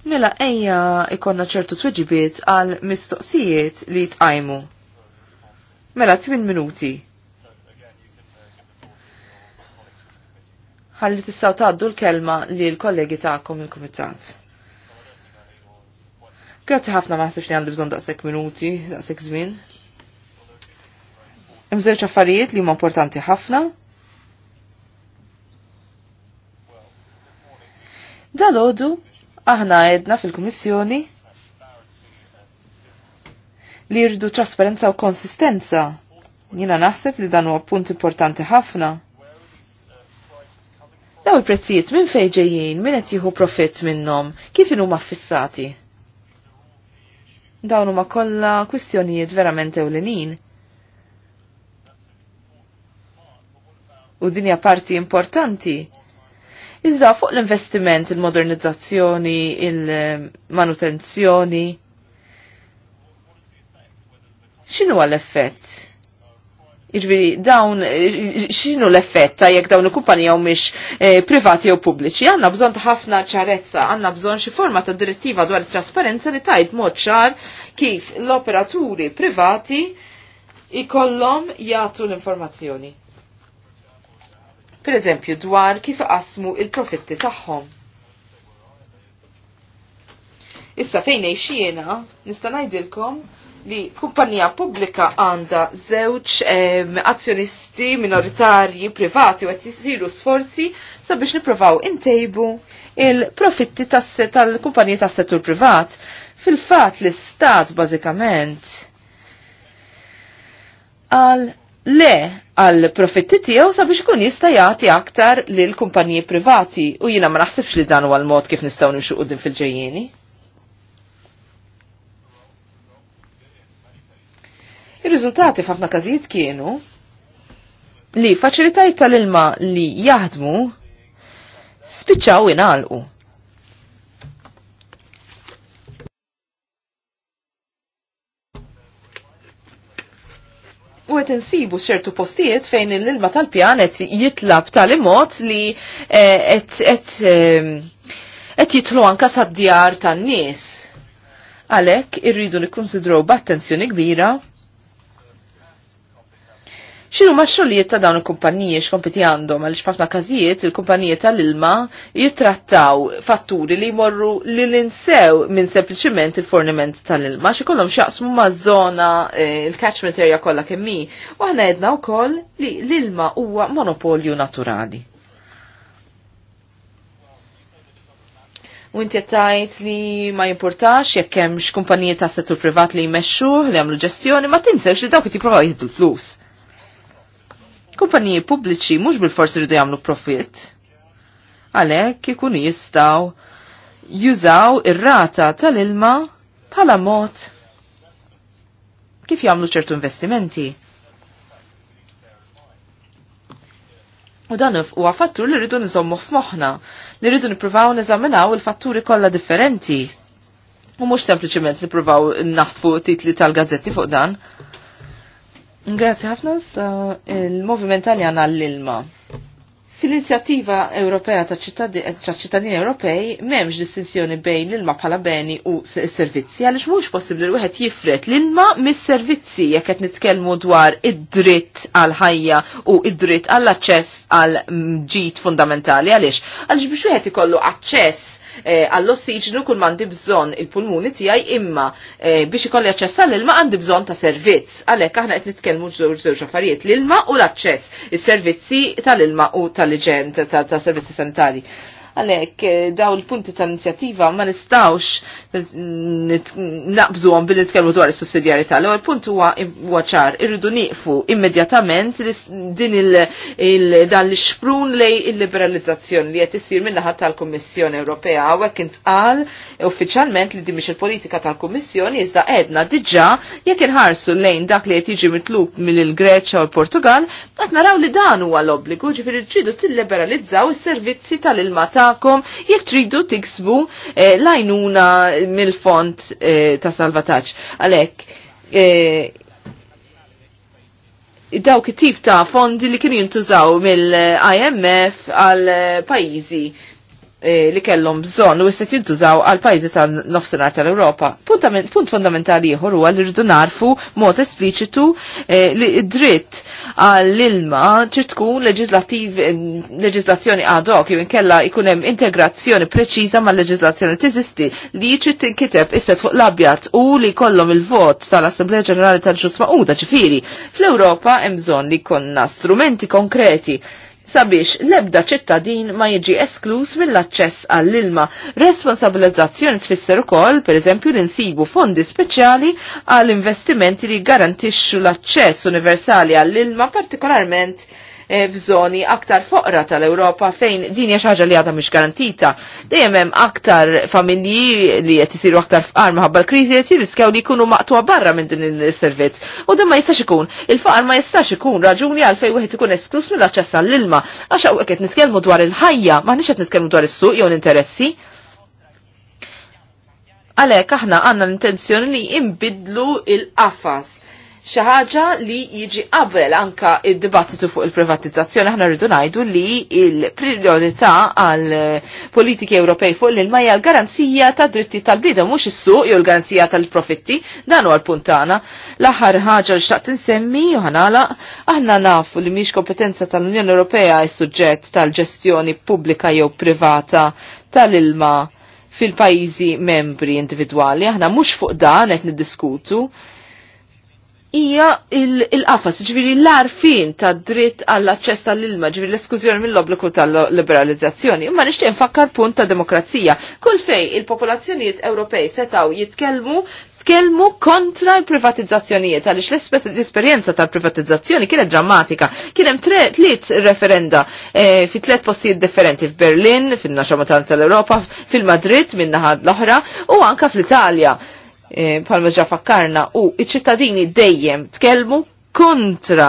Mela ejja ikonna ċertu tweġibiet għal mistoqsijiet li tqajmu. Mela 8 minuti. ħalli tistaw taddu l-kelma li l-kollegi ta'kom il-komitat. Grazzi ħafna ma li għandi bżon daqsek minuti, daqsek żmien. Hemm żewġ affarijiet li huma importanti ħafna. Dal-għodu, aħna għedna fil-Komissjoni li rridu trasparenza u konsistenza. Jina naħseb li dan huwa punt importanti ħafna. Daw il-prezzijiet minn fejġejjien, minn qed jieħu profitt minnhom, kif inhu affissati? Dawn huma kollha kwistjonijiet verament ewlenin. U dinja parti importanti. Iżda fuq l-investiment, il-modernizzazzjoni, il-manutenzjoni. X'inhu l-effett? Iġviri, dawn, xinu l-effett ta' jek dawn il-kumpanija u mish eh, privati u pubbliċi. Għanna bżon ta' ħafna ċarezza, għanna bżon xi forma ta' direttiva dwar trasparenza li tajt mod ċar kif l-operaturi privati ikollhom jagħtu l-informazzjoni. Per eżempju, dwar kif qasmu il-profitti tagħhom. Issa fejn xiena nista' ngħidilkom li kumpanija pubblika għanda zewċ azzjonisti minoritarji privati u għet jisiru sforzi sabiex niprofaw intejbu il-profitti tal-kumpanija tas settur privat. Fil-fat l-istat bazikament għal le għal profitti tiegħu sabiex kun jista' jagħti aktar lil kumpaniji privati u jiena ma naħsibx li dan huwa l-mod kif nistgħu nimxu fil-ġejjieni. Ir-riżultati f'ħafna każijiet kienu li faċilitajt tal-ilma li jaħdmu spiċċaw inalqu. u għet insibu xertu postijiet fejn l-ilma tal pjan għet jitlab tal-imot li għet eh, ehm, jitlu anka sabdjar djar tan-nies. Għalek irridu nikkonsidraw b'attenzjoni kbira Xinu ma xollijiet ta' dawn il-kumpanije xkompiti għandhom għal xfafna kazijiet il-kumpanije tal-ilma jittrattaw fatturi li jmorru li l-insew minn sempliciment il-forniment tal-ilma xikollom xaqsmu ma' zona eh, il-catchment area kolla kemmi u għana jedna u koll li l-ilma huwa monopolju naturali. u inti tajt li ma jimportax jekk hemmx kumpaniji ta' settur privat li jmexxu li jagħmlu ġestjoni, ma tinsewx li dawk qed jippruvaw jieħdu l-flus. Kumpaniji pubbliċi mhux bil-forsi rridu jagħmlu profitt. Għalhekk ikun jistgħu jużaw ir-rata tal-ilma bħala mod kif jagħmlu ċertu investimenti. U dan huwa fattur li rridu nżommu f'moħħna, li rridu nippruvaw neżaminaw il-fatturi kollha differenti. U mhux sempliċement nippruvaw naħtfu titli tal-gazzetti fuq dan. Grazie ħafna sa il-moviment Taljan għall-ilma. Fil-inizjattiva Ewropea ta' ċittadini Ewropej m'hemmx distinzjoni bejn l-ilma bħala beni u s-servizzi għaliex mhux possibbli l wieħed jifret l-ilma mis-servizzi jekk qed nitkellmu dwar id-dritt għal ħajja u id-dritt għall aċċess għal ġid fundamentali għaliex għaliex biex wieħed ikollu aċċess Eh, għall-ossiġnu kull mandi bżon il-pulmuni tijaj imma eh, biex ikolli għacċess għall-ilma għandi bżon ta' servizz. Għalek aħna qed nitkellmu ġewġ żewġ affarijiet l-ilma u l-aċċess, il servizzi tal-ilma u tal-iġen ta' servizzi sanitari. Għalek, eh, daw il-punti tal-inizjattiva ma nistawx naqbżu għom billi nitkellmu dwar is-sussidjarità. L-ewwel punt huwa ċar, irridu nieqfu immedjatament din dan l-xprun lej il-liberalizzazzjoni li qed issir ħat tal-Kummissjoni Ewropea hawnhekk intqal uffiċjalment li dimiex il-politika tal-Kummissjoni iżda qedna diġà jekk inħarsu lejn dak li qed jiġi mitlub mill-Greċja u l-Portugal, qed naraw li dan huwa l-obbligu il-ġidu t tilliberalizzaw is-servizzi tal-ilma ta'kom jekk tridu tiksbu eh, lajnuna mill-font eh, ta' salvataġġ. Għalhekk eh, dawk tip ta' fondi li kienu jintużaw mill-IMF għal eh, pajjiżi Eh, li kellhom bżonn u jistet jintużaw għal pajjiżi tan-nofsinhar tal-Ewropa. Punt fundamentali ieħor huwa li rridu narfu mod espliċitu eh, li dritt għall-ilma trid tkun eh, leġislazzjoni ad hoc jew inkella jkun hemm integrazzjoni preċiża mal leġislazzjoni tiżisti li trid tinkiteb isset fuq l-abjad u li kollhom il-vot tal-Assembleja Ġenerali tal-Ġus Maquda ġifieri. Fl-Ewropa hemm bżonn li jkollna strumenti konkreti sabiex l-ebda ċittadin ma jiġi esklus mill-aċċess għall-ilma. Responsabilizzazzjoni tfisser ukoll, per eżempju, li nsibu fondi speċjali għall investimenti li garantixxu l-aċċess universali għall-ilma partikolarment Eh, f'żoni aktar foqra tal-Ewropa fejn din hija xi ħaġa li għadha mhix garantita. Dejjem hemm aktar familji li qed isiru aktar fqar minħabba l-kriżi qed jirriskjaw li jkunu maqtuha barra minn din is-servizz. U dan ma jistax ikun. Il-faqar ma jistax ikun raġuni għalfejn wieħed ikun esklus mill-aċċess għall-ilma għax hawnhekk qed nitkellmu dwar il-ħajja, m'aħniex qed nitkellmu dwar is-suq jew l-interessi. Għalhekk aħna għandna l-intenzjoni li jinbidlu il-qafas xi ħaġa li jiġi qabel anka id-dibattitu fuq il-privatizzazzjoni aħna rridu ngħidu li il-priorità għal politiki Ewropej fuq l-ilma hija l-garanzija ta' dritti tal bidem mhux is-suq jew l-garanzija tal-profitti dan huwa l-punt tagħna. L-aħħar ħaġa li xtaqt insemmi u ħanala aħna nafu li mhix kompetenza tal-Unjoni Ewropea is-suġġett tal-ġestjoni pubblika jew privata tal-ilma fil pajjiżi membri individwali, Aħna mhux fuq dan qed niddiskutu, hija il-qafas, ġviri l-arfin ta' dritt għall-aċċess tal-ilma, ġviri l eskuzjoni mill obliku tal-liberalizzazzjoni. Imma nixtieq nfakkar punt ta' demokrazija. Kull fej il-popolazzjonijiet Ewropej setaw jitkellmu tkellmu kontra l-privatizzazzjonijiet għaliex l-esperjenza tal-privatizzazzjoni kienet drammatika. Kien hemm tliet referenda eh, fi tliet postijiet differenti f'Berlin, fin-naxa tal europa fil-Madrid min l-oħra u anka fl-Italja Eh, palma ġa fakkarna u iċ-ċittadini dejjem tkellmu kontra,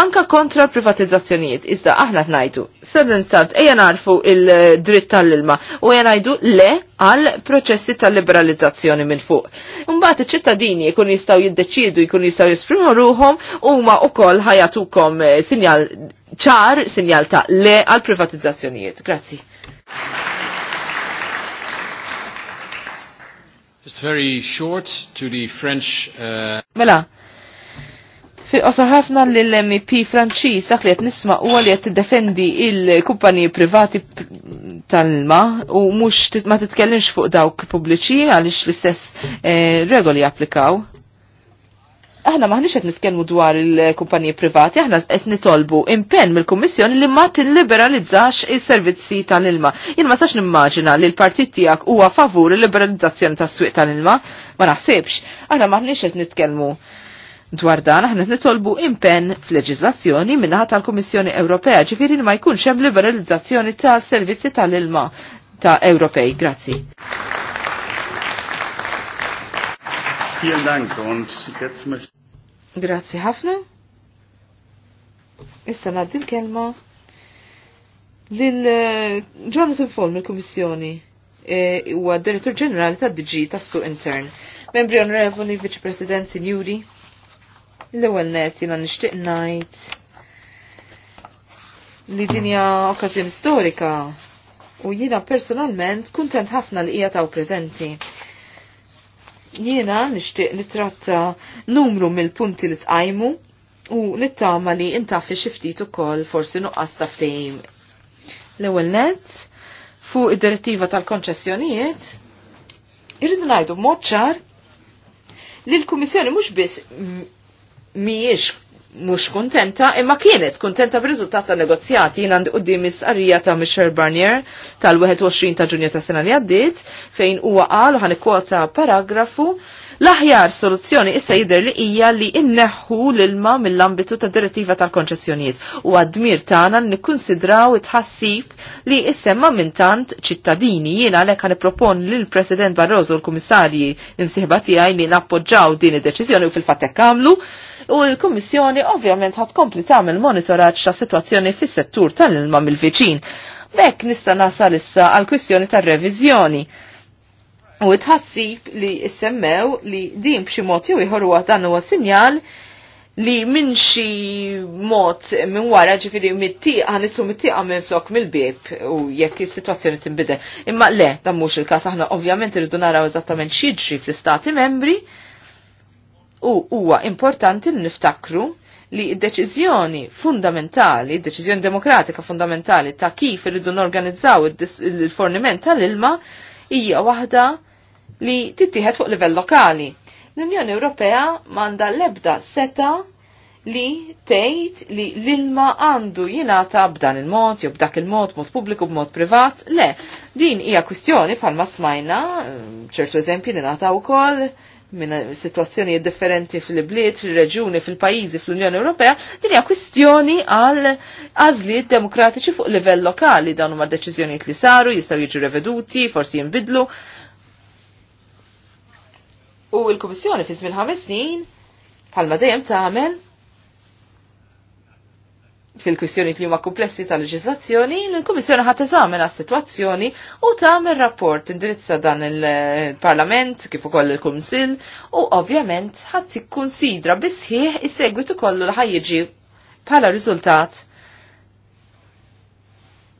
anka kontra privatizzazzjonijiet. Iżda aħna tnajdu, sedentant, eja narfu il-dritt tal-ilma u eja najdu le għal proċessi tal-liberalizzazzjoni minn fuq Umbat iċ-ċittadini jkun jistaw jiddeċidu, jkun jistaw jesprimu ruħom u ma u koll ħajatukom eh, sinjal ċar, sinjal ta' le għal privatizzazzjonijiet. Grazzi. Just very short to the French... Uh, mela, fil-qosor ħafna l-MP Franċis dak li qed nisma' huwa li qed tiddefendi l kumpaniji privati tal-ma u mhux ma titkellimx fuq dawk pubbliċi għaliex l-istess eh, regoli japplikaw aħna maħniċ qed nitkellmu dwar il-kumpaniji privati, aħna qed nitolbu impenn mill-Kummissjoni li ma tilliberalizzax is-servizzi tal-ilma. Jien ma sax nimmaġina li l-partit tiegħek huwa favur il-liberalizzazzjoni tas-swieq tal-ilma, ma naħsibx. Aħna maħniċ qed nitkellmu dwar dan aħna nitolbu impenn f'leġiżlazzjoni naħa tal-Kummissjoni Ewropea ġifieri ma jkunx hemm liberalizzazzjoni tas-servizzi tal-ilma ta' Ewropej. Grazzi. Vielen Dank und jetzt möchte Grazzi ħafna. Issa naddi l-kelma lil eh, Jonathan Fall il kummissjoni eh, huwa għad Direttur Ġenerali tad DG tas-Suq Intern. Membri Onorevoli, Viċi President Sinjuri, l-ewwel net jiena nixtieq ngħid li dinja okkażjoni storika u jiena personalment kuntent ħafna li hija taw Jiena nixtieq tratta numru mill-punti li tqajmu u nittama li intafi xiftit ftit ukoll forsi nuqqas ta' L-ewwel nett fuq id-direttiva tal-konċessjonijiet irridu ngħidu moċċar ċar li l-Kummissjoni mhux biss mhijiex mux kontenta, imma kienet kontenta b'riżultat ta' negozjati jien għandi qudiem is-qarrija ta' Michel Barnier tal-21 ta' Ġunju ta' sena li għaddiet fejn huwa għal u ħanikwota paragrafu l-aħjar soluzzjoni issa jidher li hija li inneħu l-ilma mill-ambitu ta' direttiva tal-konċessjonijiet u għadmir tagħna nikkonsidraw it-ħassib li issemma minn tant ċittadini jiena għalhekk ħanipropon l President Barroso l-Kummissarji imsieħba tiegħi li nappoġġaw din id-deċiżjoni u fil fattek kamlu. għamlu u l-Kummissjoni ovvjament ħat kompli tagħmel monitoraċ ta' sitwazzjoni fis-settur tal-ilma mill-viċin. Bekk nista' nasal issa għal kwistjoni tar-reviżjoni. U tħassib li semmew li din b'xi mod jew ieħor huwa dan huwa sinjal li minn xi mod minn wara ġifiri mit-tieqa mittieqa mit minn flok mill-bib u jekk is-sitwazzjoni tinbidel. Imma le, dan mhux il-każ aħna ovvjament irridu naraw eżattament x'jiġri fl-istati membri u huwa importanti li niftakru li id-deċiżjoni fundamentali, id-deċiżjoni demokratika fundamentali ta' kif irridu norganizzaw il-forniment tal-ilma hija waħda li tittieħed fuq livell lokali. L-Unjoni Ewropea manda l-ebda seta li tgħid li l-ilma għandu jingħata b'dan il-mod jew b'dak il-mod, mod pubbliku b'mod privat, le, din hija kwistjoni bħalma smajna, ċertu eżempji li nagħta wkoll minn situazzjoni differenti fil-bliet, fil-reġuni, fil-pajizi, fl-Unjoni Ewropea, din hija kwistjoni għal għażliet demokratiċi fuq livell lokali dawn huma deċiżjonijiet li saru, jistgħu jiġu reveduti, forsi jinbidlu. U l-Kummissjoni fi żmien ħames snin bħalma dejjem tagħmel fil-kwistjoni li huma komplessi tal-leġislazzjoni, l-Kummissjoni ħat eżamina s-sitwazzjoni u tagħmel rapport indirizza dan il-Parlament kif ukoll il-Kunsill u ovvjament ħadd tikkunsidra bisħieħ is-segwitu kollu li ħajjiġi bħala riżultat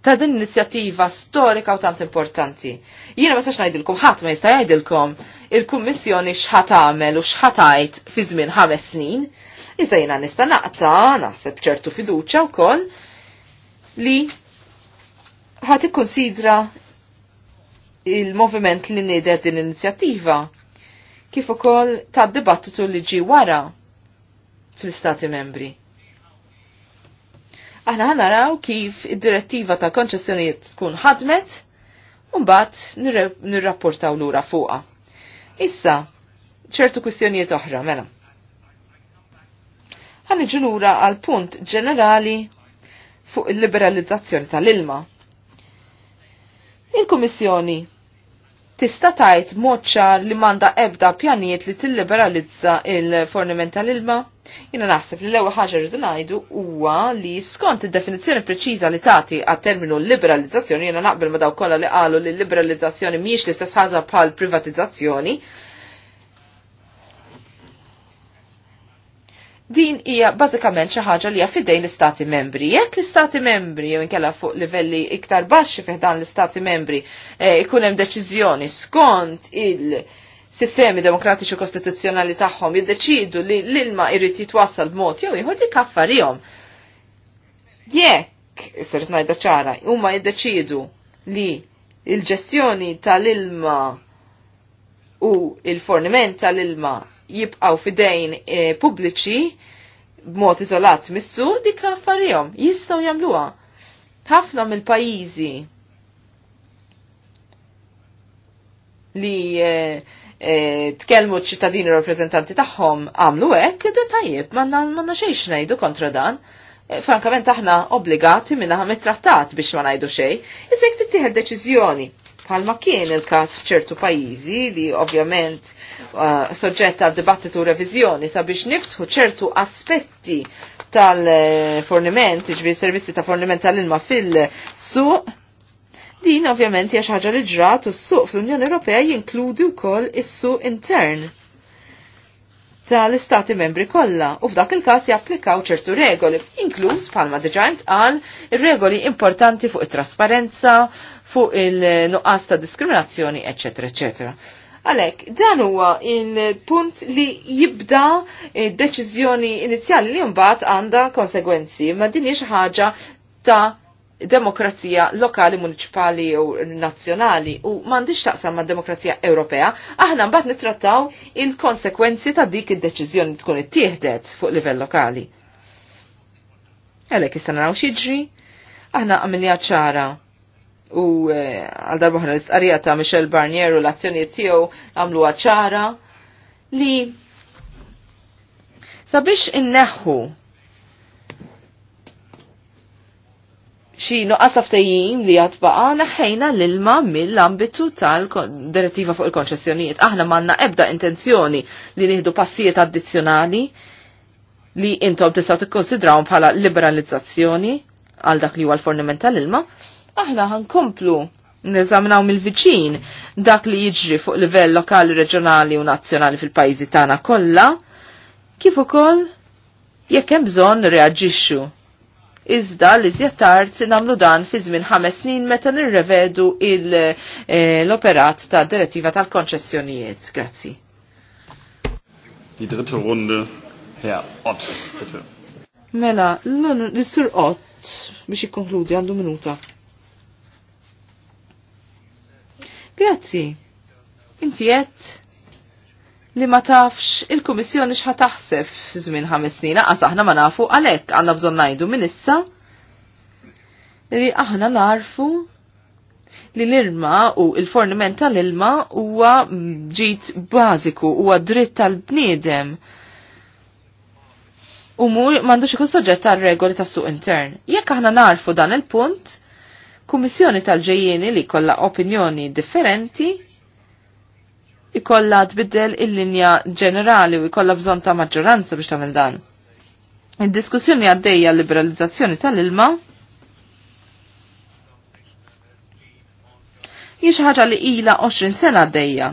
ta' din inizjattiva storika u tant importanti. Jiena ma sax ngħidilkom ħadd ma jista' jgħidilkom il-Kummissjoni x'ħat tagħmel u x'ħat fi żmien ħames snin Iżda jina nista naqta, naħseb ċertu fiduċa u koll, li ħati konsidra il-moviment li nider din inizjattiva kif ukoll ta' dibattitu li ġi wara fl-istati membri. Aħna ħana naraw kif id-direttiva ta' konċessjonijiet tkun ħadmet u mbagħad nirrapportaw lura fuqha. Issa, ċertu kwistjonijiet oħra, mela. Għan ġunura għal punt ġenerali fuq il-liberalizzazzjoni tal-ilma. Il-Kummissjoni tista tajt moċċar li manda ebda pjanijiet li tilliberalizza il-forniment tal-ilma? Jina naħseb li l-ewwel ħaġa rridu ngħidu huwa li skont id-definizzjoni preċiża li tagħti għat-terminu liberalizzazzjoni jiena naqbel ma daw kollha li qalu li liberalizzazzjoni mhijiex l-istess ħaġa bħal privatizzazzjoni, din hija bażikament xi ħaġa li hija fidejn l-istati membri. Jekk l-istati membri jew inkella fuq livelli iktar baxxi fih dan l-istati membri eh, ikun hemm deċiżjoni skont il- sistemi demokratiċi kostituzzjonali tagħhom jiddeċidu li l-ilma jrid jitwassal b'mod jew ieħor dik affarihom. Jekk isir ngħidha ċara, huma jiddeċidu li il-ġestjoni tal-ilma u il-forniment tal-ilma jibqaw fidejn e, pubbliċi b'mod iżolat missu dik affarijhom jistgħu jagħmluha. Ħafna mill-pajjiżi li e, e, tkellmu ċittadini rappreżentanti tagħhom għamlu hekk, da tajjeb, m'għandna xejn ngħidu kontra dan e, frankament aħna obbligati minna ħam trattat biex ma ngħidu xejn. Iżek tittieħed deċiżjoni palma kien il-kas fċertu pajizi li ovvjament uh, soġġett għal dibattitu revizjoni sabiex niftħu ċertu aspetti tal-forniment, ġviri servizzi ta' forniment tal-ilma fil-suq, din ovvjament hija ħaġa li ġrat u s-suq fl-Unjoni Ewropea jinkludi wkoll is-suq intern tal-istati membri kollha u f'dak il-każ japplikaw ċertu regoli, inkluż bħalma diġà għal ir-regoli importanti fuq it-trasparenza, fuq il-nuqqas ta' diskriminazzjoni, eccetera, eccetera. Għalek, dan huwa il-punt li jibda deċiżjoni inizjali li mbagħad għandha konsegwenzi, ma din hija ħaġa ta' demokrazija lokali, municipali u nazzjonali u m'għandix taqsam ma' demokrazija Ewropea, aħna mbagħad nittrattaw il-konsekwenzi ta' dik id-deċiżjoni tkun ittieħdet fuq livell lokali. Għalek, issa naraw xiġri, aħna għamilja ċara u eh, għal ħna l-istqarija ta' Michel Barnier u l-azzjoniet tiegħu għamlu ċara li sabiex inneħħu xi nuqqas aftajjim li għad baqa naħħejna l-ilma mill-ambitu tal-direttiva fuq il-konċessjonijiet. Aħna manna ebda intenzjoni li nieħdu passijiet addizzjonali li intom tistgħu tikkonsidraw bħala liberalizzazzjoni għal dak li huwa l-forniment tal-ilma aħna ħankomplu neżaminaw mill-viċin dak li jiġri fuq livell lokali, reġjonali u nazzjonali fil-pajjiżi tagħna kollha, kif ukoll jekk hemm bżonn reaġixxu. Iżda li żjed tard nagħmlu dan fi żmien ħames snin meta nirrevedu eh, l-operat ta' direttiva tal-konċessjonijiet. Grazzi. Die dritte Runde, Herr Ott, bitte. Mela, l-sur Ott biex jikkonkludi għandu minuta. Grazzi. Inti jett li ma tafx il-Kummissjoni x'ħa taħseb f'żmien ħames snin laqas aħna ma nafu għalhekk għandna bżonn ngħidu minn issa li aħna narfu li l-ilma u il-forniment tal-ilma huwa ġit bażiku huwa dritt tal-bniedem u mur m'għandux ikun soġġett għal regoli tas suq intern. Jekk aħna narfu dan il-punt, kummissjoni tal-ġejjeni li kollha opinjoni differenti ikolla tbiddel il-linja ġenerali u ikolla bżon ta' maġġoranza biex tagħmel dan. Id-diskussjoni għaddejja liberalizzazzjoni tal-ilma jiex xi ħaġa li ilha 20 sena għaddejja.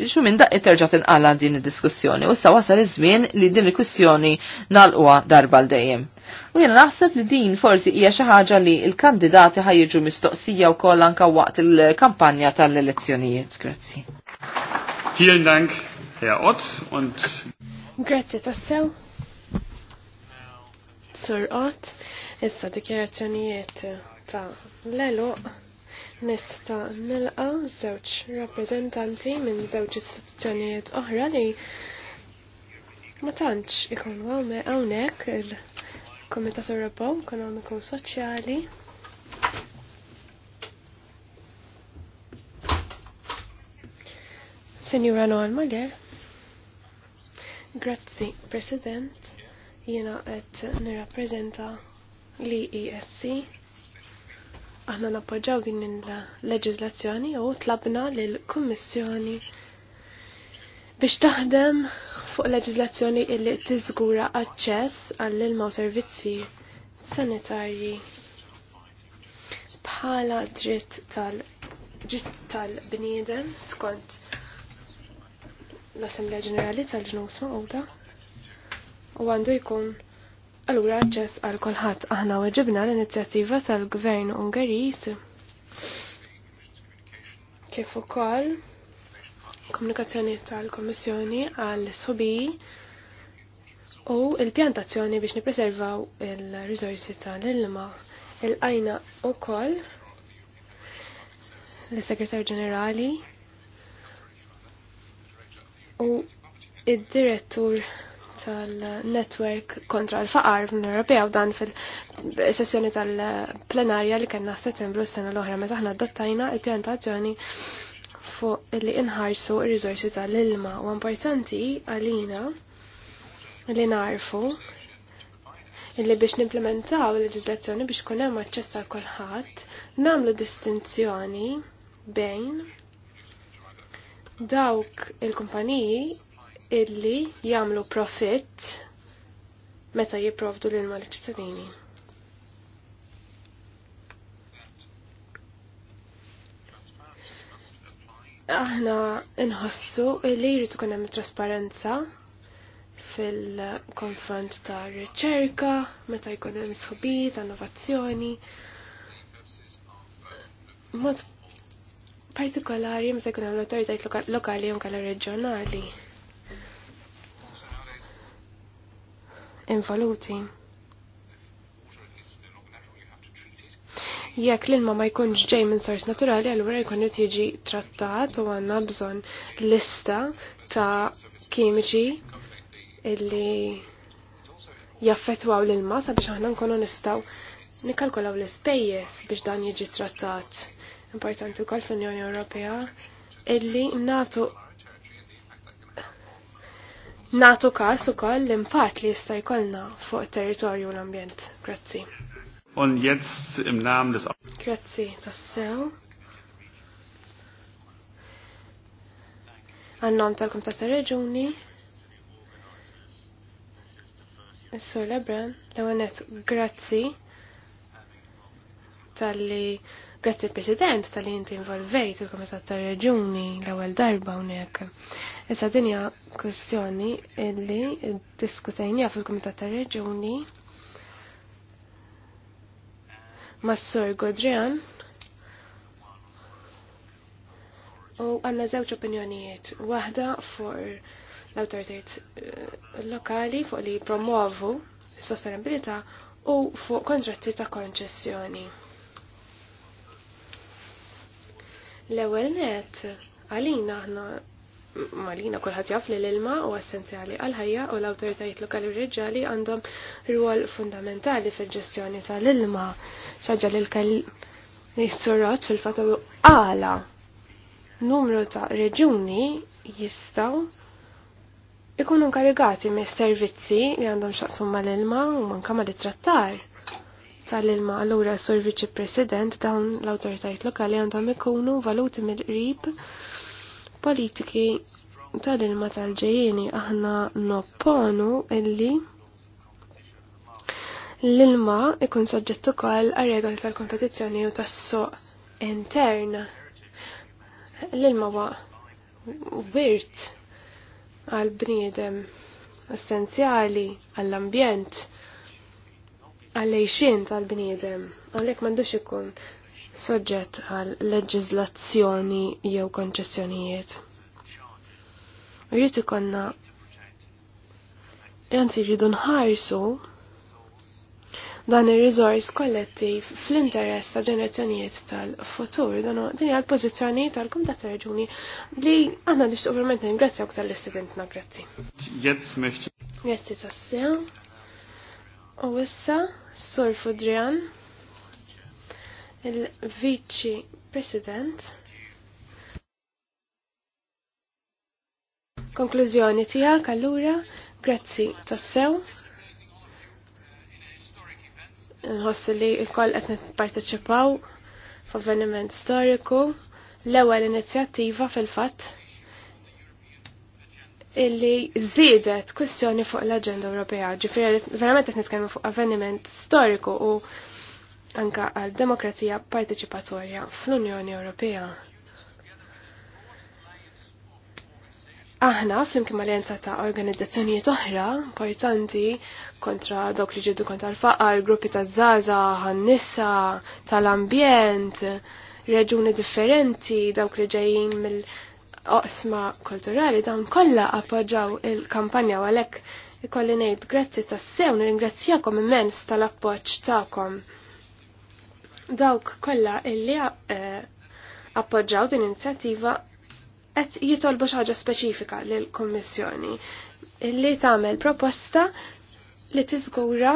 Xu minn daqqa terġa' tinqala din id-diskussjoni u issa wasal iż-żmien li din il kwissjoni nalqwa darba l dejjem. U jena naħseb li din forsi hija xi ħaġa li l-kandidati ħajġu mistoqsija wkoll anka waqt il-kampanja tal-elezzjonijiet. Grazzi. Vielen Dank, Herr Ott, und Grazzi tassew. Sur Ott, issa dikjerazzjonijiet ta' l-elu nista nilqa żewġ rappreżentanti minn żewġ istituzzjonijiet oħra li ma tantx ikunu hawnhekk Komitat Ewropew Ekonomiku Soċjali. Senjura Noel Mager. Grazzi, President. Jiena qed nirrappreżenta l-EESC aħna nappoġġaw din il leġiżlazzjoni u tlabna lill kummissjoni biex taħdem fuq leġislazzjoni illi tiżgura aċċess għall-ilma u servizzi sanitarji bħala dritt tal ġitt tal-bniedem skont l-Assemblea Ġenerali tal-ġnus maqda u għandu jkun allura aċċess għal kulħadd aħna weġibna l-inizjattiva tal-Gvern Ungeris. kif ukoll komunikazzjoni tal-Kommissjoni għal sobi u il-pjantazzjoni biex nipreservaw il-rizorsi tal-ilma. Il-ajna u koll l-Segretar Ġenerali u id-direttur tal-network kontra l-faqar fl Ewropea u dan fil-sessjoni tal-plenarja li kellna settembru s-sena l-oħra meta aħna adottajna il-pjantazzjoni fuq li inħarsu r rizorsi tal-ilma u importanti għalina li narfu illi biex nimplementaw il-leġislazzjoni biex kunem hemm aċċess għal kulħadd nagħmlu distinzjoni bejn dawk il-kumpaniji illi jagħmlu profitt meta jipprovdu l-ilma l-ċittadini. aħna nħossu li jrid ikun hemm trasparenza fil-konfront ta' riċerka, meta jkun hemm sħobijiet, innovazzjoni. Mod partikolari meta jkun hemm awtoritajiet lokali jew kalla reġjonali. Involuti. Jekk l-ilma ma jkunx ġej minn sors naturali, allura jkun qed jiġi trattat u għandna bżonn lista ta' kimiċi illi jaffetwaw l-ilma sabiex aħna nkunu nistgħu nikkalkolaw l-ispejjeż biex dan jiġi trattat. Importanti wkoll fl-Unjoni Ewropea illi natu natu kas ukoll l-impatt li jista' jkollna fuq territorju l-ambjent. Grazzi. Un jetzt im Namen des... Grazzi, tassew. Għannom tal-Komitat Reġuni. Is-Sur Lebran, l-għanet grazzi tal-li grazzi il-President tal-li inti involvejt il-Komitat tal reġuni l-ewwel darba hawnhekk. Issa dinja kwestjoni illi diskutejnija fil-Komitat tal reġuni mas-Sur Godrian. U għanna żewġ opinjonijiet, waħda for l-autoritet eh, lokali fuq li promuovu sostenibilità u fuq kontratti ta' konċessjoni. L-ewwel net għalina aħna malina kulħadd jaf li l-ilma u essenzjali għal-ħajja u l autoritajiet lokali u reġjali għandhom rwol fundamentali fil-ġestjoni tal-ilma. ċaġa li l-kell jissurot fil-fatta għala numru ta' reġuni jistaw ikunu nkarigati me servizzi li għandhom xaqsum mal-ilma u manka li trattar tal-ilma allura s-sur president dawn l-autoritajiet lokali għandhom ikunu valuti mill-qrib politiki tal-ilma tal-ġejjeni aħna nopponu illi l-ilma ikun soġġett ukoll għal regoli tal-kompetizzjoni u tas-suq intern. L-ilma huwa wirt għal-bniedem essenzjali għall-ambjent għall-lejxin tal-bniedem għalhekk m'għandux ikun soġġett għal leġizlazzjoni jew konċessjonijiet. U jrid ikonna anzi jridu nħarsu dan ir-riżors kollettiv fl-interess ta' ġenerazzjonijiet tal-futur. Dan din hija l-pożizzjoni tal-Kumitat li aħna biex ovvjament ningrazzjawk tal-istudentna grazzi. Grazzi tassew. U issa Sur Fudrian il-Viċi President. Konklużjoni tija, kallura, grazzi tassew. Nħossi li l-koll qed nipparteċipaw f'avveniment storiku l-ewwel inizjattiva fil-fatt illi zidet kwistjoni fuq l-Aġenda Ewropea. Ġifieri verament qed nitkellmu fuq avveniment storiku u anka għal demokrazija parteċipatorja fl-Unjoni Ewropea. Aħna flimkien mal alleanza ta' organizzazzjonijiet oħra importanti kontra dawk li ġiddu kontra l-faqar, gruppi ta' żaza ħannissa, tal-ambjent, reġuni differenti, dawk li ġejjin mill-oqsma kulturali, dawn kollha appoġġaw il-kampanja għalhekk ikolli ngħid grazzi tas-sew nirringrazzjakom immens tal-appoġġ tagħkom. Ta dawk kollha illi eh, appoġġaw din inizjattiva qed jitolbu xi ħaġa speċifika lill-Kummissjoni illi tagħmel proposta li tiżgura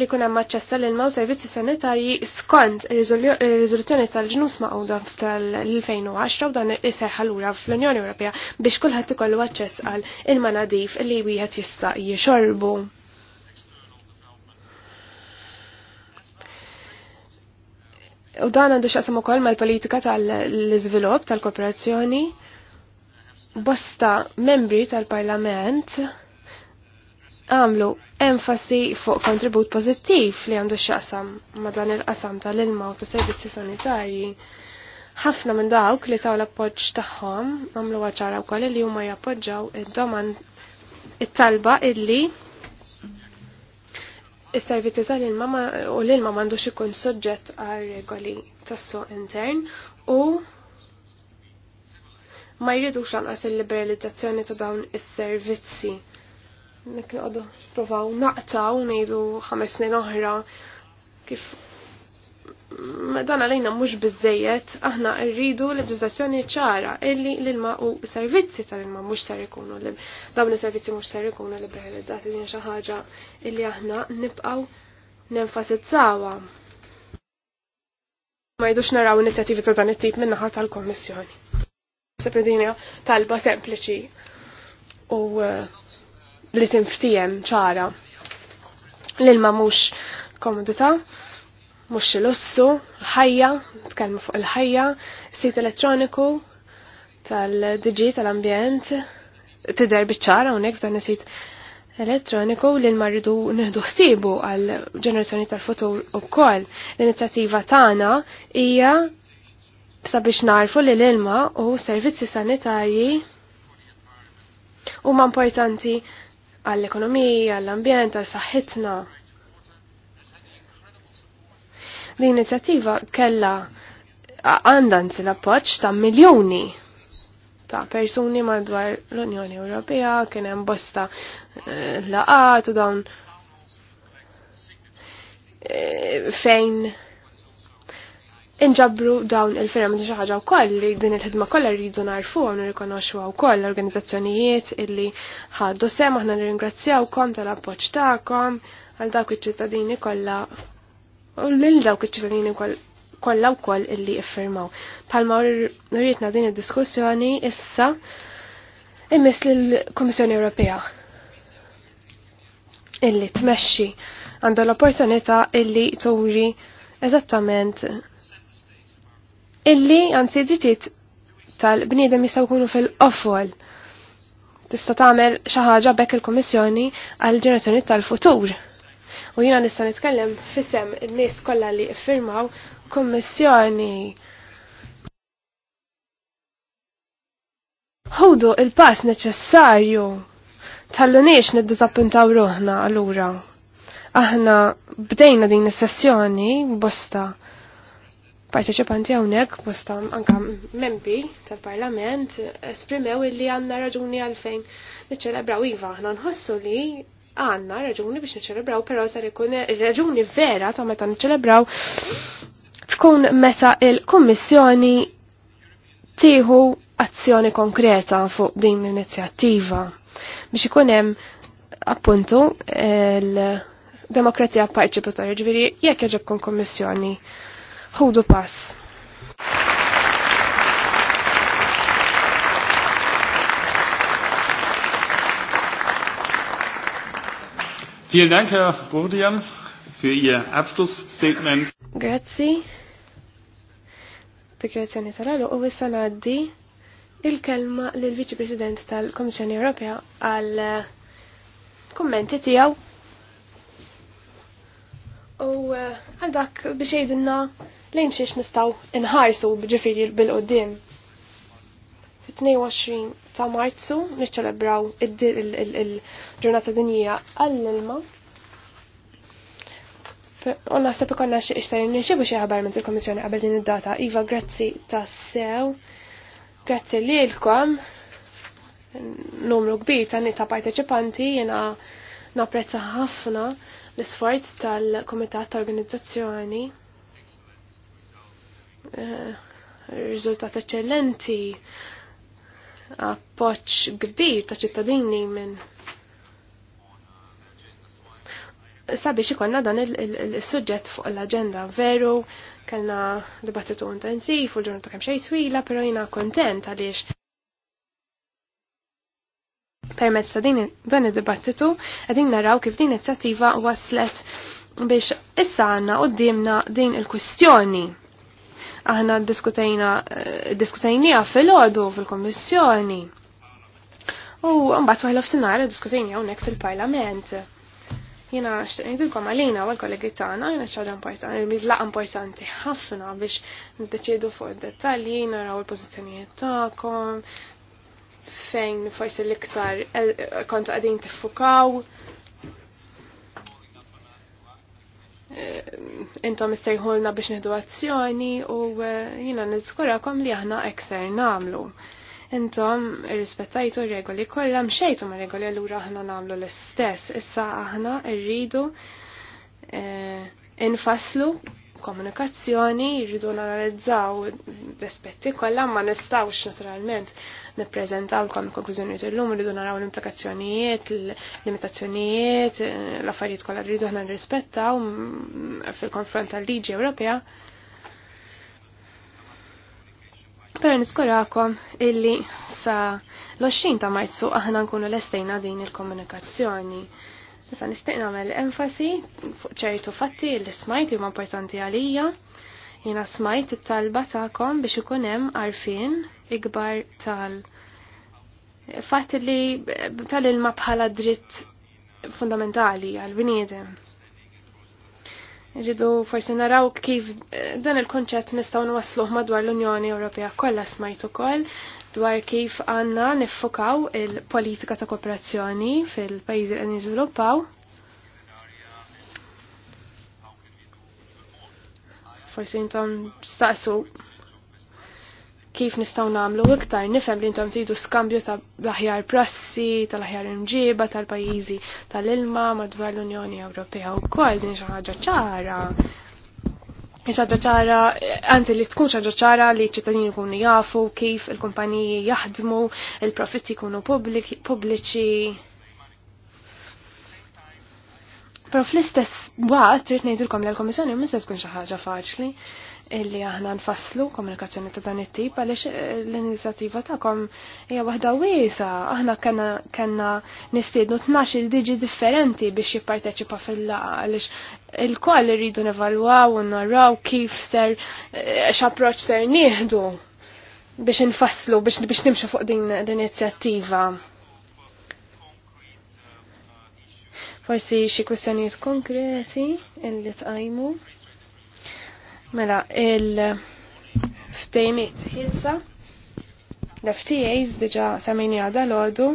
li kun hemm aċċess lil maw servizzi sanitarji skont ir-riżoluzzjoni tal-ġnus maqgħuda tal-2010 u dan iseħħa lura fl-Unjoni Ewropea biex kulħadd ikollu aċċess għal il-manadif li wieħed jista' jixorbu. U dan għandu xaqsam ukoll mal-politika tal-iżvilupp tal-kooperazzjoni bosta membri tal-Parlament għamlu enfasi fuq kontribut pozittiv li għandu xaqsam ma dan il-qasam tal-ilma u tas-servizzi sanitarji. Ħafna minn dawk li taw l-appoġġ tagħhom għamlu għaċara wkoll li huma jappoġġaw id-doman it-talba illi Is-servizzi l ilma u l għandu m'għandux ikun soġġett għal regoli tas-suq intern u ma jridux lanqas il-liberalizzazzjoni ta' dawn is-servizzi. Nek noqogħdu provaw naqtaw ngħidu ħames snin oħra kif madana lejna mhux biżejjed aħna rridu leġiżlazzjoni ċara illi l-ilma u servizzi tal-ilma mhux ser ikunu li dawn servizzi mhux ser ikunu liberalizzati din xi ħaġa illi aħna nibqgħu nenfasizzawha. Ma jidux naraw inizjattivi ta' dan it-tip minn naħa tal-Kommissjoni. Sepp talba sempliċi u eh, li tinftijem ċara l-ilma mhux komodità mux lussu, ħajja, tkellmu fuq il-ħajja, sit elettroniku tal-DG tal-ambjent, tider biċċara hawnhekk f'dan is-sit elettroniku li nmarridu nieħdu ħsibu għal ġenerazzjoni tal-futur ukoll. L-inizjattiva tagħna hija sabiex narfu li l-ilma u servizzi sanitarji huma importanti għall-ekonomija, għall-ambjent, għall-saħħitna. għall ekonomija għall ambjent għall saħħitna L-inizjattiva kella għandan l poċ ta' miljoni ta' persuni madwar l-Unjoni Ewropea, kien hemm bosta eh, laqat u dawn eh, fejn inġabru dawn il-firma xi ħaġa wkoll li din il-ħidma kollha rridu narfu u nirrikonoxxuha wkoll l-organizzazzjonijiet illi ħaddu sem aħna nirringrazzjawkom tal-appoġġ tagħkom għal dawk iċ-ċittadini kollha u lil dawk iċ-ċittadini kollha wkoll illi iffirmaw. Palma rritna din id-diskussjoni issa immiss lill-Kummissjoni Ewropea illi tmexxi għandha l-opportunità illi turi eżattament illi għanzi ġitit tal-bniedem jistaw kunu fil-offol. Tista tagħmel xi ħaġa bekk il-Kummissjoni għal ġenerazzjoni tal-futur u jina nista' nitkellem fisem in-nies kollha li iffirmaw kommissjoni. Hudu il-pass neċessarju tal-luniex dizappuntaw ruħna allura. Aħna bdejna din is-sessjoni bosta parteċipanti hawnhekk bosta anka membri tal-Parlament esprimew illi għandna raġuni għalfejn niċċelebraw iva aħna nħossu li għanna raġuni biex niċċelebraw, però sar ikun raġuni vera ta' meta niċċelebraw tkun meta il-Kummissjoni tieħu azzjoni konkreta fuq din l-inizjattiva biex ikun hemm appuntu il-demokrazija parċipatorja ġifieri jekk jaġobkom kommissjoni ħudu pass Vielen Dank, Herr Burdian, für Ihr Abschlussstatement. Grazzi. Dikrazzjoni tal-għalu u issa ngħaddi il-kelma lil viċi President tal-Komissjoni Ewropea għal eh, kommenti tiegħu. U eh, għal dak biex jgħidilna lejn xiex nistgħu inħarsu ġifieri bil-qudiem. 22 ta' marzu niċċelebraw il-ġurnata dinjija għall-ilma. U naħseb ikonna xi ixtar nirċievu xi ħabar minn il-Kommissjoni qabel din id-data. Iva, grazzi tas-sew, Grazzi lilkom. Numru kbir ta' ta' parteċipanti jiena napprezza ħafna l-isforz tal-Komitat ta' Organizzazzjoni. Eh, riżultat eċċellenti appoċ kbir ta' ċittadini minn sabiex ikonna dan il sujġet fuq l-agenda veru, kellna dibattitu intensiv u l-ġurnata kemm xejn twila, però jiena kontent għaliex permezz ta' din dan id-dibattitu qegħdin naraw kif din inizjattiva waslet biex issa għandna qudiemna din il-kwistjoni aħna diskutajnija eh, fil-ħodu fil-Kommissjoni. U mbagħad waħla sinara diskutajnija hawnhekk fil-Parlament. Jiena xtaqnidilkom għalina u l-kollegi tagħna jiena xaġa importanti, laqa importanti ħafna biex niddeċiedu fuq id-dettalji, naraw il-pożizzjonijiet ta'kom, fejn forsi l-iktar eh, kont qegħdin fukaw intom istajħulna biex neħdu azzjoni u eh, jina nizkurakom li aħna ekser namlu. Intom rispettajtu regoli kollha mxejtu ma' regoli allura aħna namlu l-istess. Issa aħna rridu eh, infaslu komunikazzjoni, rridu nanalizzaw l-aspetti kollha ma nistawx naturalment nippreżentawkom il-konklużjonijiet illum rridu naraw l-implikazzjonijiet, l-limitazzjonijiet, l-affarijiet kollha rridu aħna nirrispettaw mm, fil-konfront tal-liġi Ewropea. Però niskurakom illi sa l-20 ta' marzu aħna nkunu lestejna din il-komunikazzjoni. Nisa nistiq nagħmel enfasi fuq ċertu fatti li smajt li huma importanti għalija. Jiena smajt it-talba tagħkom biex ikun hemm għarfien ikbar tal fatt li tal-ilma bħala dritt fundamentali għal-bniedem. Rridu forsi naraw kif eh, dan il-konċett nistgħu nwassluh madwar l-Unjoni Ewropea kollha smajt ukoll dwar kif għandna niffokaw il-politika ta' kooperazzjoni fil-pajjiżi li niżviluppaw. Forsi intom staqsu kif nistaw namlu iktar nifem li intom tridu skambju ta' l-aħjar prassi, tal-aħjar imġiba, tal-pajizi, tal-ilma madwar l-Unjoni Ewropea u kol din xaħġa ċara. Xaħġa ċara, għanti li tkun xaħġa ċara li ċittadini kunu jafu kif il-kumpaniji jaħdmu, il-profitti kunu pubbliċi. Pero fl-istess waqt, trid ngħidilkom l-Komissjoni ma' se tkun xi ħaġa faċli illi aħna nfasslu komunikazzjoni ta' dan it-tip għaliex eh, l-inizjattiva tagħkom hija waħda wiesa. Aħna kellna kellna nistiednu tnax-il diġi differenti biex jipparteċipa fil-laqgħa għaliex il-koll irridu nevalwaw u narraw kif ser eh, x'approċċ ser nieħdu biex nfasslu biex biex nimxu fuq din l-inizjattiva. Forsi xi kwistjonijiet konkreti illi tqajmu. Mela, il-ftejmit hilsa, l-FTAs diġa samini għada l ordu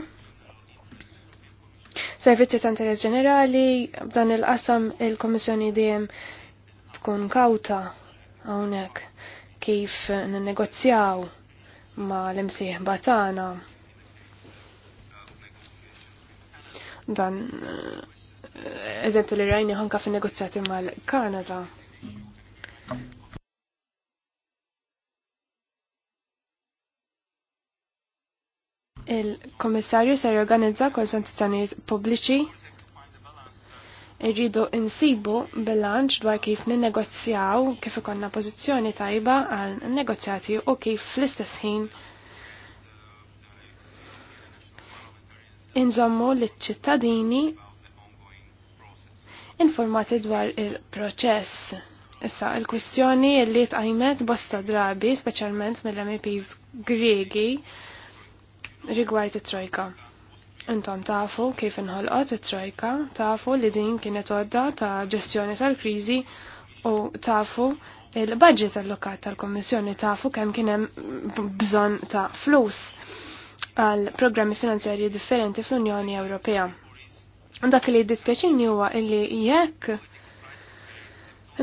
servizzi ta' interess ġenerali, b'dan il-qasam il-Komissjoni dejjem tkun kawta hawnhekk kif n negozzjaw ma l-imsieħ batana. Dan eh, eżempju li rajni ħanka fin-negozjati mal-Kanada. Il-Komissarju se jorganizza konsultazzjonijiet pubbliċi irridu insibu bilanċ dwar kif ninnegozjaw kif ikonna pożizzjoni tajba għal negozjati u kif fl-istess ħin inżommu l-ċittadini informati dwar il-proċess. Issa, il-kwistjoni li tqajmet bosta drabi, speċjalment mill-MPs Gregi, rigward it-trojka. Intom tafu kif inħolqot it-trojka, tafu li din kienet għodda ta' ġestjoni tal-kriżi u tafu il-budget allokat tal-Kommissjoni tafu kemm kien hemm bżonn ta' flus għal programmi finanzjarji differenti fl-Unjoni Ewropea. Dak li dispjaċini huwa illi jekk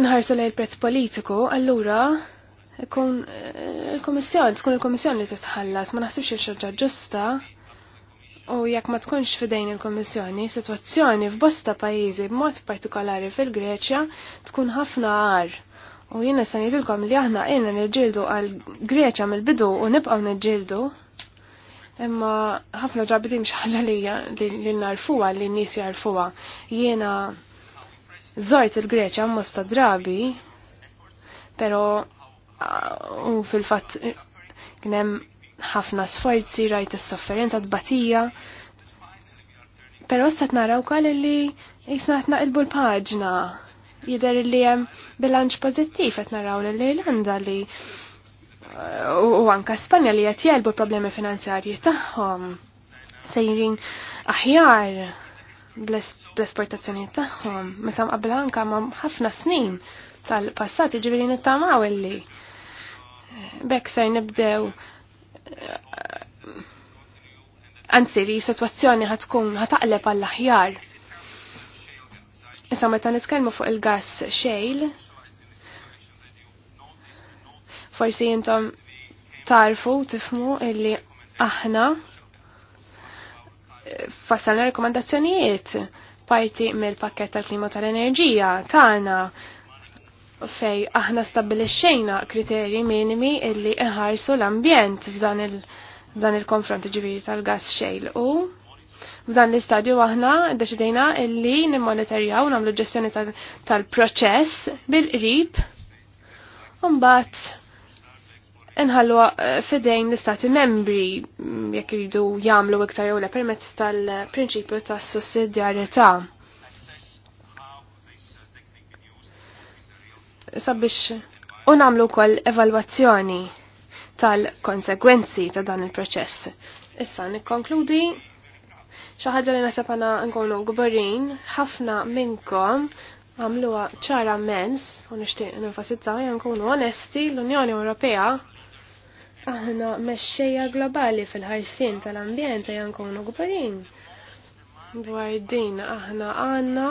nħarsu lejn il-prezz politiku, allura ikun eh, il-Komissjoni, tkun il-Komissjoni li titħallas, ma naħsibx il xarġa ġusta u jekk ma tkunx fidejn il-Komissjoni, situazzjoni f'bosta pajjiżi b'mod partikolari fil-Greċja tkun ħafna għar. U jiena se ngħidilkom li aħna qilna niġġieldu għal Greċja mill-bidu u nibqgħu niġġieldu. Imma ħafna drabi din xi ħaġa li narfuha li n-nies jarfuha. Jiena żort il-Greċja mosta drabi, pero u fil fat kienem ħafna sforzi rajt is-sofferenza tbatija. Però stat naraw kol li jisna naqilbu l-paġna. Jider li hemm bilanċ pożittiv qed naraw li l-Irlanda li u anka Spanja li qed jelbu problemi finanzjarji tagħhom sejrin aħjar bl-esportazzjoni tagħhom meta mqabbel anka ma' ħafna snin tal ġivirin jiġifieri nittamaw li. Bek se nibdew anzi li situazzjoni ħatkun ħataqleb għall aħjar Issa meta nitkellmu fuq il-gas xejl, forsi jintom tarfu tifmu illi aħna eh, fassalna rekomendazzjonijiet parti mill-pakket tal klimu tal-enerġija tagħna fej aħna stabilixxejna kriterji minimi illi nħarsu l-ambjent f'dan il-konfront il ġiviri tal-gas xejl u F'dan l-istadju aħna deċidejna illi nimmonitorjaw nagħmlu ġestjoni tal-proċess bil-qrib Umbat inħallu eh, fidejn l-istati membri mm, jekk iridu jagħmlu iktar jew le permezz tal-prinċipju tas sussidjarjetà. sabiex u kol evalwazzjoni tal-konsegwenzi ta' dan il-proċess. Issa nikkonkludi xaħġa li nasabana nkunu gburin ħafna minnkom għamluwa ċara mens u nishtiq n-infasizza, nkunu onesti l-Unjoni Ewropea aħna mexxejja globali fil ħarsin tal-ambjent jankunu gburin. Dwar din aħna għanna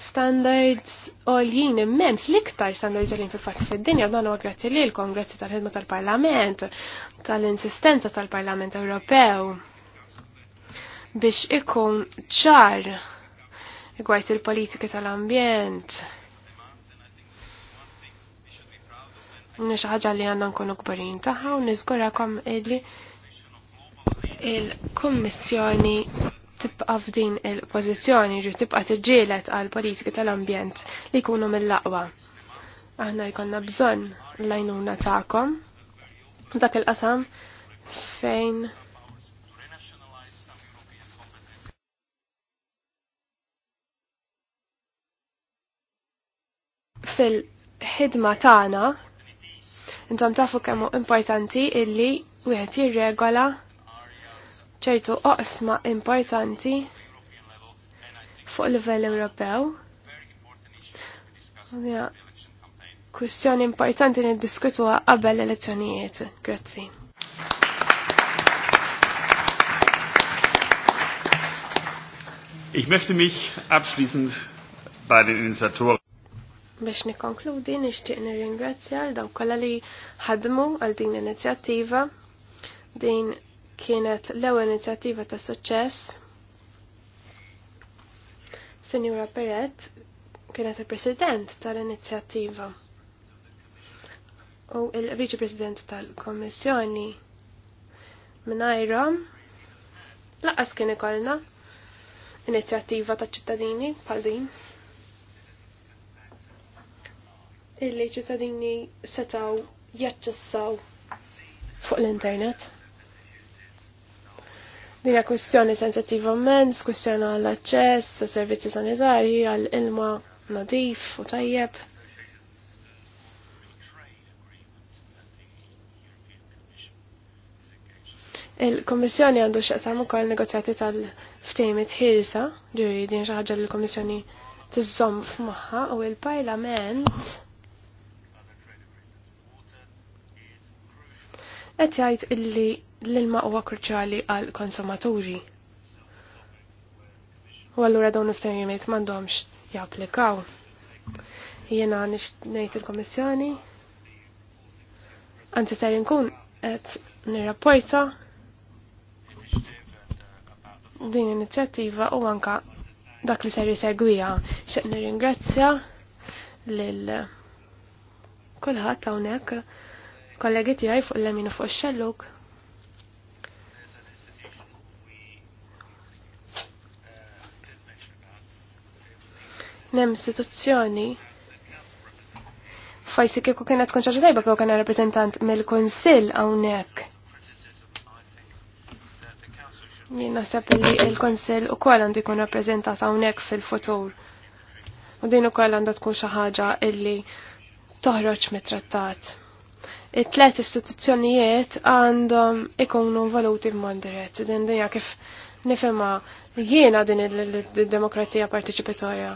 standards għoljien immens, l-iktar standards għoljien fil-fat fil-dinja, għadna għu grazzi li l-kom, tal-ħidma tal-Parlament, tal-insistenza tal-Parlament Ewropew biex ikun ċar rigward il-politika tal-ambjent. Nix ħaġa li għanna nkunu kbarin taħħa u nizgurakom illi il-Kommissjoni tibqa' f'din il-pożizzjoni ġu tibqa' tiġġieled għal politika tal-ambjent li jkunu mill-aqwa. Aħna jkollna bżonn l-għajnuna tagħkom dak il-qasam fejn fil-ħidma tagħna intom tafu kemm importanti illi wieħed jirregola ċertu oqsma importanti fuq livell Ewropew. Kwistjoni importanti niddiskutuha qabel elezzjonijiet. Grazzi. Ich möchte mich abschließend bei den Initiatoren biex nikonkludi nixtieq nirringrazzja l-daw kolla li ħadmu għal din l-inizjattiva din kienet l-ewwel inizjattiva ta' suċċess. Sinjura Peret kienet il-President tal-inizjattiva u il-Viċi President tal-Kommissjoni minajrom laqas kien ikollna inizjattiva ta' ċittadini bħal din. Illi ċittadini setaw jaċċessaw fuq l-internet. Dinja kwistjoni sensittiva mens, kwistjoni għall-aċċess, servizzi sanitarji, għall-ilma nadif u tajjeb. il komissjoni għandu xaqsam ukoll negozjati tal-ftejmet ħilsa, ġuri din xi ħaġa komissjoni t kommissjoni tiżżomm f'moħħa u l-Parlament qed illi l-ilma huwa kruċjali għal konsumaturi. U allura dawn il-ftehimiet m'għandhomx japplikaw. Jiena ngħid il-Kommissjoni anzi ser nkun qed nirrapporta din inizjattiva u anka dak li ser jisegwija xeq nirringrazzja lil kulħadd hawnhekk kollegi tiegħi fuq l-lemin fuq xelluk nem istituzzjoni fajsi kieku kienet tkun ċaċa tajba kieku kena reprezentant mill-konsil għawnek. Jien naħseb li il-konsil u kol għandu jkun rappresentat għawnek fil-futur. U din u għandha tkun xi ħaġa illi toħroġ mit-trattat. It-tlet istituzzjonijiet għandhom ikunu valuti b'mod dirett. Din dinja kif nifema jiena din il-demokratija partiċipatorja.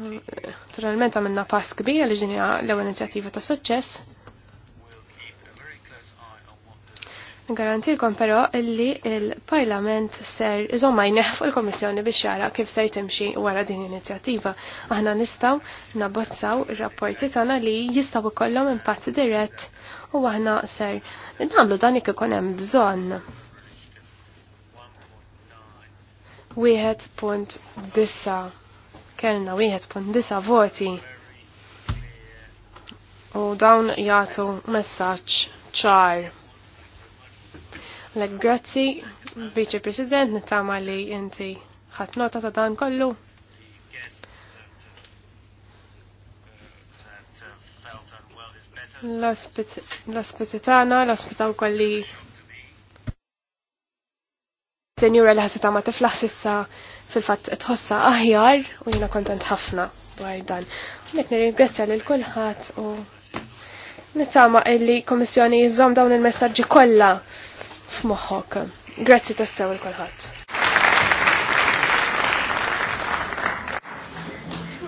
Naturalment għamilna pass kbir li ġinja l-ewwel inizjattiva ta' suċċess. Garantilkom però illi il-Parlament ser iżomma jneħ fuq il-Komissjoni biex jara kif ser timxi wara din inizjattiva. Aħna nistgħu nabbozzaw ir-rapporti tagħna li jistgħu ikollhom impatt dirett u aħna ser nagħmlu dan jekk ikun hemm bżonn. 1.9 kellna 1.9 voti u dawn jgħatu messaċ ċar. Lek grazzi, Vice President, nittama li inti ħadd nota ta' dan kollu. L-ospiti tagħna, l-ospita wkoll li Senjura li ħasita ma tiflaħ sissa fil-fatt tħossa aħjar u jiena kontent ħafna dwar dan. Nek nirringrazzja lil kulħadd u nittama illi kommissjoni jżomm dawn il-messaġġi kollha f'moħħok. Grazzi tassew il kulħadd.